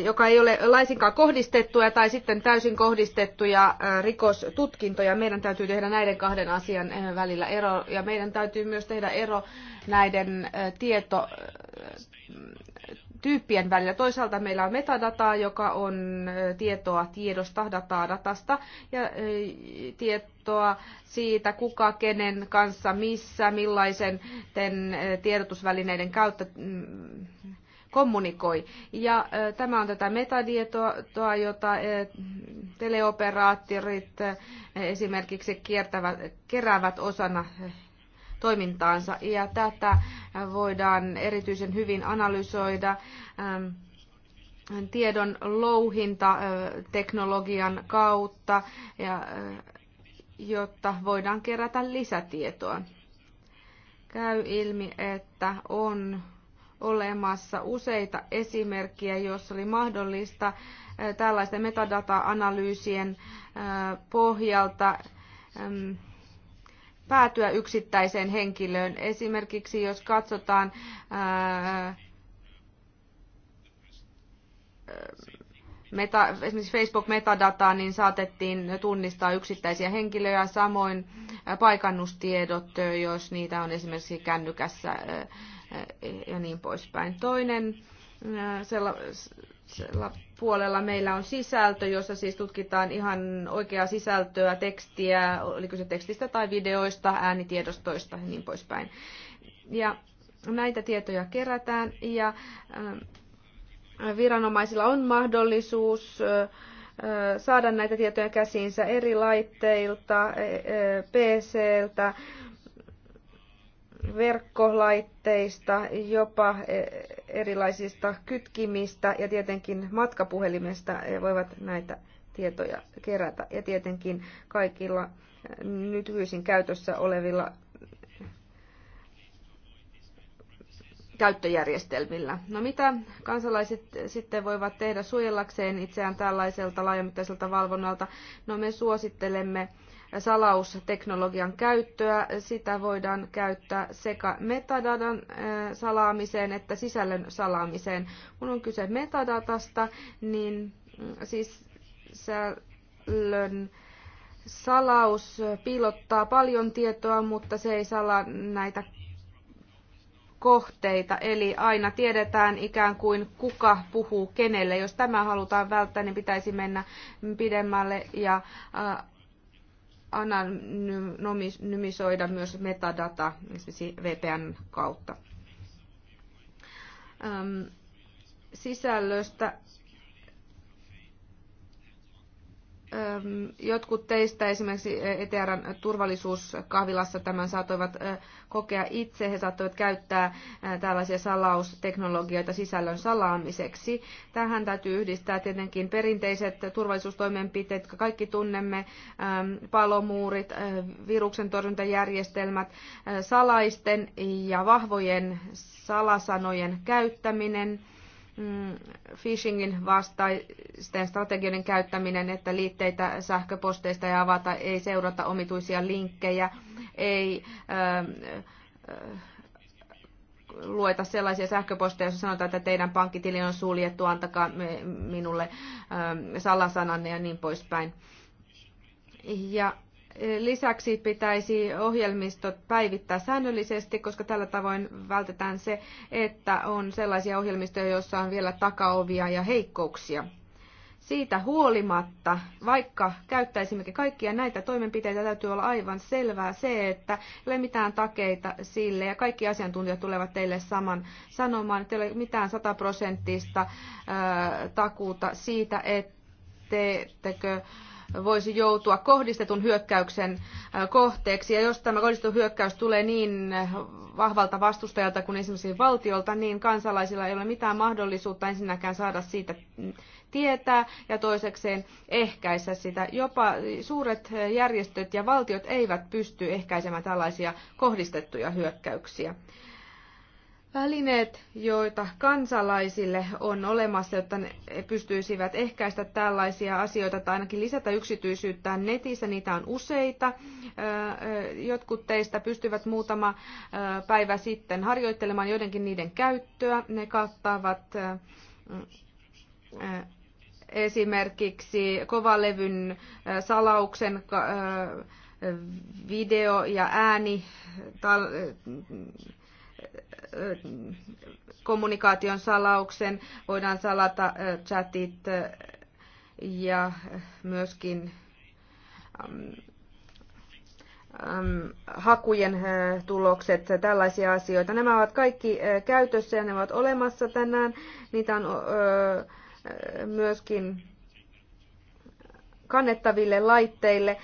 joka ei ole laisinkaan kohdistettuja tai sitten täysin kohdistettuja äh, rikostutkintoja. Meidän täytyy tehdä näiden kahden asian äh, välillä ero ja meidän täytyy myös tehdä ero näiden äh, tieto tyyppien välillä. Toisaalta meillä on metadataa, joka on tietoa tiedosta, dataa datasta ja tietoa siitä, kuka kenen kanssa, missä, millaisen tiedotusvälineiden kautta mm, kommunikoi. Ja tämä on tätä metadietoa, jota teleoperaattorit esimerkiksi kiertävät, keräävät osana toimintaansa. Ja tätä voidaan erityisen hyvin analysoida ähm, tiedon louhinta äh, teknologian kautta, ja, äh, jotta voidaan kerätä lisätietoa. Käy ilmi, että on olemassa useita esimerkkejä, joissa oli mahdollista äh, tällaisten metadata-analyysien pohjalta ähm, päätyä yksittäiseen henkilöön. Esimerkiksi jos katsotaan ää, meta, esimerkiksi Facebook-metadataa, niin saatettiin tunnistaa yksittäisiä henkilöjä, samoin paikannustiedot, jos niitä on esimerkiksi kännykässä ja niin poispäin. Toinen sella, sella, puolella meillä on sisältö, jossa siis tutkitaan ihan oikeaa sisältöä, tekstiä, oliko se tekstistä tai videoista, äänitiedostoista ja niin poispäin. Ja näitä tietoja kerätään ja äh, viranomaisilla on mahdollisuus äh, äh, saada näitä tietoja käsiinsä eri laitteilta, PCltä, verkkolaitteista, jopa e, erilaisista kytkimistä ja tietenkin matkapuhelimesta e, voivat näitä tietoja kerätä. Ja tietenkin kaikilla e, nykyisin käytössä olevilla käyttöjärjestelmillä. No mitä kansalaiset sitten voivat tehdä suojellakseen itseään tällaiselta laajamittaiselta valvonnalta? No me suosittelemme salausteknologian käyttöä. Sitä voidaan käyttää sekä metadatan salaamiseen että sisällön salaamiseen. Kun on kyse metadatasta, niin mm, sisällön salaus piilottaa paljon tietoa, mutta se ei salaa näitä kohteita, eli aina tiedetään ikään kuin kuka puhuu kenelle. Jos tämä halutaan välttää, niin pitäisi mennä pidemmälle ja anonymisoida myös metadata esimerkiksi VPN kautta. Sisällöstä Jotkut teistä esimerkiksi ETRn turvallisuuskahvilassa tämän saatoivat kokea itse. He saattoivat käyttää tällaisia salausteknologioita sisällön salaamiseksi. Tähän täytyy yhdistää tietenkin perinteiset turvallisuustoimenpiteet, jotka kaikki tunnemme, palomuurit, viruksen torjuntajärjestelmät, salaisten ja vahvojen salasanojen käyttäminen – Mm, phishingin vastaisten strategioiden käyttäminen, että liitteitä sähköposteista ei avata, ei seurata omituisia linkkejä, ei ähm, äh, lueta sellaisia sähköposteja, joissa sanotaan, että teidän pankkitili on suljettu, antakaa minulle ähm, salasananne ja niin poispäin. Ja Lisäksi pitäisi ohjelmistot päivittää säännöllisesti, koska tällä tavoin vältetään se, että on sellaisia ohjelmistoja, joissa on vielä takaovia ja heikkouksia. Siitä huolimatta, vaikka käyttäisimmekin kaikkia näitä toimenpiteitä, täytyy olla aivan selvää se, että ei ole mitään takeita sille, ja kaikki asiantuntijat tulevat teille saman sanomaan, että ei ole mitään sataprosenttista takuuta siitä, etteikö että voisi joutua kohdistetun hyökkäyksen kohteeksi. Ja jos tämä kohdistettu hyökkäys tulee niin vahvalta vastustajalta kuin esimerkiksi valtiolta, niin kansalaisilla ei ole mitään mahdollisuutta ensinnäkään saada siitä mm, tietää ja toisekseen ehkäistä sitä. Jopa suuret järjestöt ja valtiot eivät pysty ehkäisemään tällaisia kohdistettuja hyökkäyksiä välineet, joita kansalaisille on olemassa, jotta ne pystyisivät ehkäistä tällaisia asioita tai ainakin lisätä yksityisyyttään netissä. Niitä on useita. Jotkut teistä pystyvät muutama päivä sitten harjoittelemaan joidenkin niiden käyttöä. Ne kattavat esimerkiksi kovalevyn salauksen video- ja ääni kommunikaation salauksen, voidaan salata chatit ja myöskin hakujen tulokset, tällaisia asioita. Nämä ovat kaikki käytössä ja ne ovat olemassa tänään. Niitä on myöskin kannettaville laitteille,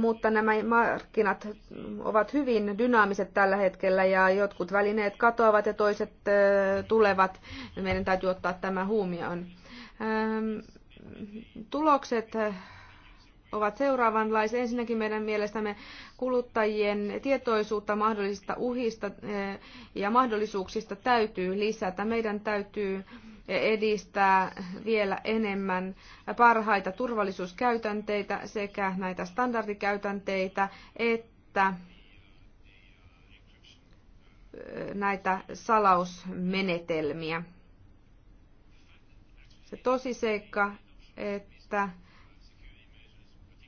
mutta nämä markkinat ovat hyvin dynaamiset tällä hetkellä ja jotkut välineet katoavat ja toiset tulevat. Meidän täytyy ottaa tämä huomioon. Tulokset ovat seuraavanlaisia. Ensinnäkin meidän mielestämme kuluttajien tietoisuutta mahdollisista uhista ja mahdollisuuksista täytyy lisätä. Meidän täytyy edistää vielä enemmän parhaita turvallisuuskäytänteitä sekä näitä standardikäytänteitä että näitä salausmenetelmiä. Se tosiseikka, että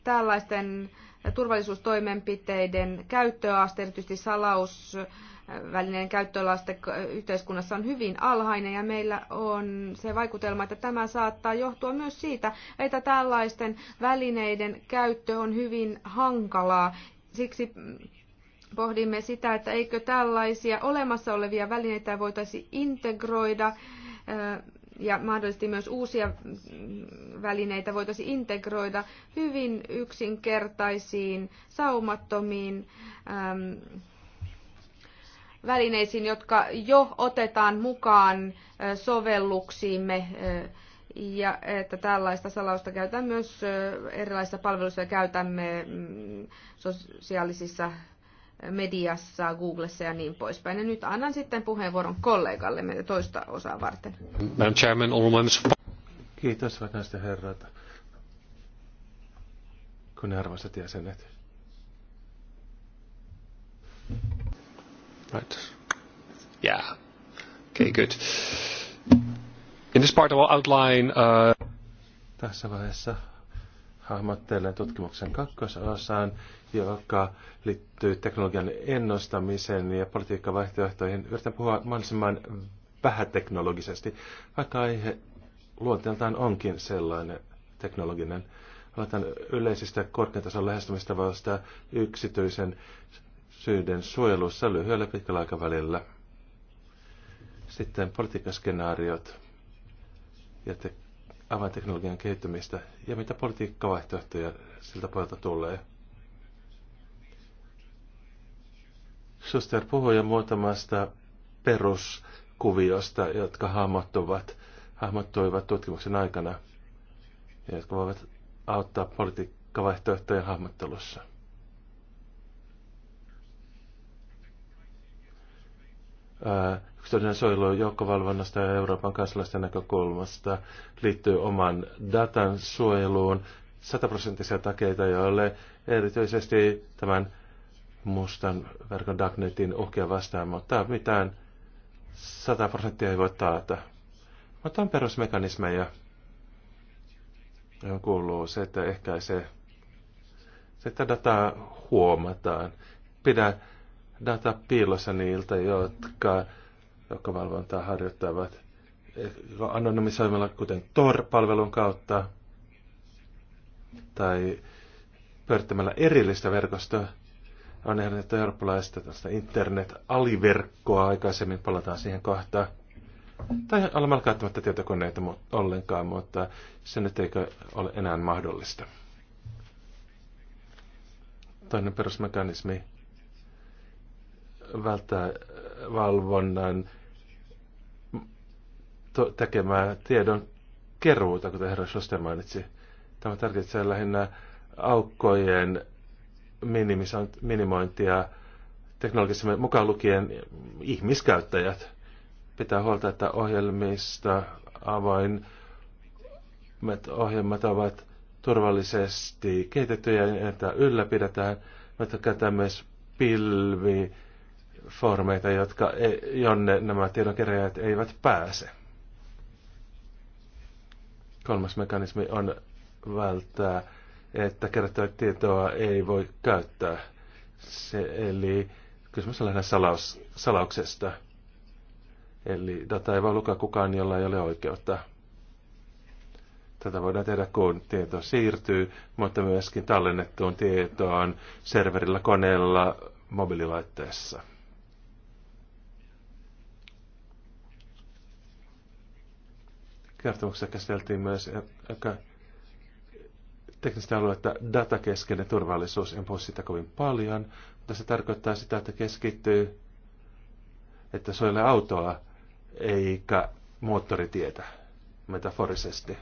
tällaisten turvallisuustoimenpiteiden käyttöaste, erityisesti salaus välineen käyttölaste yhteiskunnassa on hyvin alhainen ja meillä on se vaikutelma, että tämä saattaa johtua myös siitä, että tällaisten välineiden käyttö on hyvin hankalaa. Siksi pohdimme sitä, että eikö tällaisia olemassa olevia välineitä voitaisi integroida eh, ja mahdollisesti myös uusia välineitä voitaisiin integroida hyvin yksinkertaisiin, saumattomiin ähm, välineisiin, jotka jo otetaan mukaan sovelluksiimme ja että tällaista salausta käytetään myös erilaisissa palveluissa ja käytämme mm, sosiaalisissa mediassa, Googlessa ja niin poispäin. Ja nyt annan sitten puheenvuoron meidän toista osaa varten.
Madam Chairman, Kiitos, hyvät naiset ja herrat. Kun arvoisat jäsenet. Right. Yeah. Okay, good. In this part I will outline... Uh, Tässä vaiheessa hahmottelen tutkimuksen kakkososaan, joka liittyy teknologian ennustamiseen ja politiikkavaihtoehtoihin. Yritän puhua mahdollisimman vähäteknologisesti, vaikka aihe luonteeltaan onkin sellainen teknologinen. Aloitan yleisistä korkean tason lähestymistavasta yksityisen syyden suojelussa lyhyellä pitkällä aikavälillä. Sitten politiikkaskenaariot ja te- avainteknologian kehittymistä ja mitä politiikkavaihtoehtoja siltä puolelta tulee. Suster puhui jo muutamasta peruskuviosta, jotka hahmottuvat, hahmottuivat tutkimuksen aikana ja jotka voivat auttaa politiikkavaihtoehtojen hahmottelussa. yksityinen suojelu joukkovalvonnasta ja Euroopan kansalaisten näkökulmasta liittyy oman datan suojeluun. Sataprosenttisia takeita, joille erityisesti tämän mustan verkon Darknetin uhkia vastaan, mutta mitään 100 prosenttia ei voi taata. Mutta on perusmekanismeja, johon kuuluu se, että ehkäisee, se, että dataa huomataan. Pidä data piilossa niiltä, jotka valvontaa harjoittavat anonymisoimalla, kuten Tor-palvelun kautta, tai pyörittämällä erillistä verkostoa. On ehdotettu eurooppalaista tästä internet-aliverkkoa aikaisemmin, palataan siihen kohtaan. Tai olemalla käyttämättä tietokoneita ollenkaan, mutta se nyt eikö ole enää mahdollista. Toinen perusmekanismi välttää äh, valvonnan tekemää tiedon keruuta, kuten herra Schuster mainitsi. Tämä tarkoittaa lähinnä aukkojen minimointia teknologisessa mukaan lukien ihmiskäyttäjät. Pitää huolta, että ohjelmista avoin ohjelmat ovat turvallisesti kehitettyjä ja niin että ylläpidetään, mutta käytetään myös pilvi foorumeita, jotka, e, jonne nämä tiedonkeräjät eivät pääse. Kolmas mekanismi on välttää, että kerättyä tietoa ei voi käyttää. Se, eli kysymys on lähinnä salaus, salauksesta. Eli data ei voi lukea kukaan, jolla ei ole oikeutta. Tätä voidaan tehdä, kun tieto siirtyy, mutta myöskin tallennettuun tietoon serverillä, koneella, mobiililaitteessa. kertomuksessa käsiteltiin myös aika äh, äh, teknistä aluetta datakeskeinen turvallisuus. En puhu sitä kovin paljon, mutta se tarkoittaa sitä, että keskittyy, että suojelee autoa eikä moottoritietä metaforisesti.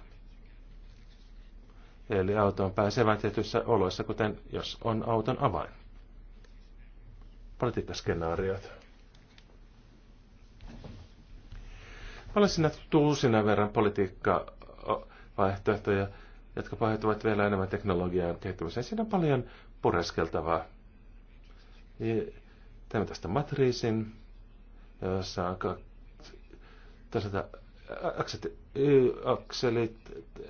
Eli autoon pääsee vain tietyissä oloissa, kuten jos on auton avain. Politiikkaskenaariot. ole siinä tuusina verran politiikkaa vaihtoehtoja, jotka pohjautuvat vielä enemmän teknologiaan kehittymiseen. Siinä on paljon pureskeltavaa. Teemme tästä matriisin, jossa on akselit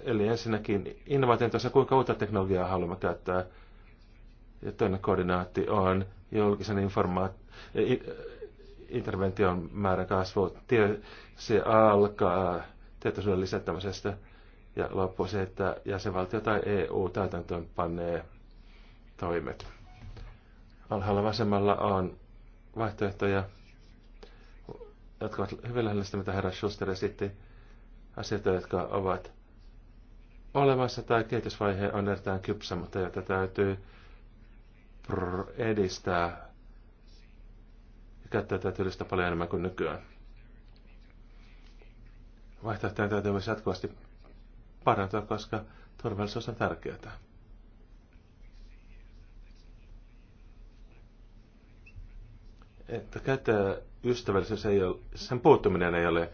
eli ensinnäkin innovaation tuossa, kuinka uutta teknologiaa haluamme käyttää. Ja toinen koordinaatti on julkisen informaatio intervention määrä kasvu. Tie, se alkaa tietoisuuden lisättämisestä ja loppu se, että jäsenvaltio tai EU täytäntöön panee toimet. Alhaalla vasemmalla on vaihtoehtoja, jotka ovat hyvin lähellä sitä, mitä herra Schuster esitti. Asioita, jotka ovat olemassa tai kehitysvaihe on erittäin kypsä, mutta jota täytyy edistää käyttää tätä tyylistä paljon enemmän kuin nykyään. Vaihtoehtojen täytyy myös jatkuvasti parantaa, koska turvallisuus on tärkeää. Että käyttää ystävällisyys ei ole, sen puuttuminen ei ole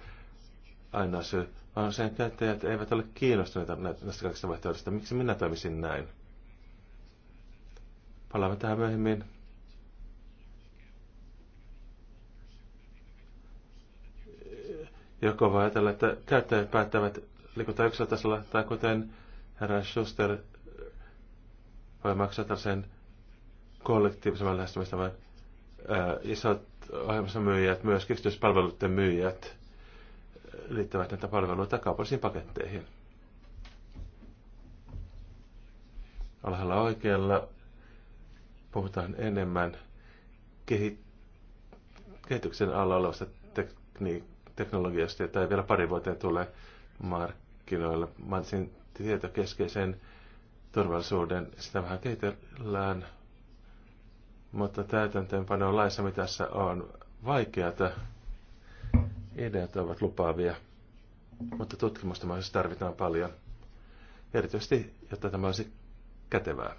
aina syy, vaan sen käyttäjät eivät ole kiinnostuneita näistä kaikista vaihtoehdoista. Miksi minä toimisin näin? Palaamme tähän myöhemmin. joko voi ajatella, että käyttäjät päättävät liikuntaa yksilötasolla, tai kuten herra Schuster voi maksaa tällaisen kollektiivisemman lähestymistavan isot myyjät, myös yksityispalveluiden myyjät liittävät näitä palveluita kaupallisiin paketteihin. Alhaalla oikealla puhutaan enemmän kehityksen alla olevasta tekniikasta teknologiasta, jota ei vielä pari vuoteen tule markkinoille. Mainitsin tietokeskeisen turvallisuuden, sitä vähän kehitellään, mutta täytäntöönpano laissa tässä on vaikeata. Ideat ovat lupaavia, mutta tutkimusta myös tarvitaan paljon, erityisesti jotta tämä olisi kätevää.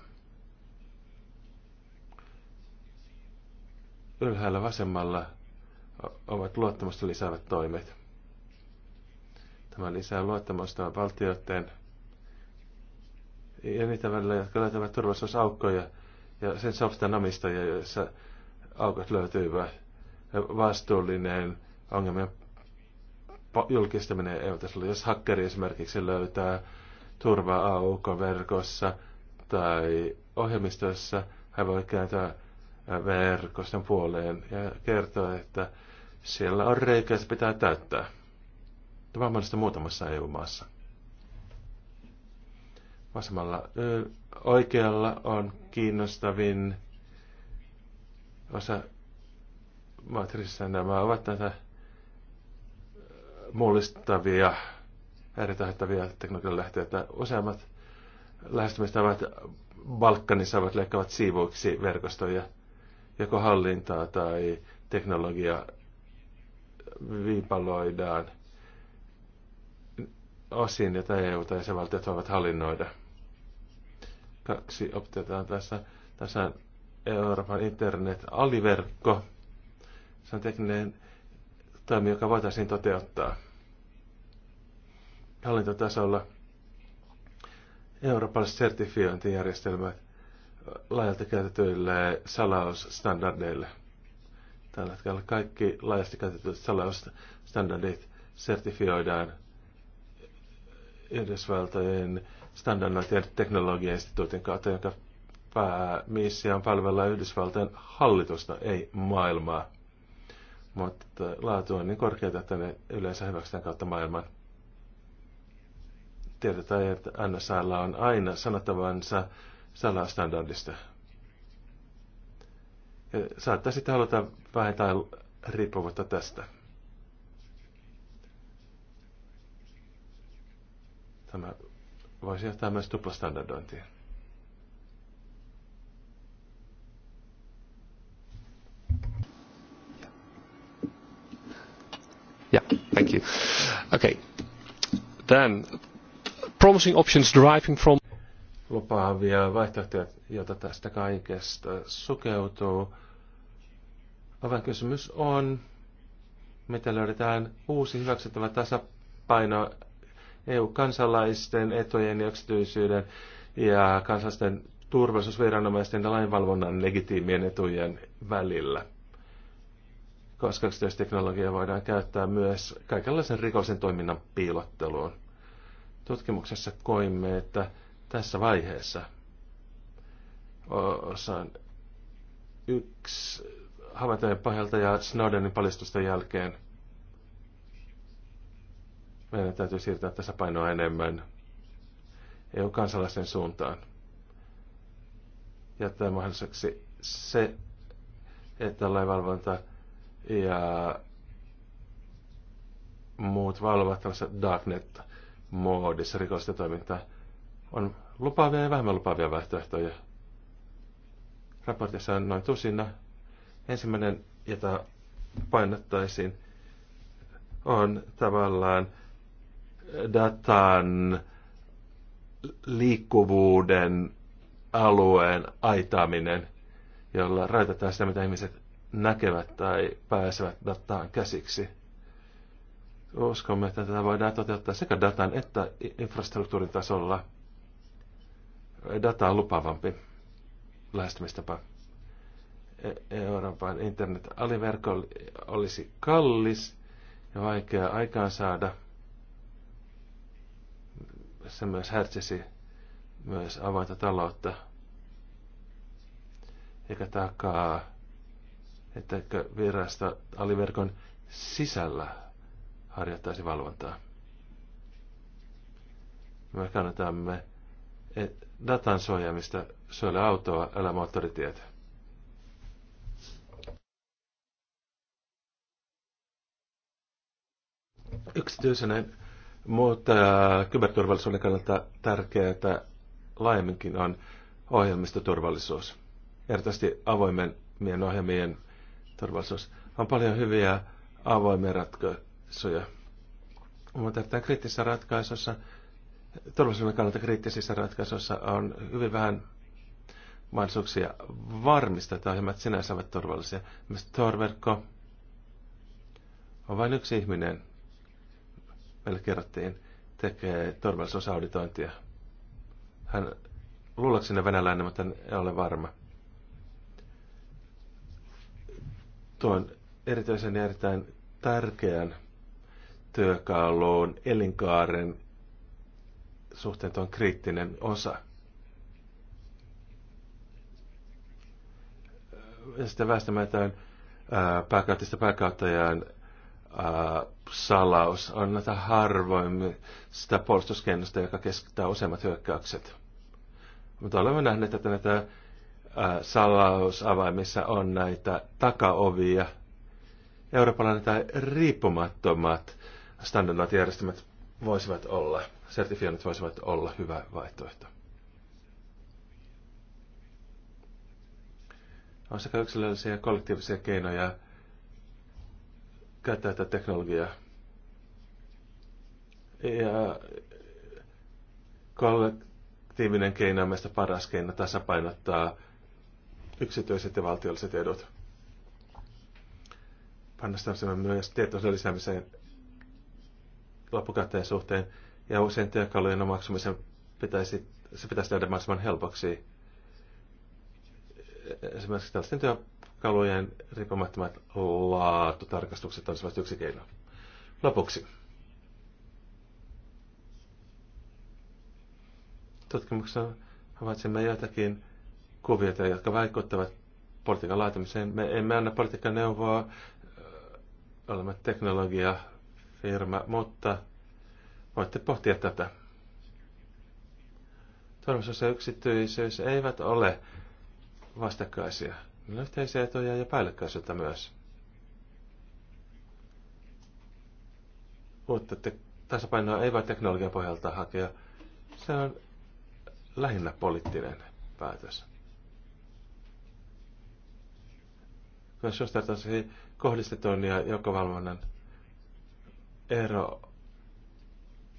Ylhäällä vasemmalla ovat luottamusta lisäävät toimet. Tämä lisää luottamusta valtioiden ja niitä välillä, jotka löytävät turvallisuusaukkoja ja sen softan omistajia, joissa aukot löytyvät. Vastuullinen ongelmien julkistaminen ei tässä Jos hakkeri esimerkiksi löytää turvaa aukko verkossa tai ohjelmistossa, hän voi kääntää verkoston puoleen ja kertoa, että siellä on reikä ja se pitää täyttää. Tämä on mahdollista muutamassa EU-maassa. Vasemmalla oikealla on kiinnostavin osa matrissa. Nämä ovat näitä mullistavia, ääritahoittavia teknologian lähteitä. Useammat lähestymistavat Balkanissa ovat leikkaavat siivuiksi verkostoja, joko hallintaa tai teknologiaa viipaloidaan osin, jota EU tai jäsenvaltiot voivat hallinnoida. Kaksi optiota on tässä. Tässä on Euroopan internet-aliverkko. Se on tekninen toimi, joka voitaisiin toteuttaa hallintotasolla. Eurooppalaiset sertifiointijärjestelmät laajalta käytetyille salausstandardeille – Tällä hetkellä kaikki laajasti käytetyt standardit sertifioidaan Yhdysvaltojen standardointien teknologiainstituutin kautta, jonka päämissio on palvella Yhdysvaltojen hallitusta, ei maailmaa. Mutta laatu on niin korkeata, että ne yleensä hyväksytään kautta maailman. Tiedetään, että NSAlla on aina sanottavansa salastandardista saattaa sitten haluta vähentää riippuvuutta tästä. Tämä voisi johtaa myös tuplastandardointiin. Yeah, thank you. Okay. Then, promising options deriving from... Lupaavia vaihtoehtoja, joita tästä kaikesta sukeutuu Avainkysymys on, miten löydetään uusi hyväksyttävä tasapaino EU-kansalaisten etojen ja yksityisyyden ja kansalaisten turvallisuusviranomaisten ja lainvalvonnan legitiimien etujen välillä. Koska yksityisteknologiaa voidaan käyttää myös kaikenlaisen rikollisen toiminnan piilotteluun. Tutkimuksessa koimme, että tässä vaiheessa osan yksi havaintojen pohjalta ja Snowdenin paljastusten jälkeen meidän täytyy siirtää tässä painoa enemmän EU-kansalaisten suuntaan. Jättää mahdolliseksi se, että lainvalvonta ja muut valvovat tällaisessa darknet-moodissa rikollista toimintaa. On lupaavia ja vähemmän lupaavia vaihtoehtoja. Raportissa on noin tusina Ensimmäinen, jota painottaisin, on tavallaan datan liikkuvuuden alueen aitaaminen, jolla rajoitetaan sitä, mitä ihmiset näkevät tai pääsevät dataan käsiksi. Uskomme, että tätä voidaan toteuttaa sekä datan että infrastruktuurin tasolla. Data on lupaavampi lähestymistapa. Euroopan internet-aliverkko olisi kallis ja vaikea aikaansaada. Se myös härtsisi myös avointa taloutta, eikä takaa, että virasta aliverkon sisällä harjoittaisi valvontaa. Me kannatamme eh, datan suojaamista, suojele autoa, älä moottoritietä. yksityisenä, mutta kyberturvallisuuden kannalta tärkeää laajemminkin on ohjelmistoturvallisuus. Erityisesti avoimien ohjelmien turvallisuus. On paljon hyviä avoimia ratkaisuja. Mutta tämän kriittisessä ratkaisussa, turvallisuuden kannalta kriittisissä ratkaisuissa on hyvin vähän mahdollisuuksia varmistaa, että ohjelmat sinänsä ovat turvallisia. Esimerkiksi Torverkko on vain yksi ihminen meille kerrottiin, tekee turvallisuusauditointia. Hän luulakseni venäläinen, mutta en ole varma. Tuon erityisen ja erittäin tärkeän työkaluun elinkaaren suhteen tuon kriittinen osa. Ja sitten väistämätön pääkautista pääkauttajaan ää, salaus on näitä harvoin sitä puolustuskennosta, joka keskittää useimmat hyökkäykset. Mutta olemme nähneet, että näitä äh, salausavaimissa on näitä takaovia. Eurooppalainen tai riippumattomat standardointijärjestelmät voisivat olla, sertifioinnit voisivat olla hyvä vaihtoehto. On sekä yksilöllisiä ja kollektiivisia keinoja käyttää tätä teknologiaa. Ja kollektiivinen keino on meistä paras keino tasapainottaa yksityiset ja valtiolliset edut. Panostamme myös tietoisen lisäämiseen loppukäyttäjän suhteen ja usein työkalujen omaksumisen pitäisi, se pitäisi tehdä mahdollisimman helpoksi. Esimerkiksi tällaisten työ kalojen riippumattomat laatutarkastukset olisivat yksi keino. Lopuksi. Tutkimuksessa havaitsemme jotakin kuvioita, jotka vaikuttavat politiikan laatimiseen. Me emme anna politiikan neuvoa, olemme teknologiafirma, mutta voitte pohtia tätä. Turvallisuus ja yksityisyys eivät ole vastakkaisia. On yhteisiä etuja ja päällekkäisyyttä myös. Uutta te- tasapainoa ei vain teknologian pohjalta hakea. Se on lähinnä poliittinen päätös. Myös Schuster tosi kohdistetun ja joukkovalvonnan ero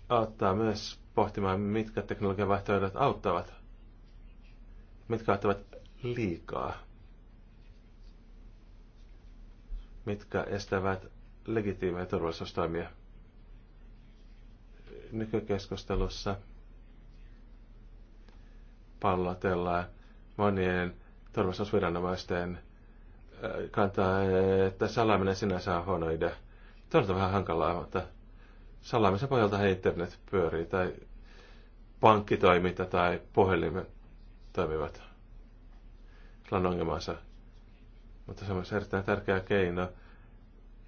auttaa myös pohtimaan, mitkä teknologian vaihtoehdot auttavat, mitkä auttavat liikaa. mitkä estävät legitiimejä turvallisuustoimia. Nykykeskustelussa pallotellaan monien turvallisuusviranomaisten äh, kantaa, että salaaminen sinänsä on huono idea. Tämä on vähän hankalaa, mutta salaamisen pohjalta internet pyörii tai pankkitoiminta tai puhelimet toimivat. Sillä on ongelmansa mutta se on myös erittäin tärkeä keino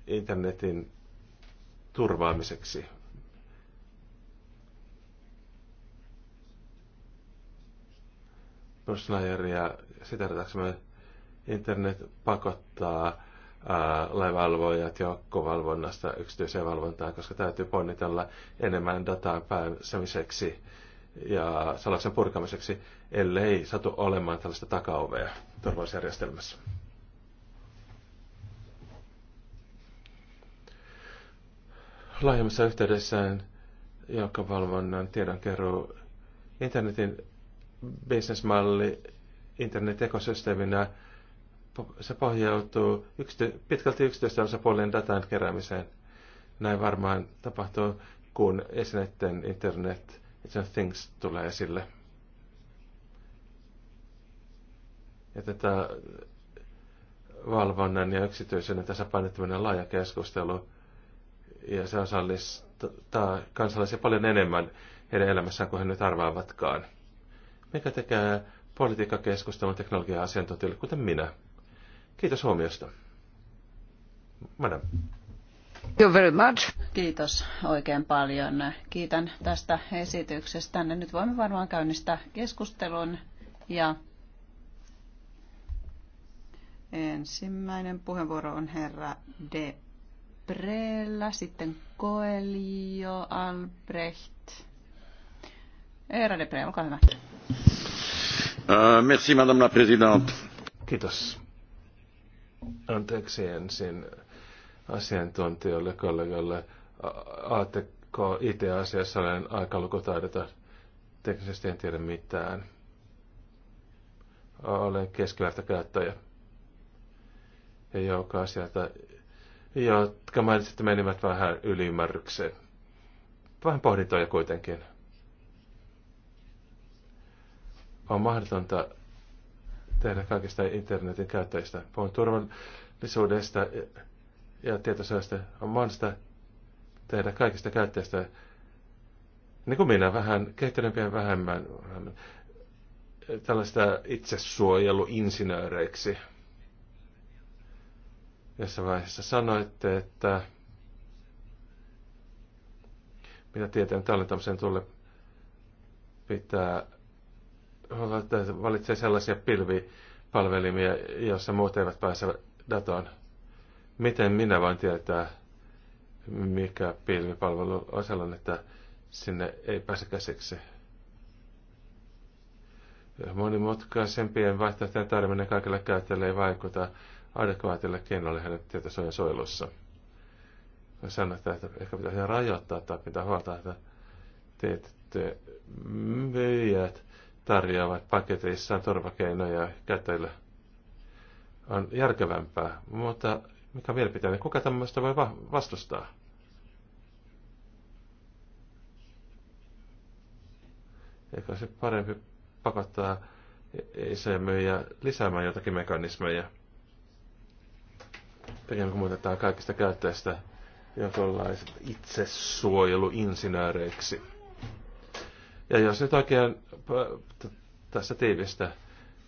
internetin turvaamiseksi. Brosnajer ja sitä me internet pakottaa lainvalvojat joukkovalvonnasta yksityiseen valvontaan, koska täytyy ponnitella enemmän dataan pääsemiseksi ja salaisen purkamiseksi, ellei satu olemaan tällaista takaovea turvallisuusjärjestelmässä. laajemmassa yhteydessään jalkavalvonnan tiedonkeruu internetin bisnesmalli internet-ekosysteeminä se pohjautuu yksity, pitkälti yksityistä puolen datan keräämiseen. Näin varmaan tapahtuu, kun esineiden internet, internet things tulee esille. Ja tätä valvonnan ja yksityisyyden tasapainottaminen on laaja keskustelu ja se osallistaa kansalaisia paljon enemmän heidän elämässään kuin he nyt arvaavatkaan. Mikä tekee politiikkakeskustelun teknologian asiantuntijoille, kuten minä. Kiitos huomiosta. Madam. Thank
you very much. Kiitos oikein paljon. Kiitän tästä esityksestä. Nyt voimme varmaan käynnistää keskustelun ja ensimmäinen puheenvuoro on herra De Prella, sitten Coelio, Albrecht. Eera de Prella, olkaa hyvä.
Uh, merci, madame la présidente. Kiitos.
Anteeksi ensin asiantuntijalle, kollegalle. Aatteko IT-asiassa olen aika lukutaidota. Teknisesti en tiedä mitään. Olen keskivertokäyttäjä. Ja joka asioita jotka mainitsitte menivät vähän yliymmärrykseen. Vähän pohdintoja kuitenkin. On mahdotonta tehdä kaikista internetin käyttäjistä. Puhun turvallisuudesta ja tietosuojasta. On mahdollista tehdä kaikista käyttäjistä, niin kuin minä, vähän kehittyneempiä vähemmän, vähemmän, tällaista itsesuojeluinsinööreiksi. Jossain vaiheessa sanoitte, että mitä tieteen tallentamisen tulee, pitää valitsee sellaisia pilvipalvelimia, joissa muut eivät pääse datoon. Miten minä voin tietää, mikä pilvipalvelu on sellainen, että sinne ei pääse käsiksi? monimutkaisempien vaihtoehtojen tarvinen kaikille käyttäjille ei vaikuta adekvaatille keinoille hänen tietosuojan suojelussa. Sanotaan, että ehkä pitäisi rajoittaa tai pitää huolta, että teet myyjät mm, tarjoavat paketeissaan turvakeinoja käyttäjille. On järkevämpää, mutta mikä mielipiteeni, niin kuka tämmöistä voi vastustaa? Eikö se parempi pakottaa isoja myyjä lisäämään jotakin mekanismeja? pikemmin kun muutetaan kaikista käyttäjistä jonkinlaiset itsesuojeluinsinööreiksi. Ja jos nyt oikein tässä tiivistä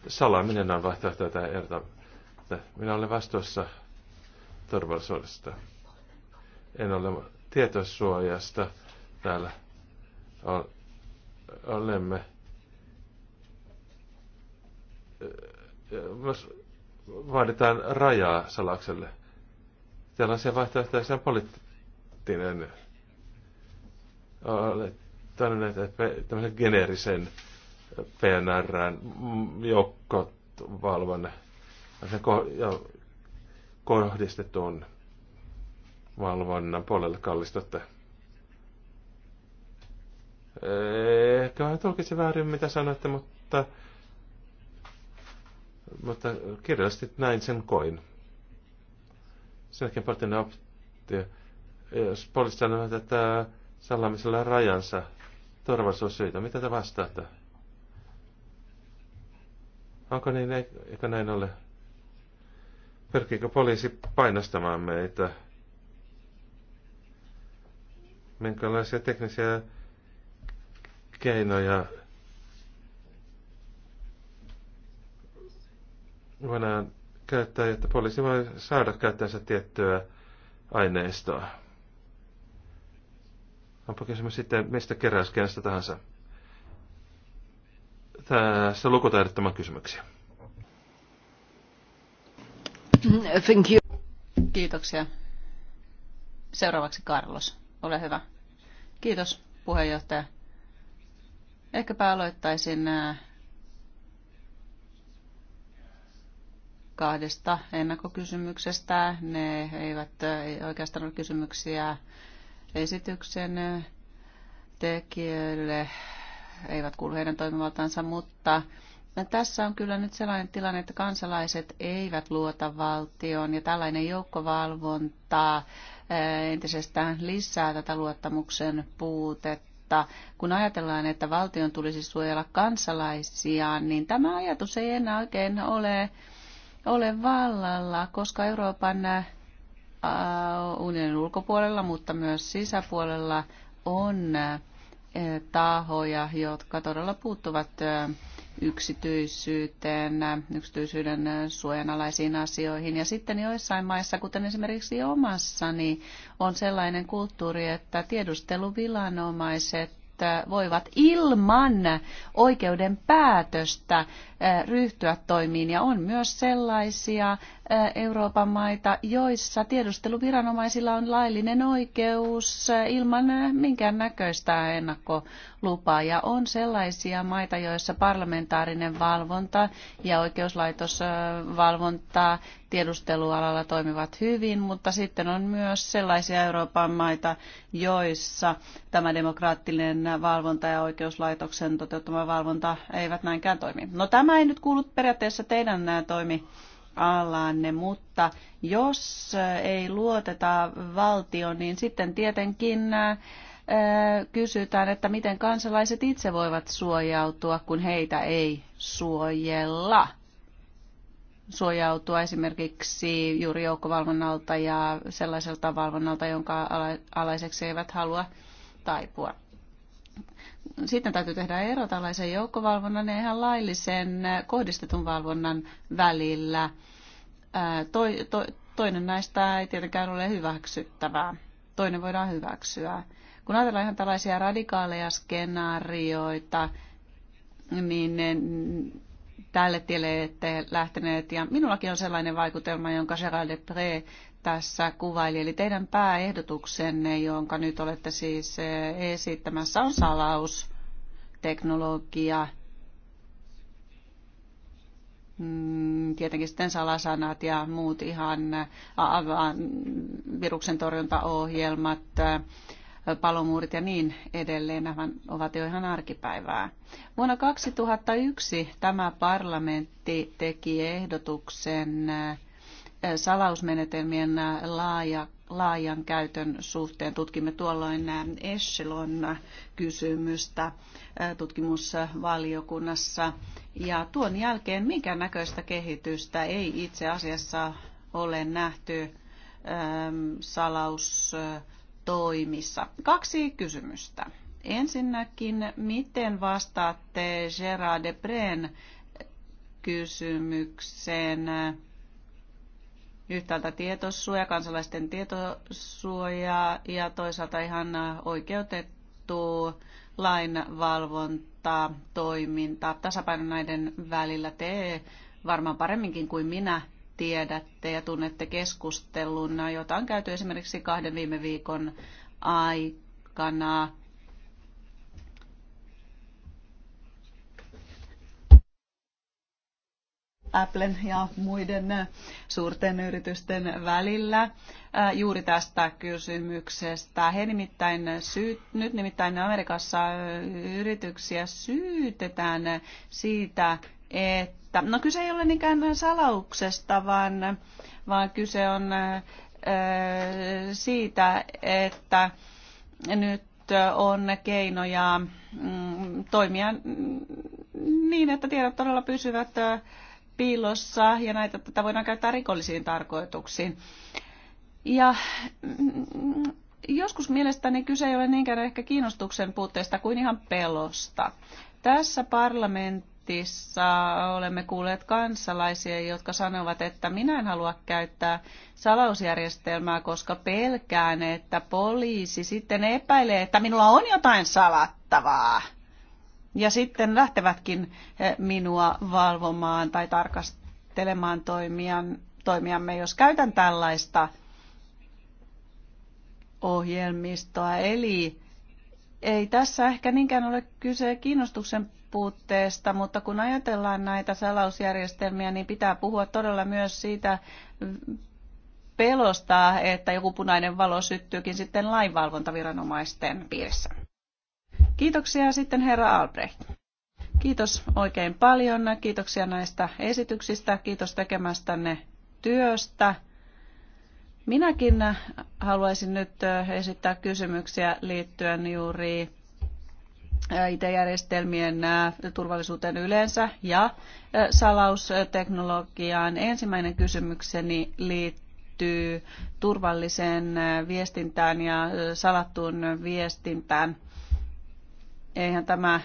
salaminen on vaihtoehto tätä erta. Minä olen vastuussa turvallisuudesta. En ole tietosuojasta täällä. Olemme myös vaaditaan rajaa salakselle. Tällaisia vaihtoehtoja on poliittinen. tämmöisen geneerisen PNRn joukkovalvon ja kohdistetun valvonnan puolelle kallistutte. Ehkä vähän tulkitsin väärin, mitä sanoitte, mutta, mutta kirjallisesti näin sen koin. Sen jälkeen poliittinen optio. Jos poliisit sanovat, että sallaamisella on rajansa, turvallisuussyitä, mitä te vastaatte? Onko niin, eikö näin ole? Pyrkiikö poliisi painostamaan meitä? Minkälaisia teknisiä keinoja voidaan käyttää, että poliisi voi saada käyttäänsä tiettyä aineistoa. Onpa kysymys sitten mistä keräyskenestä tahansa. Tässä lukutaidottoman kysymyksiä.
Thank you. Kiitoksia. Seuraavaksi Carlos. Ole hyvä. Kiitos puheenjohtaja. Ehkäpä aloittaisin äh, kahdesta ennakkokysymyksestä. Ne eivät oikeastaan ole kysymyksiä esityksen tekijöille, eivät kuulu heidän toimivaltaansa, mutta tässä on kyllä nyt sellainen tilanne, että kansalaiset eivät luota valtioon ja tällainen joukkovalvonta eh, entisestään lisää tätä luottamuksen puutetta. Kun ajatellaan, että valtion tulisi suojella kansalaisia, niin tämä ajatus ei enää oikein ole ole vallalla, koska Euroopan äh, unionin ulkopuolella, mutta myös sisäpuolella on äh, tahoja, jotka todella puuttuvat äh, yksityisyyteen, yksityisyyden suojanalaisiin asioihin. Ja sitten joissain maissa, kuten esimerkiksi omassani, on sellainen kulttuuri, että tiedusteluvilanomaiset voivat ilman oikeuden päätöstä ryhtyä toimiin. Ja on myös sellaisia Euroopan maita, joissa tiedusteluviranomaisilla on laillinen oikeus ilman minkäännäköistä ennakkolupaa. Ja on sellaisia maita, joissa parlamentaarinen valvonta ja oikeuslaitosvalvonta tiedustelualalla toimivat hyvin, mutta sitten on myös sellaisia Euroopan maita, joissa tämä demokraattinen valvonta ja oikeuslaitoksen toteuttama valvonta eivät näinkään toimi. No tämä ei nyt kuulu periaatteessa teidän toimi alanne, mutta jos ei luoteta valtioon, niin sitten tietenkin kysytään, että miten kansalaiset itse voivat suojautua, kun heitä ei suojella suojautua esimerkiksi juuri joukkovalvonnalta ja sellaiselta valvonnalta, jonka alaiseksi eivät halua taipua. Sitten täytyy tehdä ero tällaisen joukkovalvonnan ja ihan laillisen kohdistetun valvonnan välillä. to, toinen näistä ei tietenkään ole hyväksyttävää. Toinen voidaan hyväksyä. Kun ajatellaan ihan tällaisia radikaaleja skenaarioita, niin tälle tielle ette lähteneet. Ja minullakin on sellainen vaikutelma, jonka Gerald pre tässä kuvaili. Eli teidän pääehdotuksenne, jonka nyt olette siis eh, esittämässä, on salausteknologia. Mm, tietenkin sitten salasanat ja muut ihan eh, viruksen torjuntaohjelmat, eh, palomuurit ja niin edelleen, nämä ovat jo ihan arkipäivää. Vuonna 2001 tämä parlamentti teki ehdotuksen eh, salausmenetelmien eh, laaja, laajan käytön suhteen. Tutkimme tuolloin eh, Echelon kysymystä tutkimusvaliokunnassa. Ja tuon jälkeen minkä näköistä kehitystä ei itse asiassa ole nähty salaus toimissa. Kaksi kysymystä. Ensinnäkin, miten vastaatte Gerard Depren kysymykseen yhtäältä tietosuoja, kansalaisten tietosuoja ja toisaalta ihan oikeutettu lainvalvonta, toiminta, tasapaino näiden välillä. Te varmaan paremminkin kuin minä tiedätte ja tunnette keskustelun, no, jota on käyty esimerkiksi kahden viime viikon aikana. Applen ja muiden suurten yritysten välillä juuri tästä kysymyksestä. He nimittäin syyt, nyt nimittäin Amerikassa yrityksiä syytetään siitä, että, no kyse ei ole niinkään salauksesta, vaan, vaan kyse on siitä, että nyt on keinoja mm, toimia niin, että tiedot todella pysyvät piilossa ja näitä tätä voidaan käyttää rikollisiin tarkoituksiin. Ja mm, joskus mielestäni kyse ei ole niinkään ehkä kiinnostuksen puutteesta kuin ihan pelosta. Tässä parlamentti parlamentissa olemme kuulleet kansalaisia, jotka sanovat, että minä en halua käyttää salausjärjestelmää, koska pelkään, että poliisi sitten epäilee, että minulla on jotain salattavaa. Ja sitten lähtevätkin eh, minua valvomaan tai tarkastelemaan toimijan, toimiamme, jos käytän tällaista ohjelmistoa. Eli ei tässä ehkä niinkään ole kyse kiinnostuksen puutteesta, mutta kun ajatellaan näitä salausjärjestelmiä, niin pitää puhua todella myös siitä pelosta, että joku punainen valo syttyykin sitten lainvalvontaviranomaisten piirissä. Kiitoksia sitten herra Albrecht. Kiitos oikein paljon. Kiitoksia näistä esityksistä. Kiitos tekemästänne työstä. Minäkin haluaisin nyt esittää kysymyksiä liittyen juuri IT-järjestelmien turvallisuuteen yleensä ja salausteknologiaan. Ensimmäinen kysymykseni liittyy turvalliseen viestintään ja salattuun viestintään. Eihän tämä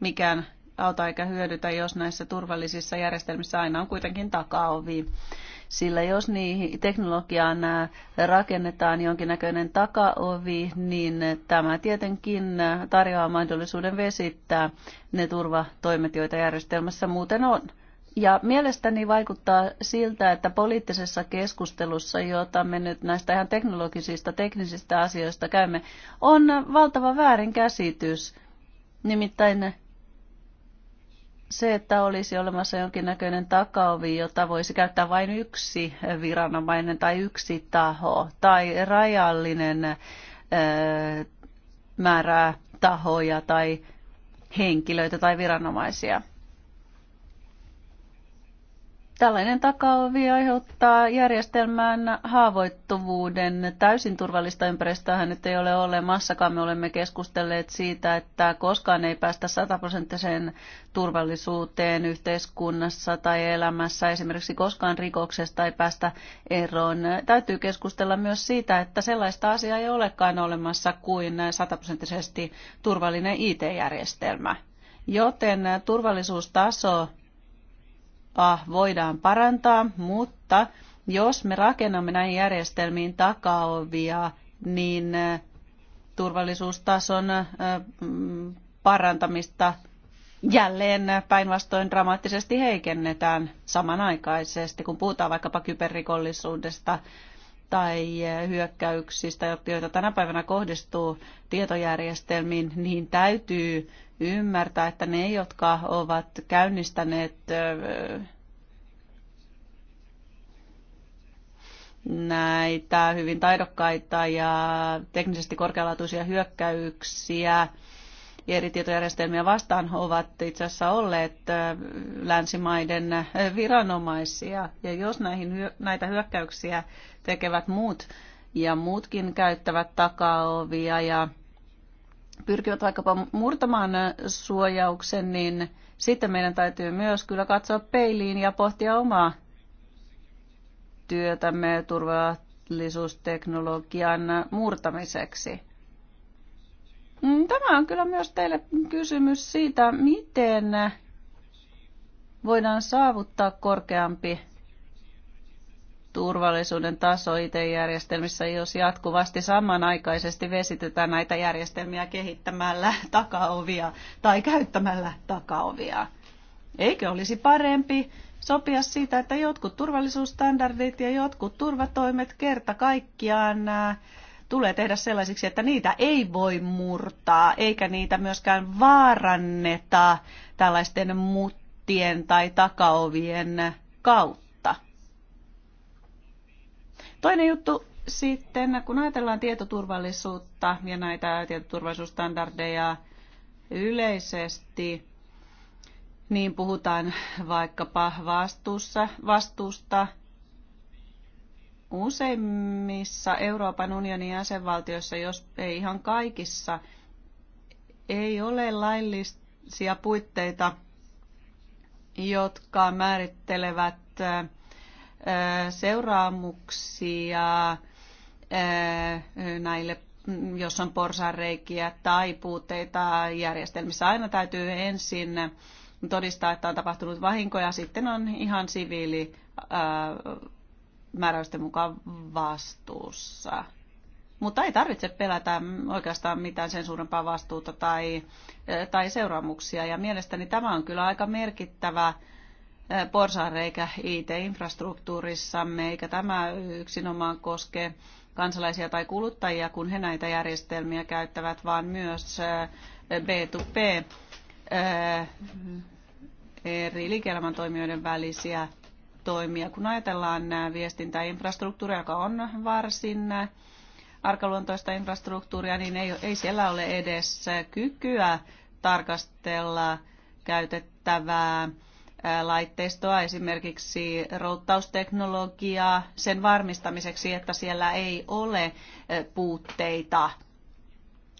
mikään auta eikä hyödytä, jos näissä turvallisissa järjestelmissä aina on kuitenkin takaovi sillä jos niihin teknologiaan rakennetaan jonkinnäköinen takaovi, niin tämä tietenkin tarjoaa mahdollisuuden vesittää ne turvatoimet, joita järjestelmässä muuten on. Ja mielestäni vaikuttaa siltä, että poliittisessa keskustelussa, jota me nyt näistä ihan teknologisista, teknisistä asioista käymme, on valtava väärinkäsitys. Nimittäin se, että olisi olemassa jonkinnäköinen takaovi, jota voisi käyttää vain yksi viranomainen tai yksi taho tai rajallinen määrä tahoja tai henkilöitä tai viranomaisia. Tällainen takaovi aiheuttaa järjestelmään haavoittuvuuden. Täysin turvallista ympäristöä nyt ei ole olemassakaan. Me olemme keskustelleet siitä, että koskaan ei päästä sataprosenttiseen turvallisuuteen yhteiskunnassa tai elämässä. Esimerkiksi koskaan rikoksesta ei päästä eroon. Täytyy keskustella myös siitä, että sellaista asiaa ei olekaan olemassa kuin sataprosenttisesti turvallinen IT-järjestelmä. Joten turvallisuustaso voidaan parantaa, mutta jos me rakennamme näihin järjestelmiin takaovia, niin turvallisuustason mm, parantamista jälleen päinvastoin dramaattisesti heikennetään samanaikaisesti, kun puhutaan vaikkapa kyberrikollisuudesta tai hyökkäyksistä, joita tänä päivänä kohdistuu tietojärjestelmiin, niin täytyy ymmärtää, että ne, jotka ovat käynnistäneet näitä hyvin taidokkaita ja teknisesti korkealaatuisia hyökkäyksiä eri tietojärjestelmiä vastaan ovat itse asiassa olleet länsimaiden viranomaisia. Ja jos näihin, näitä hyökkäyksiä tekevät muut ja muutkin käyttävät takaovia ja pyrkivät vaikkapa murtamaan suojauksen, niin sitten meidän täytyy myös kyllä katsoa peiliin ja pohtia omaa työtämme turvallisuusteknologian murtamiseksi. Mm, tämä on kyllä myös teille kysymys siitä, miten voidaan saavuttaa korkeampi turvallisuuden taso IT-järjestelmissä, jos jatkuvasti samanaikaisesti vesitetään näitä järjestelmiä kehittämällä takaovia tai käyttämällä takaovia. Eikö olisi parempi sopia siitä, että jotkut turvallisuusstandardit ja jotkut turvatoimet kerta kaikkiaan tulee tehdä sellaisiksi, että niitä ei voi murtaa, eikä niitä myöskään vaaranneta tällaisten muttien tai takaovien kautta Toinen juttu sitten, kun ajatellaan tietoturvallisuutta ja näitä tietoturvallisuusstandardeja yleisesti, niin puhutaan vaikkapa vastuussa, vastuusta useimmissa Euroopan unionin jäsenvaltioissa, jos ei ihan kaikissa, ei ole laillisia puitteita, jotka määrittelevät seuraamuksia näille, jos on porsareikiä tai puutteita järjestelmissä. Aina täytyy ensin todistaa, että on tapahtunut vahinkoja, sitten on ihan siviili määräysten mukaan vastuussa. Mutta ei tarvitse pelätä oikeastaan mitään sen suurempaa vastuuta tai, tai seuraamuksia. Ja mielestäni tämä on kyllä aika merkittävä porsaanreikä IT-infrastruktuurissamme, eikä tämä yksinomaan koske kansalaisia tai kuluttajia, kun he näitä järjestelmiä käyttävät, vaan myös B2B eh, eh, eri liike-elämän toimijoiden välisiä toimia. Kun ajatellaan eh, viestintäinfrastruktuuria, joka on varsin arkaluontoista infrastruktuuria, niin ei, ei siellä ole edes kykyä tarkastella käytettävää laitteistoa, esimerkiksi routtausteknologiaa sen varmistamiseksi, että siellä ei ole puutteita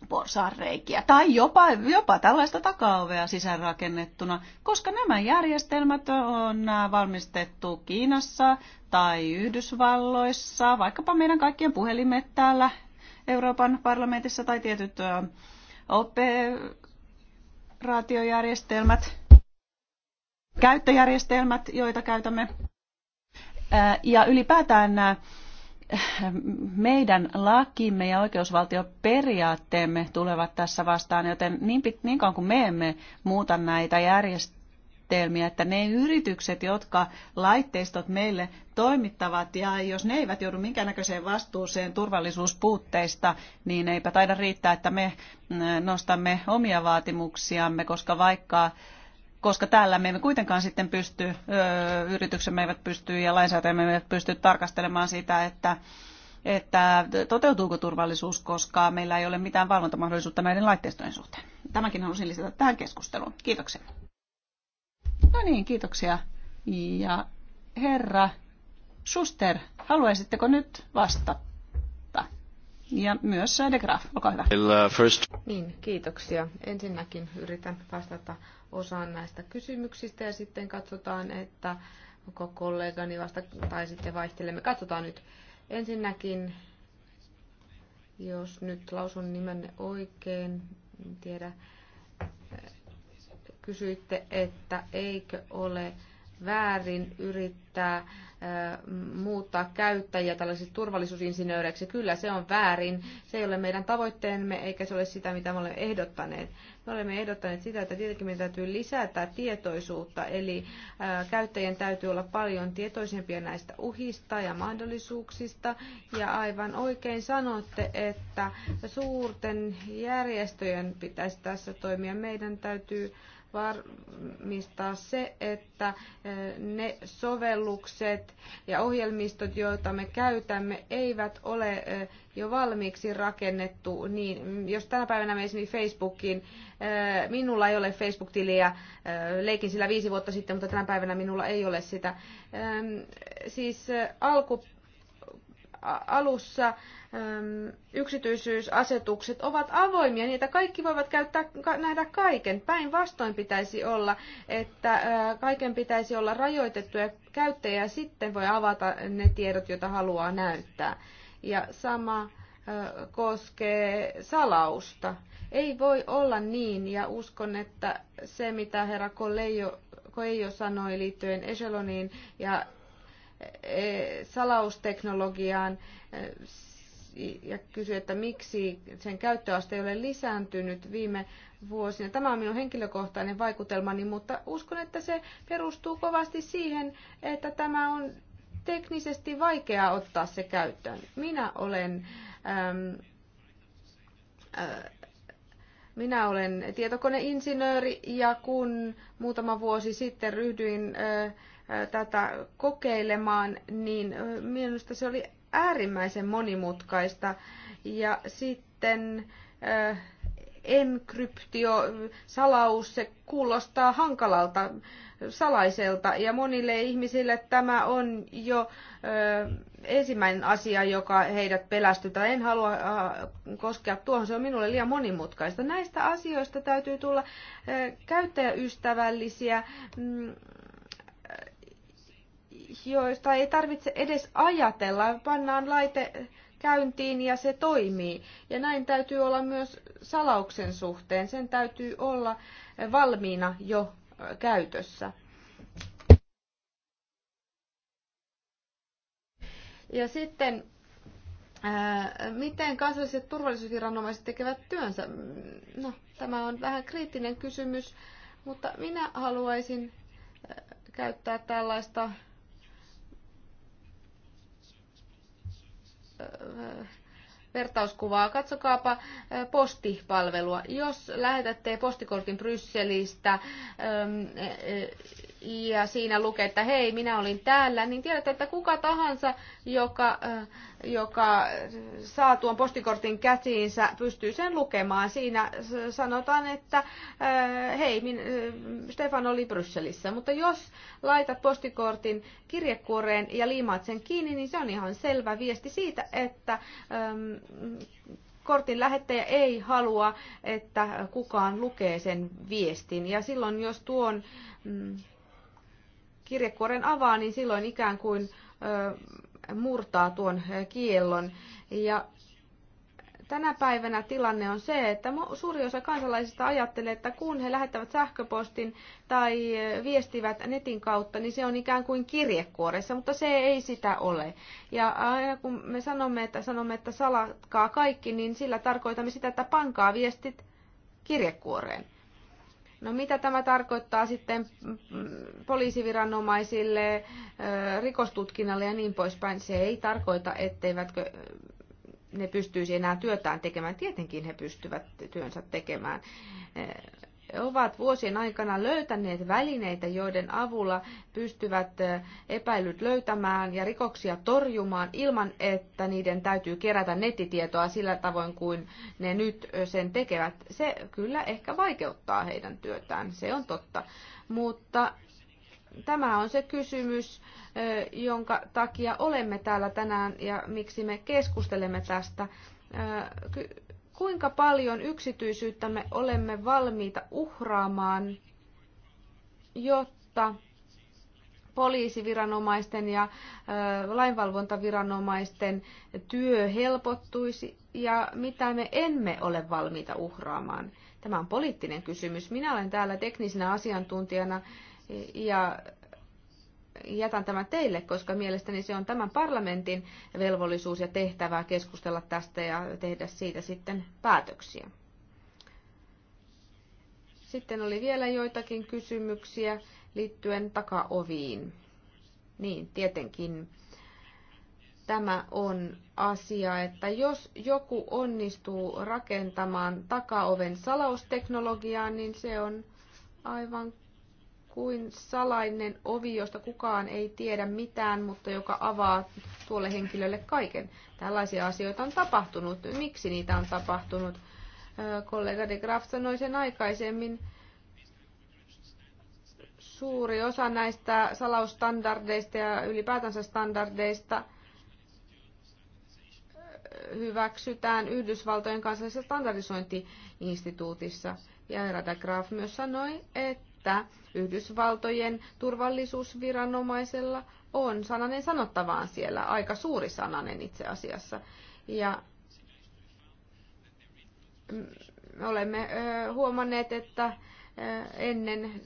porsaanreikiä tai jopa, jopa tällaista takaovea sisäänrakennettuna, koska nämä järjestelmät on valmistettu Kiinassa tai Yhdysvalloissa, vaikkapa meidän kaikkien puhelimet täällä Euroopan parlamentissa tai tietyt operaatiojärjestelmät käyttöjärjestelmät, joita käytämme. Äh, ja ylipäätään nämä äh, meidän lakimme ja oikeusvaltioperiaatteemme tulevat tässä vastaan, joten niin, niin kauan kuin me emme muuta näitä järjestelmiä, että ne yritykset, jotka laitteistot meille toimittavat, ja jos ne eivät joudu minkäännäköiseen vastuuseen turvallisuuspuutteista, niin eipä taida riittää, että me äh, nostamme omia vaatimuksiamme, koska vaikka koska täällä me emme kuitenkaan sitten pysty, yrityksemme eivät pysty ja lainsäätäjämme eivät pysty tarkastelemaan sitä, että että toteutuuko turvallisuus, koska meillä ei ole mitään valvontamahdollisuutta näiden laitteistojen suhteen. Tämäkin halusin lisätä tähän keskusteluun. Kiitoksia. No niin, kiitoksia. Ja herra Schuster, haluaisitteko nyt vastata? Ja myös De Graaf, olkaa hyvä.
Uh, first... Niin, kiitoksia. Ensinnäkin yritän vastata osaan näistä kysymyksistä ja sitten katsotaan, että onko kollegani vasta, tai sitten vaihtelemme. Katsotaan nyt. Ensinnäkin, jos nyt lausun nimenne oikein, en tiedä, kysyitte, että eikö ole väärin yrittää muuttaa käyttäjiä tällaisiksi turvallisuusinsinööreiksi. Kyllä se on väärin. Se ei ole meidän tavoitteemme eikä se ole sitä, mitä me olemme ehdottaneet. Me olemme ehdottaneet sitä, että tietenkin meidän täytyy lisätä tietoisuutta, eli käyttäjien täytyy olla paljon tietoisempia näistä uhista ja mahdollisuuksista. Ja aivan oikein sanotte, että suurten järjestöjen pitäisi tässä toimia. Meidän täytyy varmistaa se, että eh, ne sovellukset ja ohjelmistot, joita me käytämme, eivät ole eh, jo valmiiksi rakennettu. Niin, jos tänä päivänä me esimerkiksi Facebookin, eh, minulla ei ole Facebook-tiliä, leikin sillä viisi vuotta sitten, mutta tänä päivänä minulla ei ole sitä. Siis alku alussa yksityisyysasetukset ovat avoimia, niitä kaikki voivat käyttää, nähdä kaiken. Päinvastoin pitäisi olla, että kaiken pitäisi olla rajoitettu ja käyttäjä sitten voi avata ne tiedot, joita haluaa näyttää. Ja sama koskee salausta. Ei voi olla niin, ja uskon, että se mitä herra Coelho sanoi liittyen Echeloniin ja E, salausteknologiaan e, ja kysyi, että miksi sen käyttöaste ei ole lisääntynyt viime vuosina. Tämä on minun henkilökohtainen vaikutelmani, mutta uskon, että se perustuu kovasti siihen, että tämä on teknisesti vaikea ottaa se käyttöön. Minä olen, ähm, äh, minä olen tietokoneinsinööri ja kun muutama vuosi sitten ryhdyin äh, tätä kokeilemaan, niin minusta se oli äärimmäisen monimutkaista. Ja sitten enkryptio, salaus, se kuulostaa hankalalta, salaiselta. Ja monille ihmisille tämä on jo äh, ensimmäinen asia, joka heidät pelästyttää. En halua äh, koskea tuohon, se on minulle liian monimutkaista. Näistä asioista täytyy tulla äh, käyttäjäystävällisiä. Mm, joista ei tarvitse edes ajatella. Pannaan laite käyntiin ja se toimii. Ja näin täytyy olla myös salauksen suhteen. Sen täytyy olla valmiina jo käytössä. Ja sitten, miten kansalliset turvallisuusviranomaiset tekevät työnsä? No, tämä on vähän kriittinen kysymys, mutta minä haluaisin käyttää tällaista vertauskuvaa. Katsokaapa postipalvelua. Jos lähetätte postikortin Brysselistä ja siinä lukee, että hei, minä olin täällä, niin tiedätte, että kuka tahansa, joka, äh, joka saa tuon postikortin käsiinsä, pystyy sen lukemaan. Siinä sanotaan, että äh, hei, minä, äh, Stefan oli Brysselissä, mutta jos laitat postikortin kirjekuoreen ja liimaat sen kiinni, niin se on ihan selvä viesti siitä, että ähm, kortin lähettäjä ei halua, että kukaan lukee sen viestin. Ja silloin, jos tuon mm, kirjekuoren avaa, niin silloin ikään kuin murtaa tuon kiellon. Ja tänä päivänä tilanne on se, että suuri osa kansalaisista ajattelee, että kun he lähettävät sähköpostin tai viestivät netin kautta, niin se on ikään kuin kirjekuoressa, mutta se ei sitä ole. Ja aina kun me sanomme, että sanomme, että salatkaa kaikki, niin sillä tarkoitamme sitä, että pankaa viestit kirjekuoreen. No mitä tämä tarkoittaa sitten poliisiviranomaisille, rikostutkinnalle ja niin poispäin? Se ei tarkoita, etteivätkö ne pystyisi enää työtään tekemään. Tietenkin he pystyvät työnsä tekemään ovat vuosien aikana löytäneet välineitä, joiden avulla pystyvät epäilyt löytämään ja rikoksia torjumaan ilman, että niiden täytyy kerätä nettitietoa sillä tavoin kuin ne nyt sen tekevät. Se kyllä ehkä vaikeuttaa heidän työtään, se on totta. Mutta tämä on se kysymys, jonka takia olemme täällä tänään ja miksi me keskustelemme tästä kuinka paljon yksityisyyttämme olemme valmiita uhraamaan, jotta poliisiviranomaisten ja lainvalvontaviranomaisten työ helpottuisi ja mitä me emme ole valmiita uhraamaan. Tämä on poliittinen kysymys. Minä olen täällä teknisenä asiantuntijana ja jätän tämän teille, koska mielestäni se on tämän parlamentin velvollisuus ja tehtävää keskustella tästä ja tehdä siitä sitten päätöksiä. Sitten oli vielä joitakin kysymyksiä liittyen takaoviin. Niin, tietenkin tämä on asia, että jos joku onnistuu rakentamaan takaoven salausteknologiaa, niin se on aivan kuin salainen ovi, josta kukaan ei tiedä mitään, mutta joka avaa tuolle henkilölle kaiken. Tällaisia asioita on tapahtunut. Miksi niitä on tapahtunut? Kollega de Graaf sanoi sen aikaisemmin. Suuri osa näistä salausstandardeista ja ylipäätänsä standardeista hyväksytään Yhdysvaltojen kansallisessa standardisointiinstituutissa. Ja Radagraf myös sanoi, että että Yhdysvaltojen turvallisuusviranomaisella on sananen sanottavaan siellä, aika suuri sananen itse asiassa. Ja me olemme huomanneet, että ennen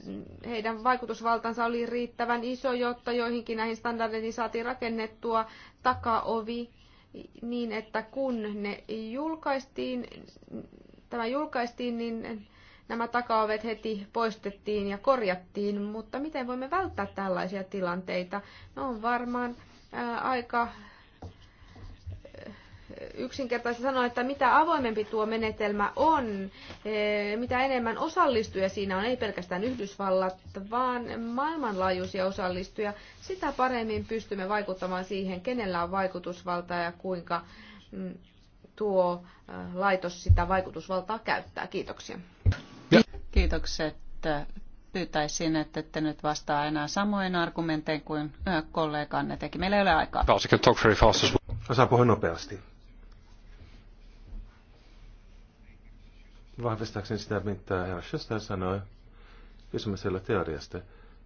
heidän vaikutusvaltansa oli riittävän iso, jotta joihinkin näihin standardeihin saatiin rakennettua takaovi niin, että kun ne julkaistiin, tämä julkaistiin, niin Nämä takaovet heti poistettiin ja korjattiin, mutta miten voimme välttää tällaisia tilanteita? No on varmaan ää, aika yksinkertaisesti sanoa, että mitä avoimempi tuo menetelmä on, mitä enemmän osallistuja siinä on, ei pelkästään Yhdysvallat, vaan maailmanlaajuisia osallistuja, sitä paremmin pystymme vaikuttamaan siihen, kenellä on vaikutusvaltaa ja kuinka mm, tuo laitos sitä vaikutusvaltaa
käyttää. Kiitoksia. Kiitokset. Pyytäisin, että te nyt vastaa enää samoin argumentein kuin kolleganne teki. Meillä ei ole aikaa.
Osaan puhua nopeasti. Vahvistaakseni sitä, mitä herra Schuster sanoi. Kysymys teoriasta.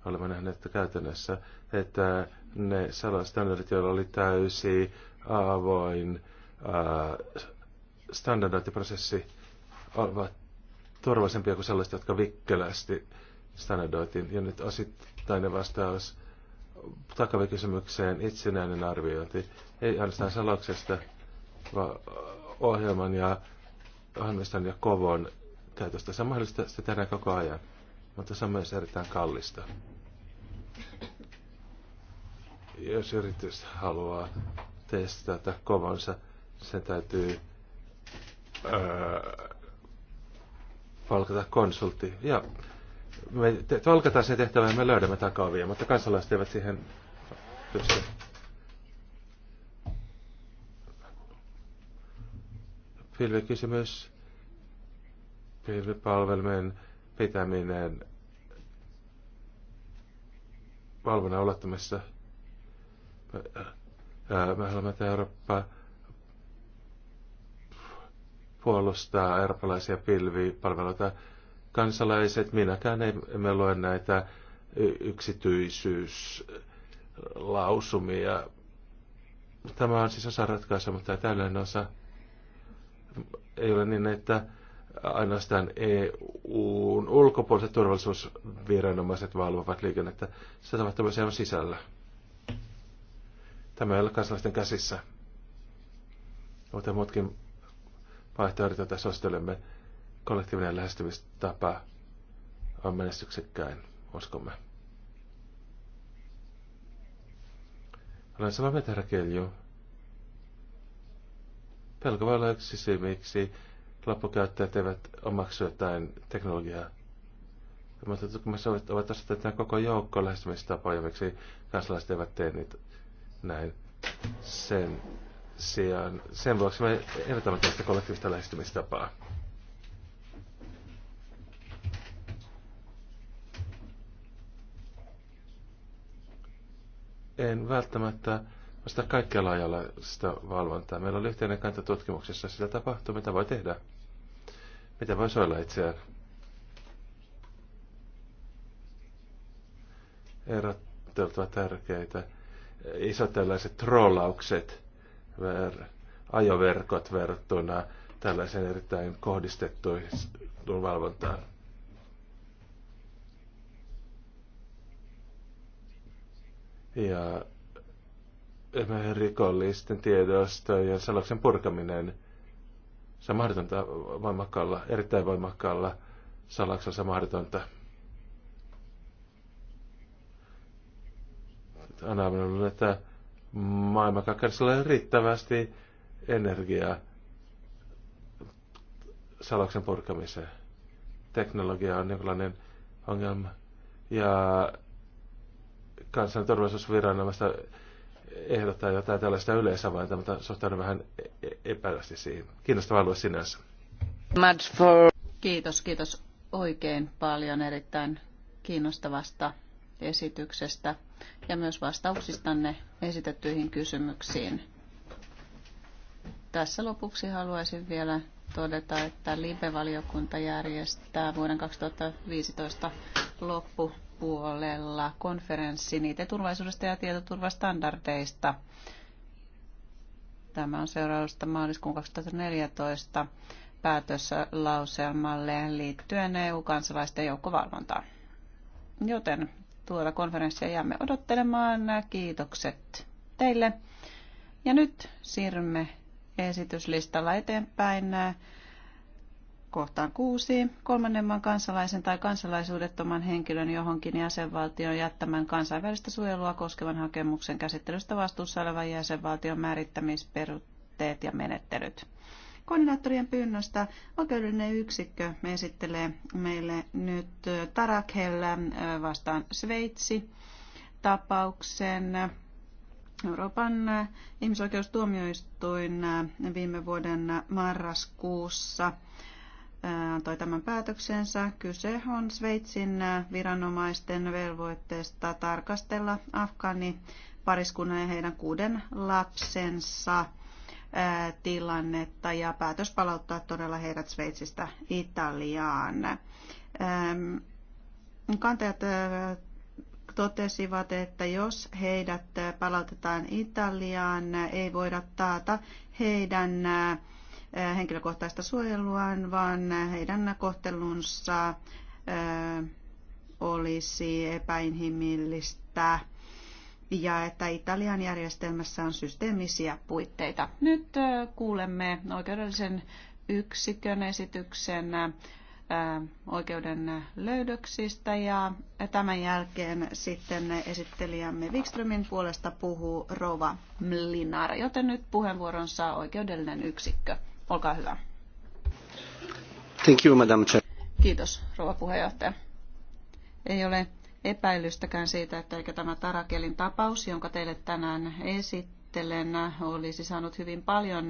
Olemme nähneet että käytännössä, että ne salon standardit, joilla oli täysi avoin standardointiprosessi, ovat turvallisempia kuin sellaiset, jotka vikkelästi standardoitiin. Ja nyt osittainen vastaus takavikysymykseen itsenäinen arviointi, ei ainoastaan salauksesta, vaan ohjelman ja ohjelmiston ja kovon käytöstä. Se on mahdollista, sitä tehdään koko ajan, mutta se on myös erittäin kallista. Jos yritys haluaa testata kovansa, sen täytyy öö, palkata konsultti. Ja me te, palkataan se tehtävä ja me löydämme takaavia, mutta kansalaiset eivät siihen pysty. Pilvikysymys, pilvipalvelmien pitäminen valvonnan ulottamissa. Me, äh, äh, me haluamme, että Eurooppa puolustaa eurooppalaisia pilvipalveluita. Kansalaiset, minäkään emme lue näitä yksityisyyslausumia. Tämä on siis osa ratkaisua, mutta täydellinen osa ei ole niin, että ainoastaan EUn ulkopuoliset turvallisuusviranomaiset valvovat liikennettä. Se tapahtuu on sisällä. Tämä ei ole kansalaisten käsissä. Mutta muutkin vaihtoehdot, joita suosittelemme, kollektiivinen lähestymistapa on menestyksekkäin, uskomme. Olen samaa mieltä, herra Kelju. Pelko voi olla yksi syy, miksi loppukäyttäjät eivät omaksu jotain teknologiaa. Mutta tutkimus ovat asettaneet koko joukko lähestymistapoja, miksi kansalaiset eivät tee niitä näin. Sen sijaan. Sen vuoksi me ehdotamme tästä kollektiivista lähestymistapaa. En välttämättä vasta kaikkea sitä valvontaa. Meillä oli yhteinen kanta tutkimuksessa. Sitä tapahtuu, mitä voi tehdä. Mitä voi soilla itseään. Erot ovat tärkeitä. Isot tällaiset trollaukset – ver, ajoverkot verrattuna tällaisen erittäin kohdistettuun valvontaan. Ja rikollisten tiedosto ja saloksen purkaminen, se on mahdotonta voimakkaalla, erittäin voimakkaalla salaksella mahdotonta. Anna että maailmankaikkeudessa ole riittävästi energiaa salaksen purkamiseen. Teknologia on jonkinlainen ongelma. Ja kansan turvallisuusviranomaista ehdottaa jotain tällaista yleisavainta, mutta suhtaudun vähän e- e- epäilästi siihen. Kiinnostava alue sinänsä.
Kiitos, kiitos oikein paljon erittäin kiinnostavasta esityksestä ja myös vastauksistanne esitettyihin kysymyksiin. Tässä lopuksi haluaisin vielä todeta, että LIBE-valiokunta järjestää vuoden 2015 loppupuolella konferenssin IT-turvallisuudesta ja tietoturvastandardeista. Tämä on seurausta maaliskuun 2014 päätöslauselmalle liittyen EU-kansalaisten joukkovalvontaan. Joten tuolla konferenssia jäämme odottelemaan. Kiitokset teille. Ja nyt siirrymme esityslistalla eteenpäin kohtaan kuusi. Kolmannen maan kansalaisen tai kansalaisuudettoman henkilön johonkin jäsenvaltion jättämän kansainvälistä suojelua koskevan hakemuksen käsittelystä vastuussa olevan jäsenvaltion määrittämisperusteet ja menettelyt. Koordinaattorien pyynnöstä oikeudellinen yksikkö me esittelee meille nyt Tarakhella äh, vastaan Sveitsi tapauksen. Euroopan äh, ihmisoikeustuomioistuin äh, viime vuoden marraskuussa antoi tämän päätöksensä. Kyse on Sveitsin viranomaisten velvoitteesta tarkastella Afgani pariskunnan ja heidän kuuden lapsensa tilannetta ja päätös palauttaa todella heidät Sveitsistä Italiaan. Ehm, kantajat totesivat, että jos heidät palautetaan Italiaan, ei voida taata heidän henkilökohtaista suojeluaan, vaan heidän kohtelunsa olisi epäinhimillistä ja että Italian järjestelmässä on systeemisiä puitteita. Nyt kuulemme oikeudellisen yksikön esityksen oikeuden löydöksistä ja tämän jälkeen sitten esittelijämme Wikströmin puolesta puhuu Rova Mlinar, joten nyt puheenvuoron saa oikeudellinen yksikkö. Olkaa hyvä. Thank you, Madam Chair. Kiitos, rouva puheenjohtaja. Ei ole epäilystäkään siitä, että eikä tämä Tarakelin tapaus, jonka teille tänään esittelen, olisi saanut hyvin paljon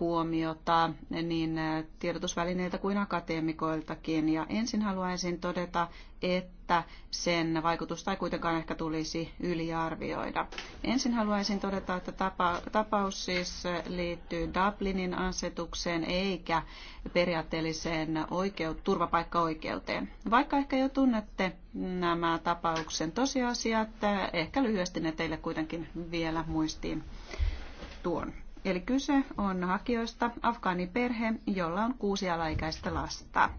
huomiota niin tiedotusvälineiltä kuin akateemikoiltakin. Ja ensin haluaisin todeta, että sen vaikutusta ei kuitenkaan ehkä tulisi yliarvioida. Ensin haluaisin todeta, että tapa, tapaus siis liittyy Dublinin asetukseen eikä periaatteelliseen oikeut, turvapaikkaoikeuteen. Vaikka ehkä jo tunnette nämä tapauksen tosiasiat, ehkä lyhyesti ne teille kuitenkin vielä muistiin tuon. Eli kyse on hakijoista, afgaaniperhe, jolla on kuusi alaikäistä lasta.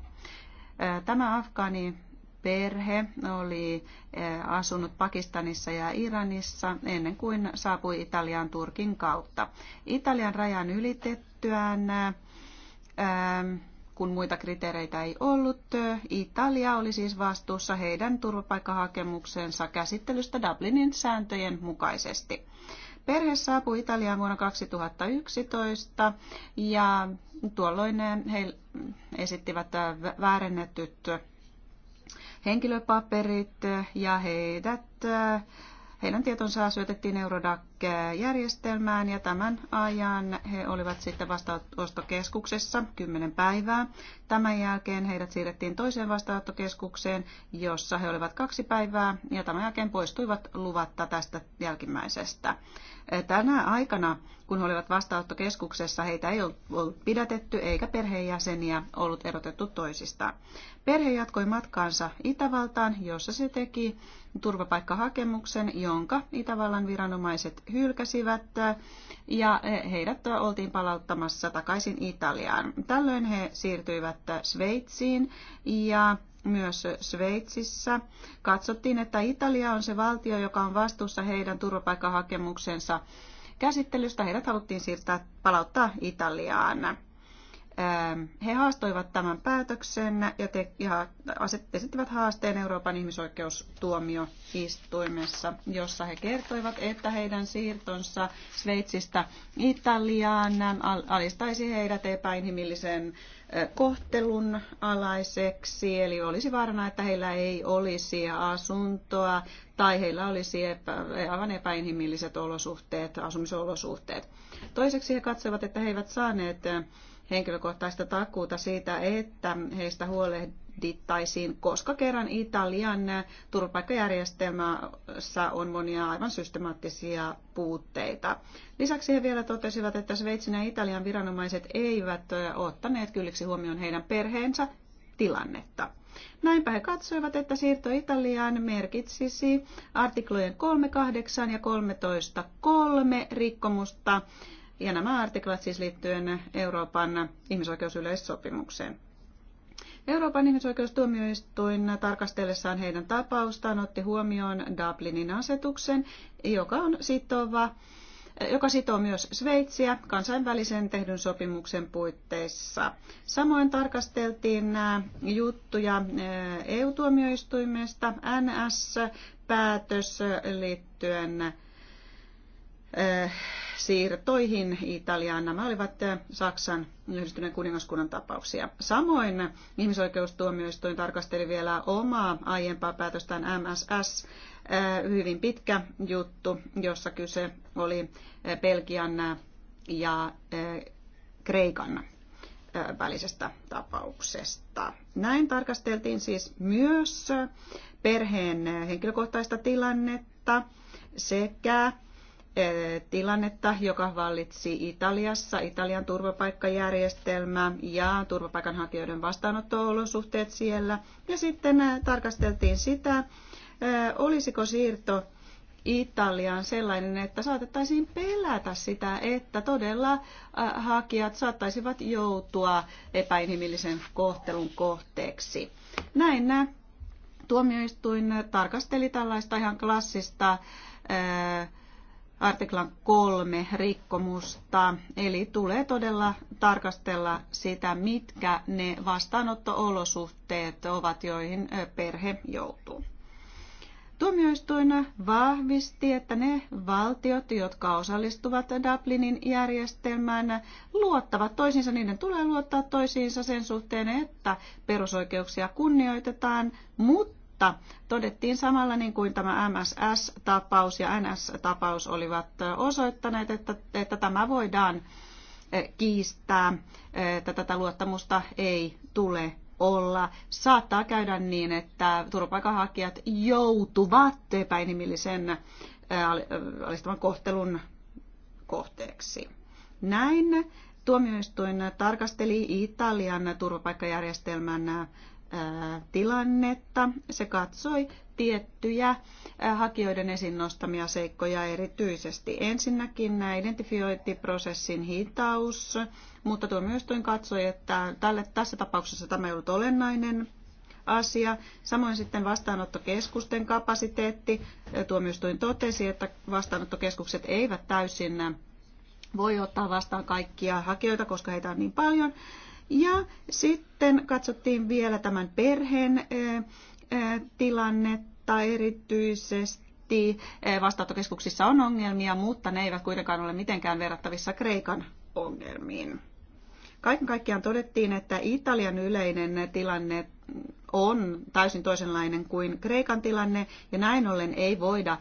Tämä afgaani perhe oli asunut Pakistanissa ja Iranissa ennen kuin saapui Italiaan Turkin kautta. Italian rajan ylitettyään, kun muita kriteereitä ei ollut, Italia oli siis vastuussa heidän turvapaikkahakemuksensa käsittelystä Dublinin sääntöjen mukaisesti. Perhe saapui Italiaan vuonna 2011 ja tuolloin he esittivät äh, väärennetyt henkilöpaperit ja heidät äh, heidän tietonsa syötettiin Eurodac-järjestelmään ja tämän ajan he olivat sitten vastaanottokeskuksessa 10 päivää. Tämän jälkeen heidät siirrettiin toiseen vastaanottokeskukseen, jossa he olivat kaksi päivää ja tämän jälkeen poistuivat luvatta tästä jälkimmäisestä. Tänä aikana, kun he olivat vastaanottokeskuksessa, heitä ei ollut pidätetty eikä perheenjäseniä ollut erotettu toisistaan. Perhe jatkoi matkaansa Itävaltaan, jossa se teki turvapaikkahakemuksen, jonka Itävallan viranomaiset hylkäsivät äh, ja äh, heidät oltiin palauttamassa takaisin Italiaan. Tällöin he siirtyivät Sveitsiin ja myös Sveitsissä. Katsottiin, että Italia on se valtio, joka on vastuussa heidän turvapaikkahakemuksensa käsittelystä. Heidät haluttiin siirtää palauttaa Italiaan. Ähm, he haastoivat tämän päätöksen ja, te, ja esittivät haasteen Euroopan ihmisoikeustuomioistuimessa, jossa he kertoivat, että heidän siirtonsa Sveitsistä Italiaan ähm, alistaisi heidät epäinhimillisen kohtelun alaiseksi, eli olisi vaarana, että heillä ei olisi asuntoa tai heillä olisi epä, aivan epäinhimilliset olosuhteet, asumisolosuhteet. Toiseksi he katsoivat, että he eivät saaneet henkilökohtaista takuuta siitä, että heistä huolehdittaisiin, koska kerran Italian turvapaikkajärjestelmässä on monia aivan systemaattisia puutteita. Lisäksi he vielä totesivat, että Sveitsin ja Italian viranomaiset eivät ottaneet kylliksi huomioon heidän perheensä tilannetta. Näinpä he katsoivat, että siirto Italiaan merkitsisi artiklojen 3.8 ja 13.3 rikkomusta ja nämä artiklat siis liittyen Euroopan ihmisoikeusyleissopimukseen. Euroopan ihmisoikeustuomioistuin tarkastellessaan heidän tapaustaan otti huomioon Dublinin asetuksen, joka on sitova joka sitoo myös Sveitsiä kansainvälisen tehdyn sopimuksen puitteissa. Samoin tarkasteltiin äh, juttuja äh, EU-tuomioistuimesta NS-päätös liittyen siirtoihin Italiaan. Nämä olivat Saksan yhdistyneen kuningaskunnan tapauksia. Samoin ihmisoikeustuomioistuin tarkasteli vielä omaa aiempaa päätöstään MSS, hyvin pitkä juttu, jossa kyse oli Belgian ja Kreikan välisestä tapauksesta. Näin tarkasteltiin siis myös perheen henkilökohtaista tilannetta sekä tilannetta, joka vallitsi Italiassa, Italian turvapaikkajärjestelmä ja turvapaikanhakijoiden vastaanotto-olosuhteet siellä. Ja sitten äh, tarkasteltiin sitä, äh, olisiko siirto Italiaan sellainen, että saatettaisiin pelätä sitä, että todella äh, hakijat saattaisivat joutua epäinhimillisen kohtelun kohteeksi. Näin nämä tuomioistuin tarkasteli tällaista ihan klassista ää, artiklan kolme rikkomusta. Eli tulee todella tarkastella sitä, mitkä ne vastaanottoolosuhteet ovat, joihin perhe joutuu. Tuomioistuin vahvisti, että ne valtiot, jotka osallistuvat Dublinin järjestelmään, luottavat toisiinsa, niiden tulee luottaa toisiinsa sen suhteen, että perusoikeuksia kunnioitetaan, mutta mutta todettiin samalla niin kuin tämä MSS-tapaus ja NS-tapaus olivat osoittaneet, että, että tämä voidaan kiistää, että tätä luottamusta ei tule olla. Saattaa käydä niin, että turvapaikanhakijat joutuvat epäinhimillisen alistavan kohtelun kohteeksi. Näin tuomioistuin tarkasteli Italian turvapaikkajärjestelmän tilannetta. Se katsoi tiettyjä hakijoiden esiin nostamia seikkoja erityisesti. Ensinnäkin nämä identifiointiprosessin hitaus, mutta tuo tuin katsoi, että tälle, tässä tapauksessa tämä ei ollut olennainen asia. Samoin sitten vastaanottokeskusten kapasiteetti. Tuomioistuin totesi, että vastaanottokeskukset eivät täysin voi ottaa vastaan kaikkia hakijoita, koska heitä on niin paljon. Ja sitten katsottiin vielä tämän perheen tilannetta erityisesti. Vastaanottokeskuksissa on ongelmia, mutta ne eivät kuitenkaan ole mitenkään verrattavissa Kreikan ongelmiin. Kaiken kaikkiaan todettiin, että Italian yleinen tilanne on täysin toisenlainen kuin Kreikan tilanne, ja näin ollen ei voida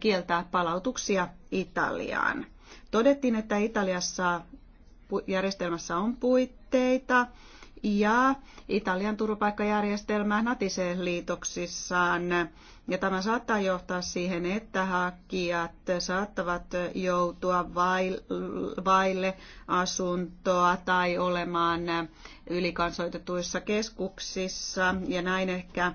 kieltää palautuksia Italiaan. Todettiin, että Italiassa järjestelmässä on puitteita ja Italian turvapaikkajärjestelmä natisee liitoksissaan. Ja tämä saattaa johtaa siihen, että hakijat saattavat joutua vaille asuntoa tai olemaan ylikansoitetuissa keskuksissa ja näin ehkä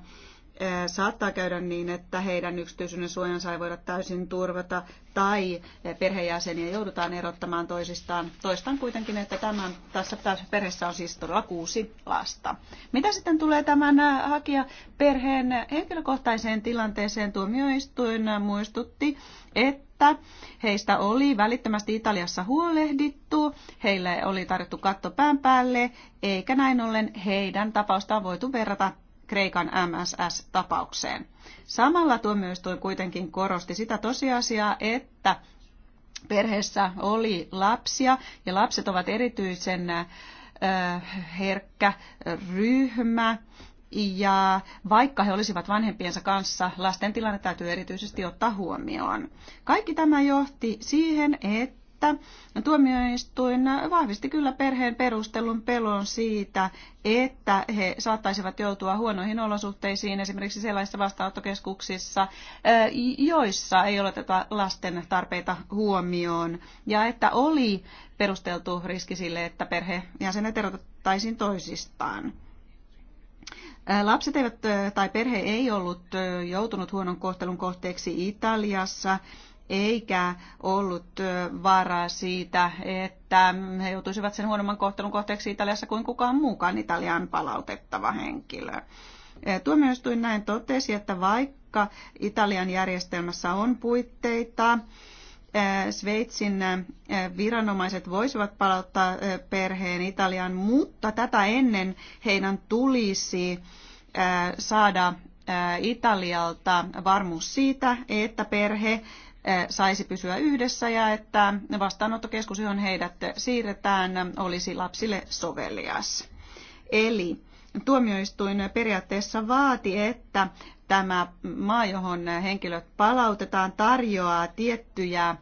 saattaa käydä niin, että heidän yksityisyyden suojansa ei voida täysin turvata tai perhejäseniä joudutaan erottamaan toisistaan. Toistan kuitenkin, että tämän, tässä perheessä on siis todella kuusi lasta. Mitä sitten tulee tämän hakija perheen henkilökohtaiseen tilanteeseen? Tuomioistuin muistutti, että heistä oli välittömästi Italiassa huolehdittu, heille oli tarjottu katto pään päälle, eikä näin ollen heidän tapaustaan voitu verrata Kreikan MSS-tapaukseen. Samalla tuomioistuin kuitenkin korosti sitä tosiasiaa, että perheessä oli lapsia ja lapset ovat erityisen herkkä ryhmä. Ja vaikka he olisivat vanhempiensa kanssa, lasten tilanne täytyy erityisesti ottaa huomioon. Kaikki tämä johti siihen, että että tuomioistuin vahvisti kyllä perheen perustelun pelon siitä, että he saattaisivat joutua huonoihin olosuhteisiin esimerkiksi sellaisissa vastaanottokeskuksissa, joissa ei ole tätä lasten tarpeita huomioon, ja että oli perusteltu riski sille, että perhejäsenet erotettaisiin toisistaan. Lapset eivät, tai perhe ei ollut joutunut huonon kohtelun kohteeksi Italiassa, eikä ollut varaa siitä, että he joutuisivat sen huonomman kohtelun kohteeksi Italiassa kuin kukaan muukaan Italian palautettava henkilö. Tuomioistuin näin totesi, että vaikka Italian järjestelmässä on puitteita, Sveitsin viranomaiset voisivat palauttaa perheen Italian, mutta tätä ennen heidän tulisi saada Italialta varmuus siitä, että perhe saisi pysyä yhdessä ja että vastaanottokeskus, johon heidät siirretään, olisi lapsille sovelias. Eli tuomioistuin periaatteessa vaati, että tämä maa, johon henkilöt palautetaan, tarjoaa tiettyjä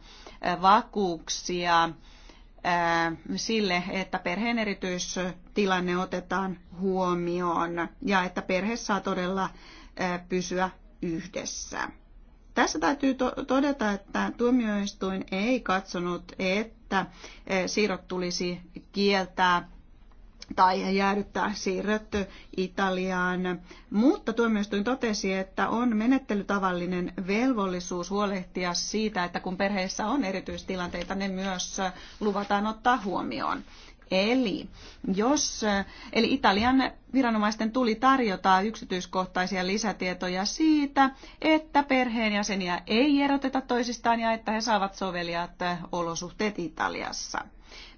vakuuksia sille, että perheen erityistilanne otetaan huomioon ja että perhe saa todella pysyä yhdessä. Tässä täytyy to- todeta, että tuomioistuin ei katsonut, että e, siirrot tulisi kieltää tai jäädyttää siirrot Italiaan. Mutta tuomioistuin totesi, että on menettelytavallinen velvollisuus huolehtia siitä, että kun perheessä on erityistilanteita, ne myös luvataan ottaa huomioon. Eli, jos, eh, eli Italian viranomaisten tuli tarjota yksityiskohtaisia lisätietoja siitä, että perheenjäseniä ei eroteta toisistaan ja että he saavat soveliaat eh, olosuhteet Italiassa.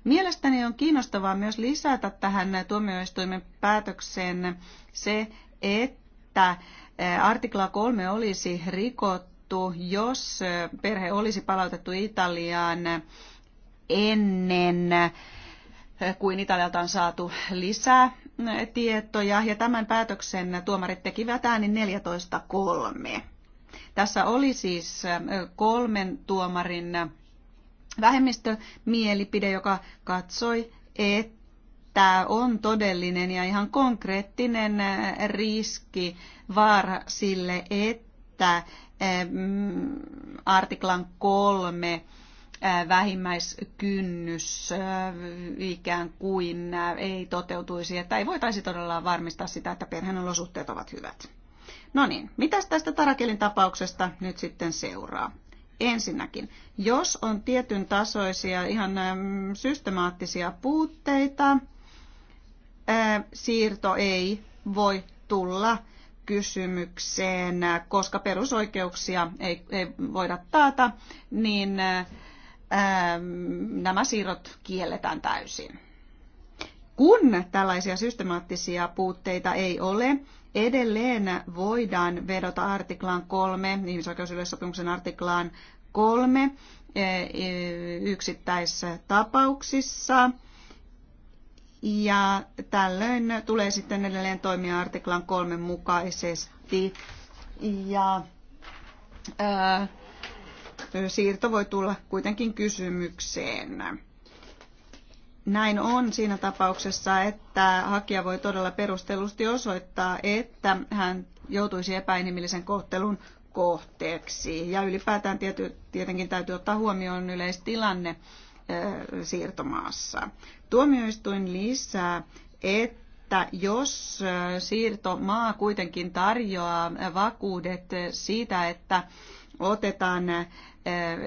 Mielestäni on kiinnostavaa myös lisätä tähän tuomioistuimen päätökseen se, että eh, artikla 3 olisi rikottu, jos perhe olisi palautettu Italiaan ennen kuin Italialta on saatu lisää tietoja. Ja tämän päätöksen tuomarit tekivät äänin 14.3. Tässä oli siis kolmen tuomarin vähemmistömielipide, joka katsoi, että tämä on todellinen ja ihan konkreettinen riski, vaara sille, että artiklan kolme vähimmäiskynnys ikään kuin ei toteutuisi, että ei voitaisi todella varmistaa sitä, että perheen olosuhteet ovat hyvät. No niin, mitäs tästä Tarakelin tapauksesta nyt sitten seuraa? Ensinnäkin, jos on tietyn tasoisia ihan systemaattisia puutteita, siirto ei voi tulla kysymykseen, koska perusoikeuksia ei, ei voida taata, niin nämä siirrot kielletään täysin. Kun tällaisia systemaattisia puutteita ei ole, edelleen voidaan vedota artiklaan kolme, ihmisoikeusyleissopimuksen artiklaan kolme e, e, yksittäisissä tapauksissa. Ja tällöin tulee sitten edelleen toimia artiklan kolmen mukaisesti. Ja ää, siirto voi tulla kuitenkin kysymykseen. Näin on siinä tapauksessa, että hakija voi todella perustellusti osoittaa, että hän joutuisi epäinhimillisen kohtelun kohteeksi. Ja ylipäätään tiety, tietenkin täytyy ottaa huomioon yleistilanne siirtomaassa. Tuomioistuin lisää, että jos siirtomaa kuitenkin tarjoaa vakuudet siitä, että otetaan Eh,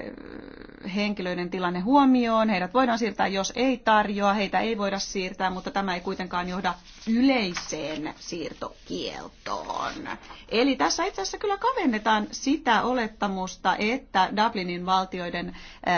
henkilöiden tilanne huomioon. Heidät voidaan siirtää, jos ei tarjoa. Heitä ei voida siirtää, mutta tämä ei kuitenkaan johda yleiseen siirtokieltoon. Eli tässä itse asiassa kyllä kavennetaan sitä olettamusta, että Dublinin valtioiden eh,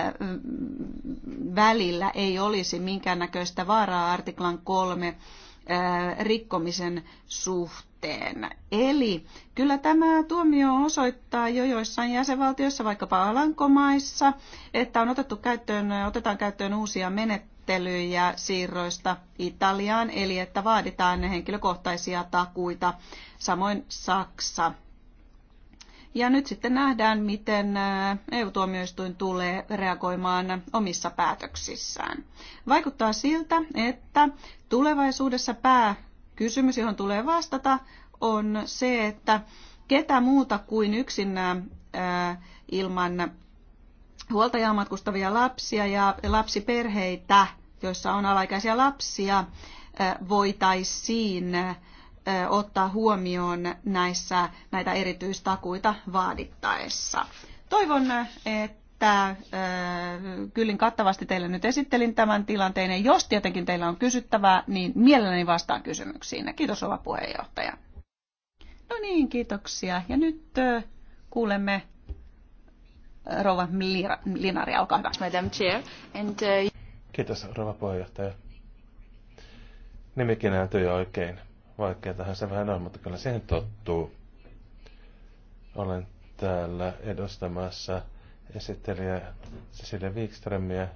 välillä ei olisi minkäännäköistä vaaraa artiklan kolme eh, rikkomisen suhteen sitten. Eli kyllä tämä tuomio osoittaa jo joissain jäsenvaltioissa, vaikkapa Alankomaissa, että on otettu käyttöön, otetaan käyttöön uusia menettelyjä siirroista Italiaan, eli että vaaditaan henkilökohtaisia takuita, samoin Saksa. Ja nyt sitten nähdään, miten EU-tuomioistuin tulee reagoimaan omissa päätöksissään. Vaikuttaa siltä, että tulevaisuudessa pää kysymys, johon tulee vastata, on se, että ketä muuta kuin yksin ilman huoltajaa matkustavia lapsia ja lapsiperheitä, joissa on alaikäisiä lapsia, voitaisiin ottaa huomioon näissä näitä erityistakuita vaadittaessa. Toivon, että että äh, kyllin kattavasti teille nyt esittelin tämän tilanteen. Ja jos tietenkin teillä on kysyttävää, niin mielelläni vastaan kysymyksiin. Kiitos ova puheenjohtaja. No niin, kiitoksia. Ja nyt äh, kuulemme äh, rova Linari, olkaa hyvä. Madam Chair. And, uh...
Kiitos rova puheenjohtaja. Nimikin näytyy jo oikein. tähän se vähän on, mutta kyllä siihen tottuu. Olen täällä edustamassa esittelijä Cecilia Wikströmiä,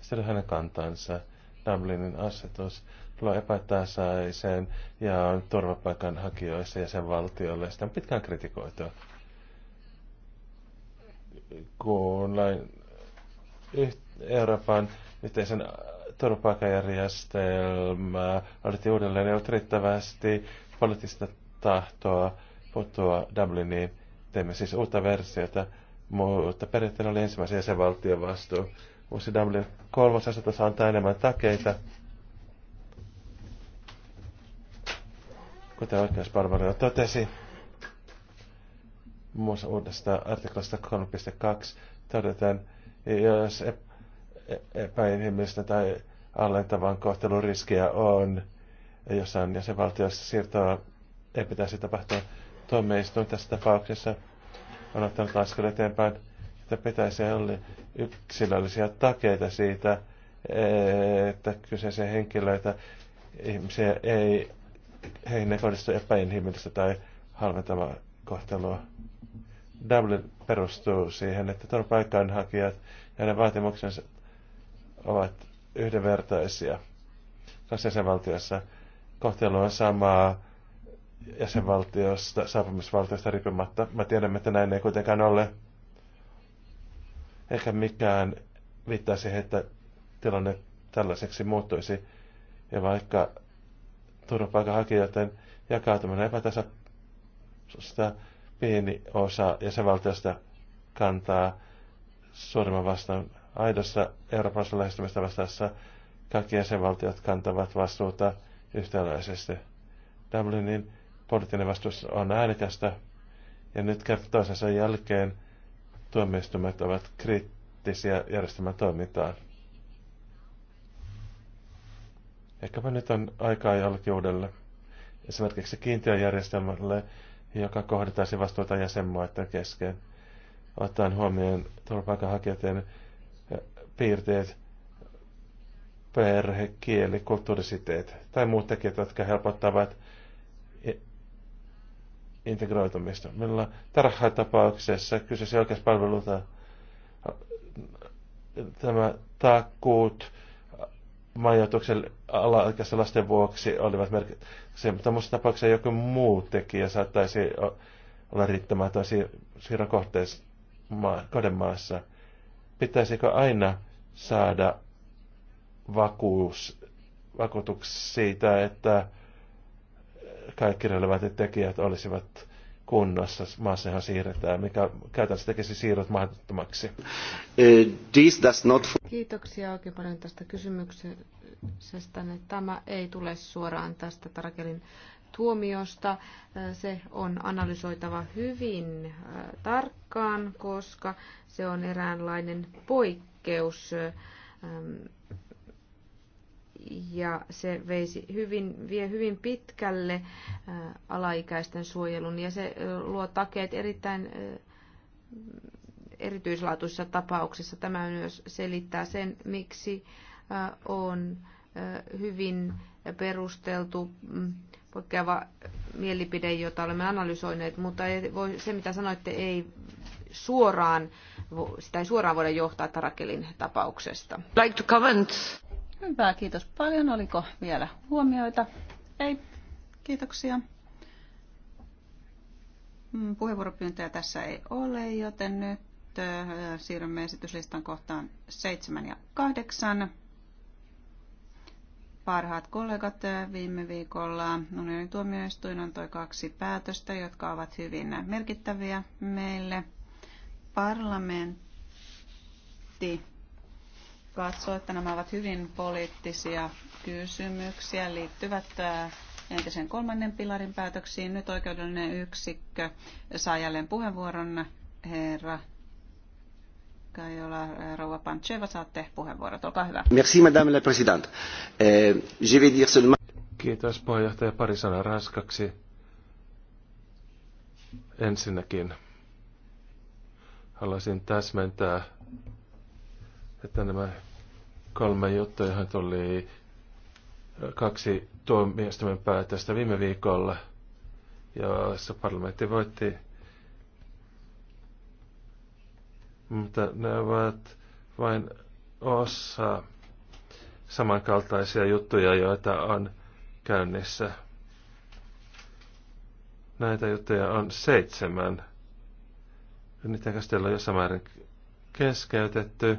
sitten hänen kantansa, Dublinin asetus, tulla epätasaiseen ja on turvapaikanhakijoissa valtiolle. Sitä on pitkään kritikoitu. Kun lain Euroopan yhteisen turvapaikkajärjestelmää aloitti uudelleen, ei ollut riittävästi poliittista tahtoa puuttua Dubliniin. Teemme siis uutta versiota mutta periaatteessa oli ensimmäisen jäsenvaltion vastuu. Uusi kolmas 3 asetus antaa enemmän takeita, kuten oikeuspalvelu totesi. Muun muassa uudesta artiklasta 3.2 todetaan, jos e- e- epäinhimillistä tai allentavan kohtelun riskiä on jossain jäsenvaltiossa siirtoa ei pitäisi tapahtua tuomioistuin tässä tapauksessa on ottanut askel eteenpäin, että pitäisi olla yksilöllisiä takeita siitä, että kyseisiä henkilöitä, ihmisiä ei, heihin ei kohdistu epäinhimillistä tai halventavaa kohtelua. Dublin perustuu siihen, että turvapaikanhakijat ja ne vaatimuksensa ovat yhdenvertaisia. Tässä jäsenvaltiossa kohtelu on samaa jäsenvaltiosta, saapumisvaltiosta riippumatta. Mä tiedän, että näin ei kuitenkaan ole. Ehkä mikään viittaa siihen, että tilanne tällaiseksi muuttuisi. Ja vaikka turvapaikanhakijoiden jakautuminen epätasaista pieni osa jäsenvaltiosta kantaa suurimman vastaan aidossa eurooppalaisessa lähestymistä vastaassa kaikki jäsenvaltiot kantavat vastuuta yhtäläisesti. Dublinin poliittinen vastuus on äänekästä. Ja nyt toisensa jälkeen tuomioistuimet ovat kriittisiä järjestelmän toimintaan. Ehkäpä nyt on aikaa jollekin uudelle, esimerkiksi kiintiöjärjestelmälle, joka kohdataisi vastuuta jäsenmaiden kesken, ottaen huomioon turvapaikanhakijoiden eh, piirteet, perhe, kieli, kulttuurisiteet tai muut tekijät, jotka helpottavat integroitumista. Meillä tarha-tapauksessa kyseessä oikeuspalvelulta äh, tämä takkuut majoituksen alaikäisten lasten vuoksi olivat merkityksiä, mutta tämmöisessä tapauksessa joku muu tekijä saattaisi olla riittämätön siirron kohteessa kodemaassa. Pitäisikö aina saada vakuus, vakuutuksi siitä, että kaikki relevantit tekijät olisivat kunnossa. maassa siirretään, mikä käytännössä tekisi siirrot mahdottomaksi. Uh,
Kiitoksia oikein paljon tästä kysymyksestä. Tämä ei tule suoraan tästä Tarakelin tuomiosta. Uh, se on analysoitava hyvin uh, tarkkaan, koska se on eräänlainen poikkeus um, ja se veisi hyvin, vie hyvin pitkälle äh, alaikäisten suojelun ja se äh, luo takeet erittäin äh, erityislaatuisissa tapauksissa. Tämä myös selittää sen, miksi on hyvin perusteltu mm, poikkeava mielipide, jota olemme analysoineet, mutta ei voi, se mitä sanoitte ei suoraan, sitä ei suoraan voida johtaa Tarakelin tapauksesta.
Like to comment. Hyvä, kiitos paljon. Oliko vielä huomioita? Ei, kiitoksia. Mm, puheenvuoropyyntöjä tässä ei ole, joten nyt äh, siirrymme esityslistan kohtaan 7 ja 8. Parhaat kollegat äh, viime viikolla unionin tuomioistuin antoi kaksi päätöstä, jotka ovat hyvin merkittäviä meille. Parlamentti katsoo, että nämä ovat hyvin poliittisia kysymyksiä, liittyvät äh, entisen kolmannen pilarin päätöksiin. Nyt oikeudellinen yksikkö saa jälleen puheenvuoron. Herra Kajola, äh, rouva Pancheva, saatte puheenvuorot. Olkaa hyvä.
Merci, madame la présidente. Eh, je vais dire seulement... Kiitos puheenjohtaja. Pari sanaa ranskaksi. Ensinnäkin haluaisin täsmentää että nämä kolme juttua, tuli kaksi tuomioistuimen päätöstä viime viikolla, jossa parlamentti voitti. Mutta ne ovat vain osa samankaltaisia juttuja, joita on käynnissä. Näitä juttuja on seitsemän. Niitä käsitellään jossain määrin keskeytetty.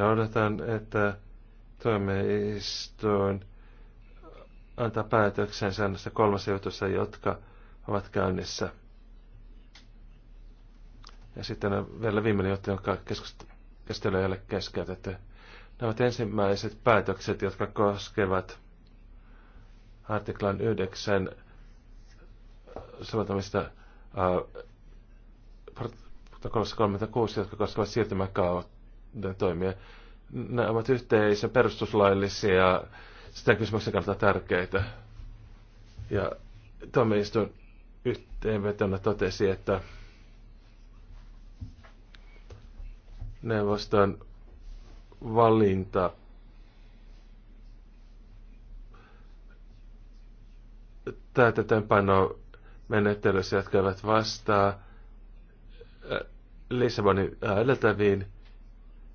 Ja odotan, että tuomioistuin antaa päätöksen säännöstä kolmas jutussa, jotka ovat käynnissä. Ja sitten on vielä viimeinen juttu, jonka keskustelu ei ole keskeytetty. Nämä ovat ensimmäiset päätökset, jotka koskevat artiklan 9 soveltamista äh, protokollassa 36, jotka koskevat siirtymäkautta toimia. Nämä ovat yhteisen perustuslaillisia, sitä kysymyksen kannalta tärkeitä. Ja tuomioistuin yhteenvetona totesi, että neuvoston valinta täytäntöönpano menettelyssä, jotka eivät vastaa äh, Lissabonin äh, edeltäviin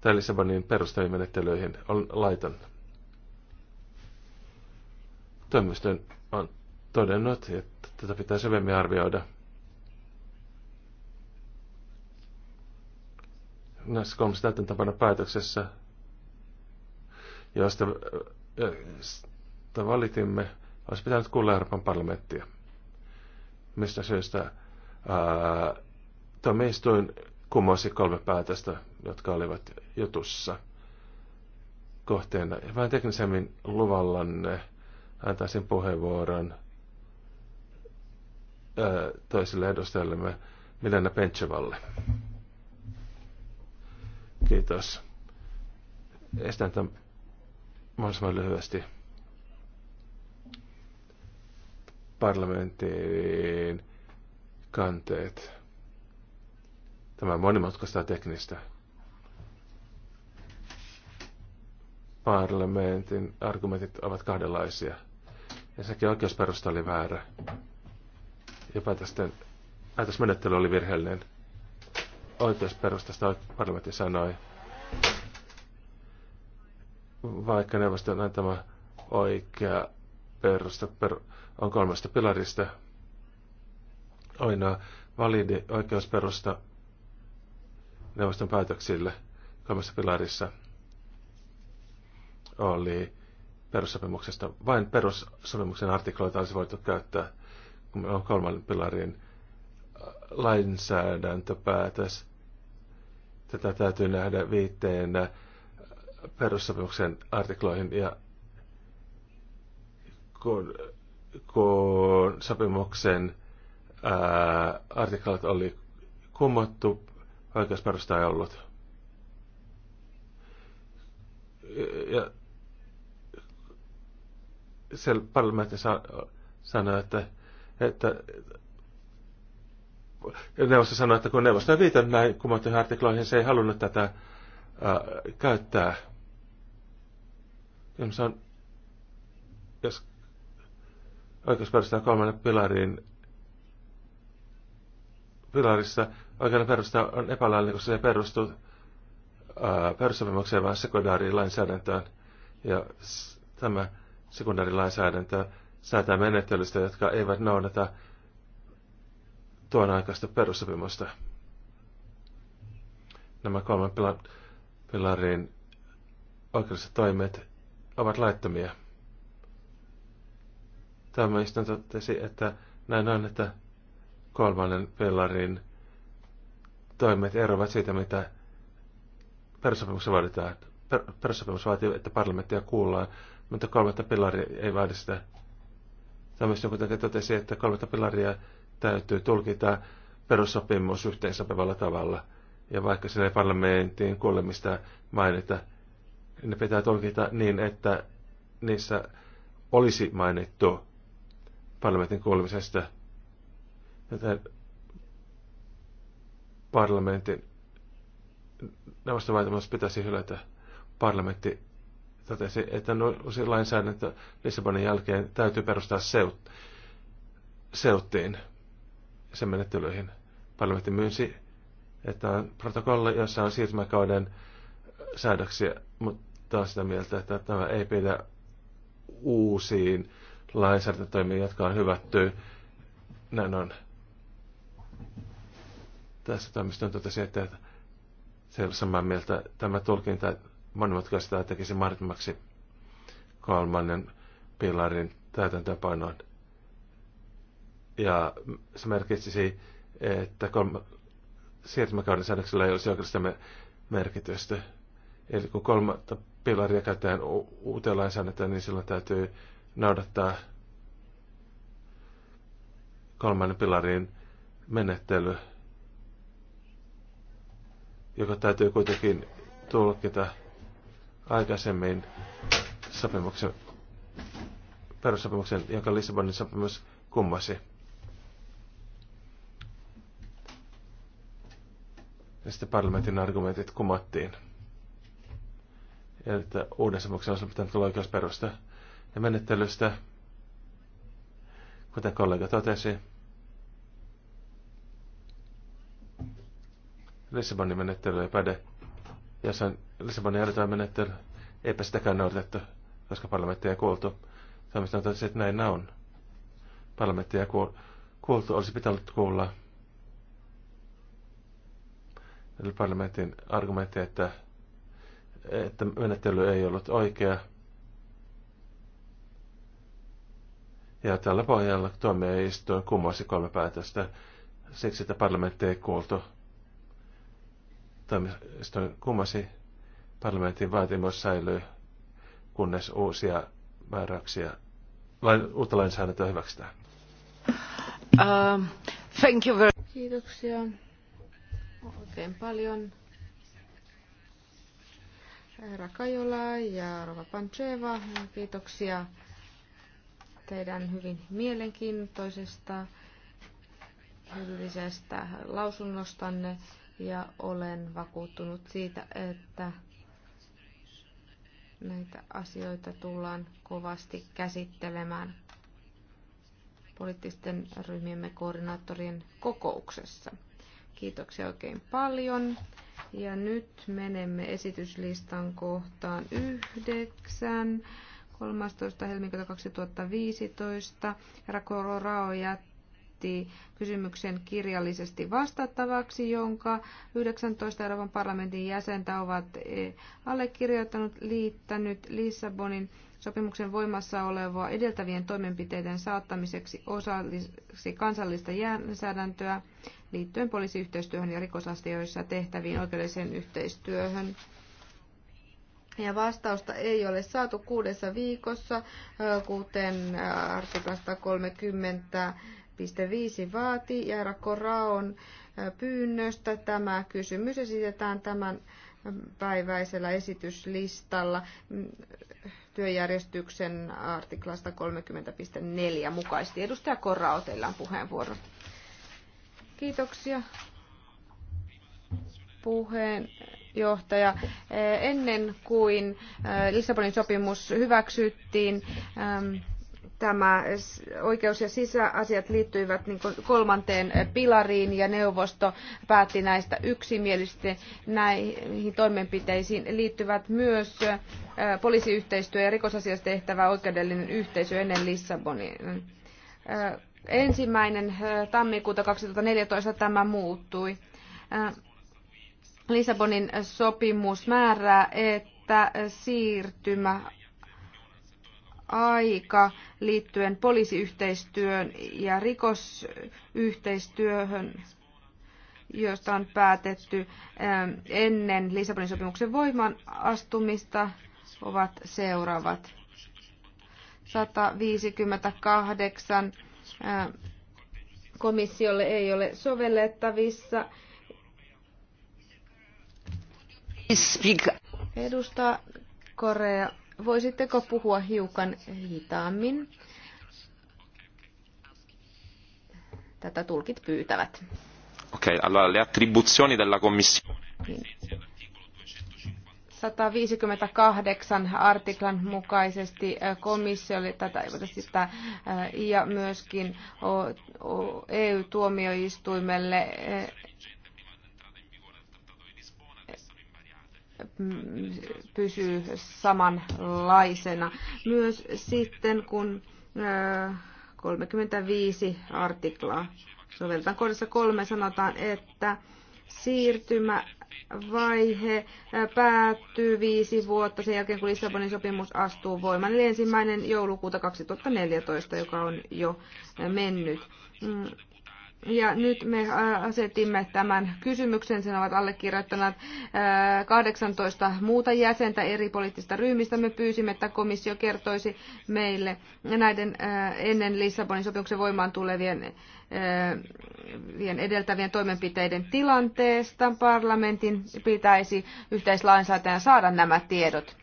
tai Lissabonin perustamimenettelyihin on laiton. Toimistön on todennut, että tätä pitää syvemmin arvioida. Näissä kolmessa täytäntöpana päätöksessä, josta, josta valitimme, olisi pitänyt kuulla Euroopan parlamenttia. Mistä syystä tuomioistuin kumosi kolme päätöstä, jotka olivat jutussa kohteena. vähän teknisemmin luvallanne antaisin puheenvuoron ää, toiselle edustajallemme Milena Pentsevalle. Kiitos. Estän tämän mahdollisimman lyhyesti. Parlamentin kanteet. Tämä on monimutkaista teknistä parlamentin argumentit ovat kahdenlaisia. sekin oikeusperusta oli väärä. Ja päätösten, päätösmenettely oli virheellinen. Oikeusperustasta parlamentti sanoi, vaikka neuvoston antama oikea perusta per, on kolmesta pilarista, aina validi oikeusperusta neuvoston päätöksille kolmessa pilarissa – oli perussopimuksesta. Vain perussopimuksen artikloita olisi voitu käyttää, kun meillä on kolmannen pilarin äh, lainsäädäntöpäätös. Tätä täytyy nähdä viitteenä äh, perussopimuksen artikloihin ja kun, kun sopimuksen ää, äh, artiklat oli kumottu, oikeusperusta ei ollut. Ja siellä parlamentti sa- sanoi, että, että neuvosto sanoi, että kun neuvosto ei viitannut näin kumottuihin artikloihin, se ei halunnut tätä äh, käyttää. Jos, on, jos oikeus perustaa kolmannen pilariin, pilarissa oikeuden perusta on epälaillinen, koska se perustuu perussopimukseen, vaan sekundaariin lainsäädäntöön. Ja tämä sekundaarilainsäädäntöä säätää menettelystä, jotka eivät noudata tuon aikaista perussopimusta. Nämä kolmen pilarin oikeudelliset toimet ovat laittomia. Tämä istunto totesi, että näin on, että kolmannen pilarin toimet eroavat siitä, mitä perussopimuksessa vaaditaan. Per, perussopimus vaatii, että parlamenttia kuullaan mutta kolmatta pilaria ei vaadi sitä. Tämmöistä, kuten totesi, että kolmatta pilaria täytyy tulkita perussopimus yhteensopivalla tavalla. Ja vaikka sille parlamentin kuulemista mainita, niin ne pitää tulkita niin, että niissä olisi mainittu parlamentin kuulemisesta. Joten parlamentin neuvostovaitamassa pitäisi hylätä. Parlamentti totesi, että no, se lainsäädäntö Lissabonin jälkeen täytyy perustaa seut, seuttiin sen menettelyihin. Parlamentti myynsi, että on protokolla, jossa on siirtymäkauden säädöksiä, mutta on sitä mieltä, että tämä ei pidä uusiin lainsäädäntötoimiin, jotka on hyvätty. Näin on. Tässä toimiston totesi, että se ei ole samaa mieltä. Tämä tulkinta monimutkaistaa tekisi mahdottomaksi kolmannen pilarin täytäntöpanoon. Ja se merkitsisi, että kolma, siirtymäkauden säännöksellä ei olisi oikeastaan merkitystä. Eli kun kolmatta pilaria käytetään uuteen lainsäädäntöön, niin silloin täytyy noudattaa kolmannen pilarin menettely, joka täytyy kuitenkin tulkita aikaisemmin sopimuksen, perussopimuksen, jonka Lissabonin sopimus kummasi. Ja sitten parlamentin argumentit kumattiin. Ja että uuden sopimuksen olisi pitänyt tulla oikeusperusta ja menettelystä, kuten kollega totesi. Lissabonin menettely ei päde jossain Lissabonin järjestelmämenettely, eipä sitäkään noudatettu, koska parlamenttia ei kuultu. Suomesta on että näin on. Parlamenttia ei kuultu, olisi pitänyt kuulla eli parlamentin argumentti, että, että menettely ei ollut oikea. Ja tällä pohjalla tuomioistuin kumosi kolme päätöstä siksi, että parlamentti ei kuultu toimiston kummasi parlamentin vaatimus säilyy, kunnes uusia määräyksiä, lain, uutta lainsäädäntöä hyväksytään.
Uh, thank you very... Kiitoksia oikein paljon. Herra Kajola ja Rova Pancheva, kiitoksia teidän hyvin mielenkiintoisesta, hyödyllisestä lausunnostanne ja olen vakuuttunut siitä, että näitä asioita tullaan kovasti käsittelemään poliittisten ryhmiemme koordinaattorien kokouksessa. Kiitoksia oikein paljon. Ja nyt menemme esityslistan kohtaan yhdeksän. 13. helmikuuta 2015. Herra Kororao jättää esitti kysymyksen kirjallisesti vastattavaksi, jonka 19 Euroopan parlamentin jäsentä ovat eh, allekirjoittanut liittänyt Lissabonin sopimuksen voimassa olevaa edeltävien toimenpiteiden saattamiseksi osalliseksi kansallista jäänsäädäntöä liittyen poliisiyhteistyöhön ja rikosasioissa tehtäviin oikeudelliseen yhteistyöhön. Ja vastausta ei ole saatu kuudessa viikossa, eh, kuten eh, artiklasta 30 5 vaati ja Koraon pyynnöstä tämä kysymys esitetään tämän päiväisellä esityslistalla mm, työjärjestyksen artiklasta 30.4 mukaisesti. Edustaja Korrao, teillä on puheenvuoro. Kiitoksia puheenjohtaja. Ennen kuin Lissabonin sopimus hyväksyttiin, tämä oikeus- ja sisäasiat liittyivät niin kolmanteen pilariin ja neuvosto päätti näistä yksimielisesti. Näihin toimenpiteisiin liittyvät myös poliisiyhteistyö ja rikosasioissa tehtävä oikeudellinen yhteisö ennen Lissabonin. Ensimmäinen tammikuuta 2014 tämä muuttui. Lissabonin sopimus määrää, että siirtymä aika liittyen poliisiyhteistyön ja rikosyhteistyöhön, josta on päätetty ähm, ennen Lissabonin sopimuksen voimaan astumista, ovat seuraavat. 158 ähm, komissiolle ei ole sovellettavissa. Edustaa Korea Voisitteko puhua hiukan hitaammin? Tätä tulkit pyytävät.
Okei, okay, allora le attribuzioni della commissione.
158 niin. artiklan mukaisesti eh, komissiolle tätä sitä, eh, ja myöskin EU-tuomioistuimelle eh, pysyy samanlaisena. Myös sitten, kun 35 artiklaa soveltaan kohdassa kolme, sanotaan, että siirtymävaihe päättyy viisi vuotta sen jälkeen, kun Lissabonin sopimus astuu voimaan, eli ensimmäinen joulukuuta 2014, joka on jo mennyt. Mm, ja nyt me äh, asetimme tämän kysymyksen, sen ovat allekirjoittaneet 18 äh, muuta jäsentä eri poliittista ryhmistä. Me pyysimme, että komissio kertoisi meille näiden äh, ennen Lissabonin sopimuksen voimaan tulevien edeltävien toimenpiteiden tilanteesta. Parlamentin pitäisi yhteislainsäätäjän saada nämä tiedot.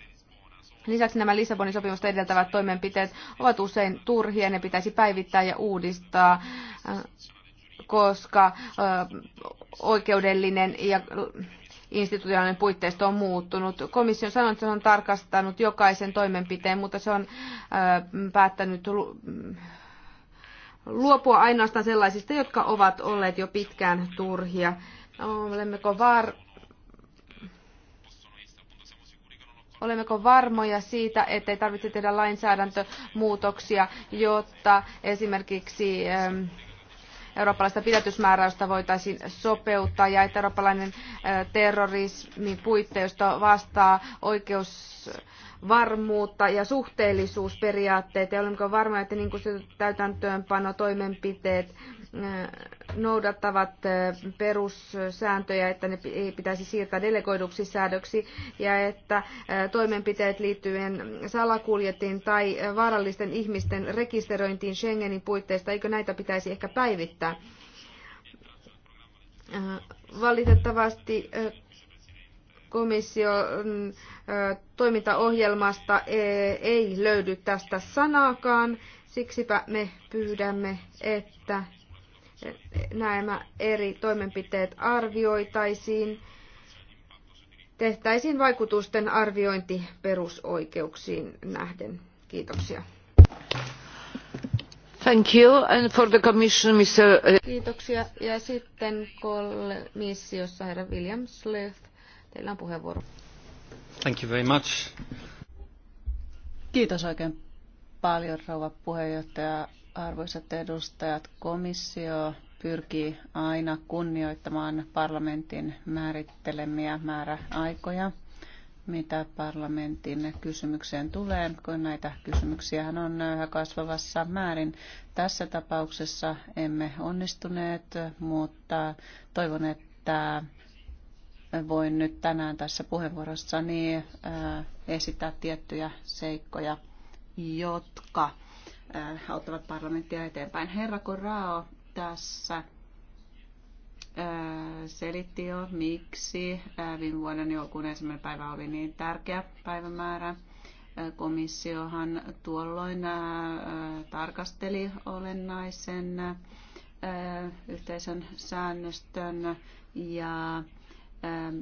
Lisäksi nämä Lissabonin sopimusta edeltävät toimenpiteet ovat usein turhia, ne pitäisi päivittää ja uudistaa koska oikeudellinen ja institutionaalinen puitteisto on muuttunut. Komissio on sanonut, että se on tarkastanut jokaisen toimenpiteen, mutta se on päättänyt luopua ainoastaan sellaisista, jotka ovat olleet jo pitkään turhia. Olemmeko var... Olemmeko varmoja siitä, ettei tarvitse tehdä lainsäädäntömuutoksia, jotta esimerkiksi eurooppalaista pidätysmääräystä voitaisiin sopeuttaa ja että eurooppalainen terrorismin puitteisto vastaa oikeusvarmuutta ja suhteellisuusperiaatteita ja olemmeko varmoja, että niin kuin täytäntöönpano toimenpiteet noudattavat perussääntöjä, että ne ei pitäisi siirtää delegoiduksi säädöksi ja että toimenpiteet liittyen salakuljettiin tai vaarallisten ihmisten rekisteröintiin Schengenin puitteista, eikö näitä pitäisi ehkä päivittää? Valitettavasti komission toimintaohjelmasta ei löydy tästä sanaakaan. Siksipä me pyydämme, että nämä eri toimenpiteet arvioitaisiin, tehtäisiin vaikutusten arviointi perusoikeuksiin nähden. Kiitoksia.
Thank you. And for the commission, Mr. Uh,
Kiitoksia. Ja sitten komissiossa
herra William Sleuth. Teillä on puheenvuoro.
Thank you very much.
Kiitos oikein paljon, rouva puheenjohtaja. Arvoisat edustajat, komissio pyrkii aina kunnioittamaan parlamentin määrittelemiä määräaikoja, mitä parlamentin kysymykseen tulee, kun näitä kysymyksiä on yhä kasvavassa määrin. Tässä tapauksessa emme onnistuneet, mutta toivon, että voin nyt tänään tässä puheenvuorossani esittää tiettyjä seikkoja, jotka Äh, auttavat parlamenttia eteenpäin. Herra Korao tässä äh, selitti jo, miksi äh, viime vuoden niin joulukuun ensimmäinen päivä oli niin tärkeä päivämäärä. Komissiohan tuolloin tarkasteli olennaisen yhteisön säännöstön ja ähm,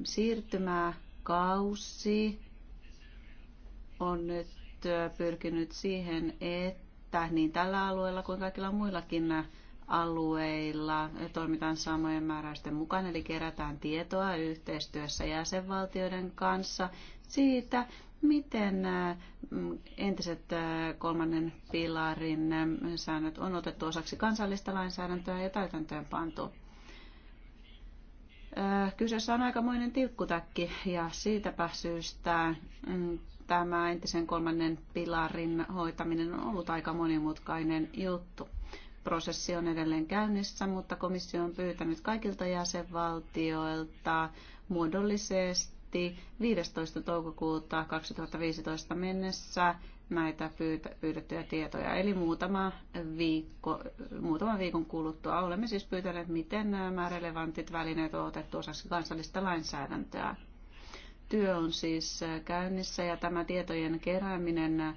siirtymäkausi on nyt pyrkinyt siihen, että että niin tällä alueella kuin kaikilla muillakin alueilla toimitaan samojen määräysten mukaan, eli kerätään tietoa yhteistyössä jäsenvaltioiden kanssa siitä, miten äh, entiset äh, kolmannen pilarin äh, säännöt on otettu osaksi kansallista lainsäädäntöä ja täytäntöön pantu. Kyseessä on aikamoinen tilkkutäkki ja siitäpä syystä mm, tämä entisen kolmannen pilarin hoitaminen on ollut aika monimutkainen juttu. Prosessi on edelleen käynnissä, mutta komissio on pyytänyt kaikilta jäsenvaltioilta muodollisesti 15. toukokuuta 2015 mennessä näitä pyydettyjä tietoja. Eli muutama, viikko, muutaman viikon kuluttua olemme siis pyytäneet, miten nämä relevantit välineet on otettu osaksi kansallista lainsäädäntöä työ on siis käynnissä ja tämä tietojen kerääminen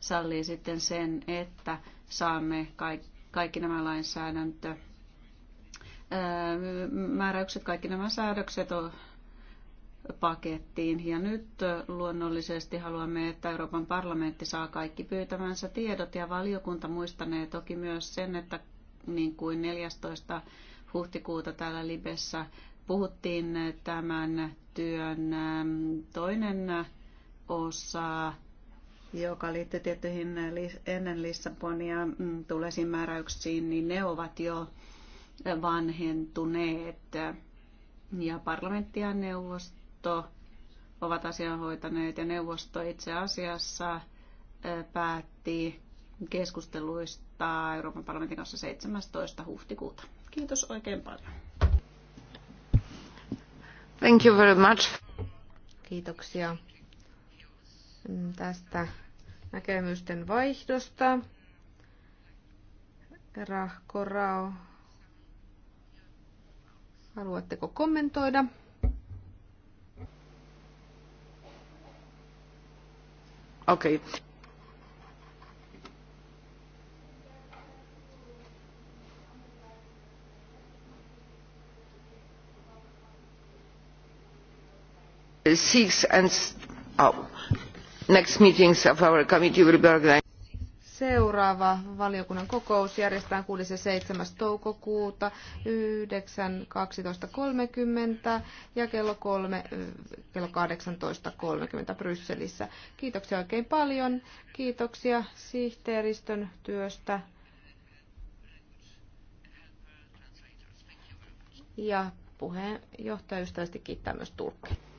sallii sitten sen, että saamme kaikki nämä lainsäädäntö määräykset, kaikki nämä säädökset on pakettiin. Ja nyt luonnollisesti haluamme, että Euroopan parlamentti saa kaikki pyytämänsä tiedot ja valiokunta muistanee toki myös sen, että niin kuin 14. huhtikuuta täällä Libessä puhuttiin tämän työn ähm, toinen osa, joka liittyy tiettyihin ennen Lissabonia mm, tulisiin määräyksiin, niin ne ovat jo vanhentuneet. Ja parlamentti ja neuvosto ovat asian hoitaneet ja neuvosto itse asiassa päätti keskusteluista Euroopan parlamentin kanssa 17. huhtikuuta. Kiitos oikein paljon.
Thank you very much. Kiitoksia tästä näkemysten vaihdosta. Rahko Rao, haluatteko kommentoida?
Okei. Okay. six and oh, next meetings of our committee will be organized.
Seuraava valiokunnan kokous järjestetään 6. ja 7. toukokuuta 9.12.30 ja kello 3 kello 18.30 Brysselissä. Kiitoksia oikein paljon. Kiitoksia sihteeristön työstä. Ja puheenjohtaja ystävästi kiittää myös Turkkiin.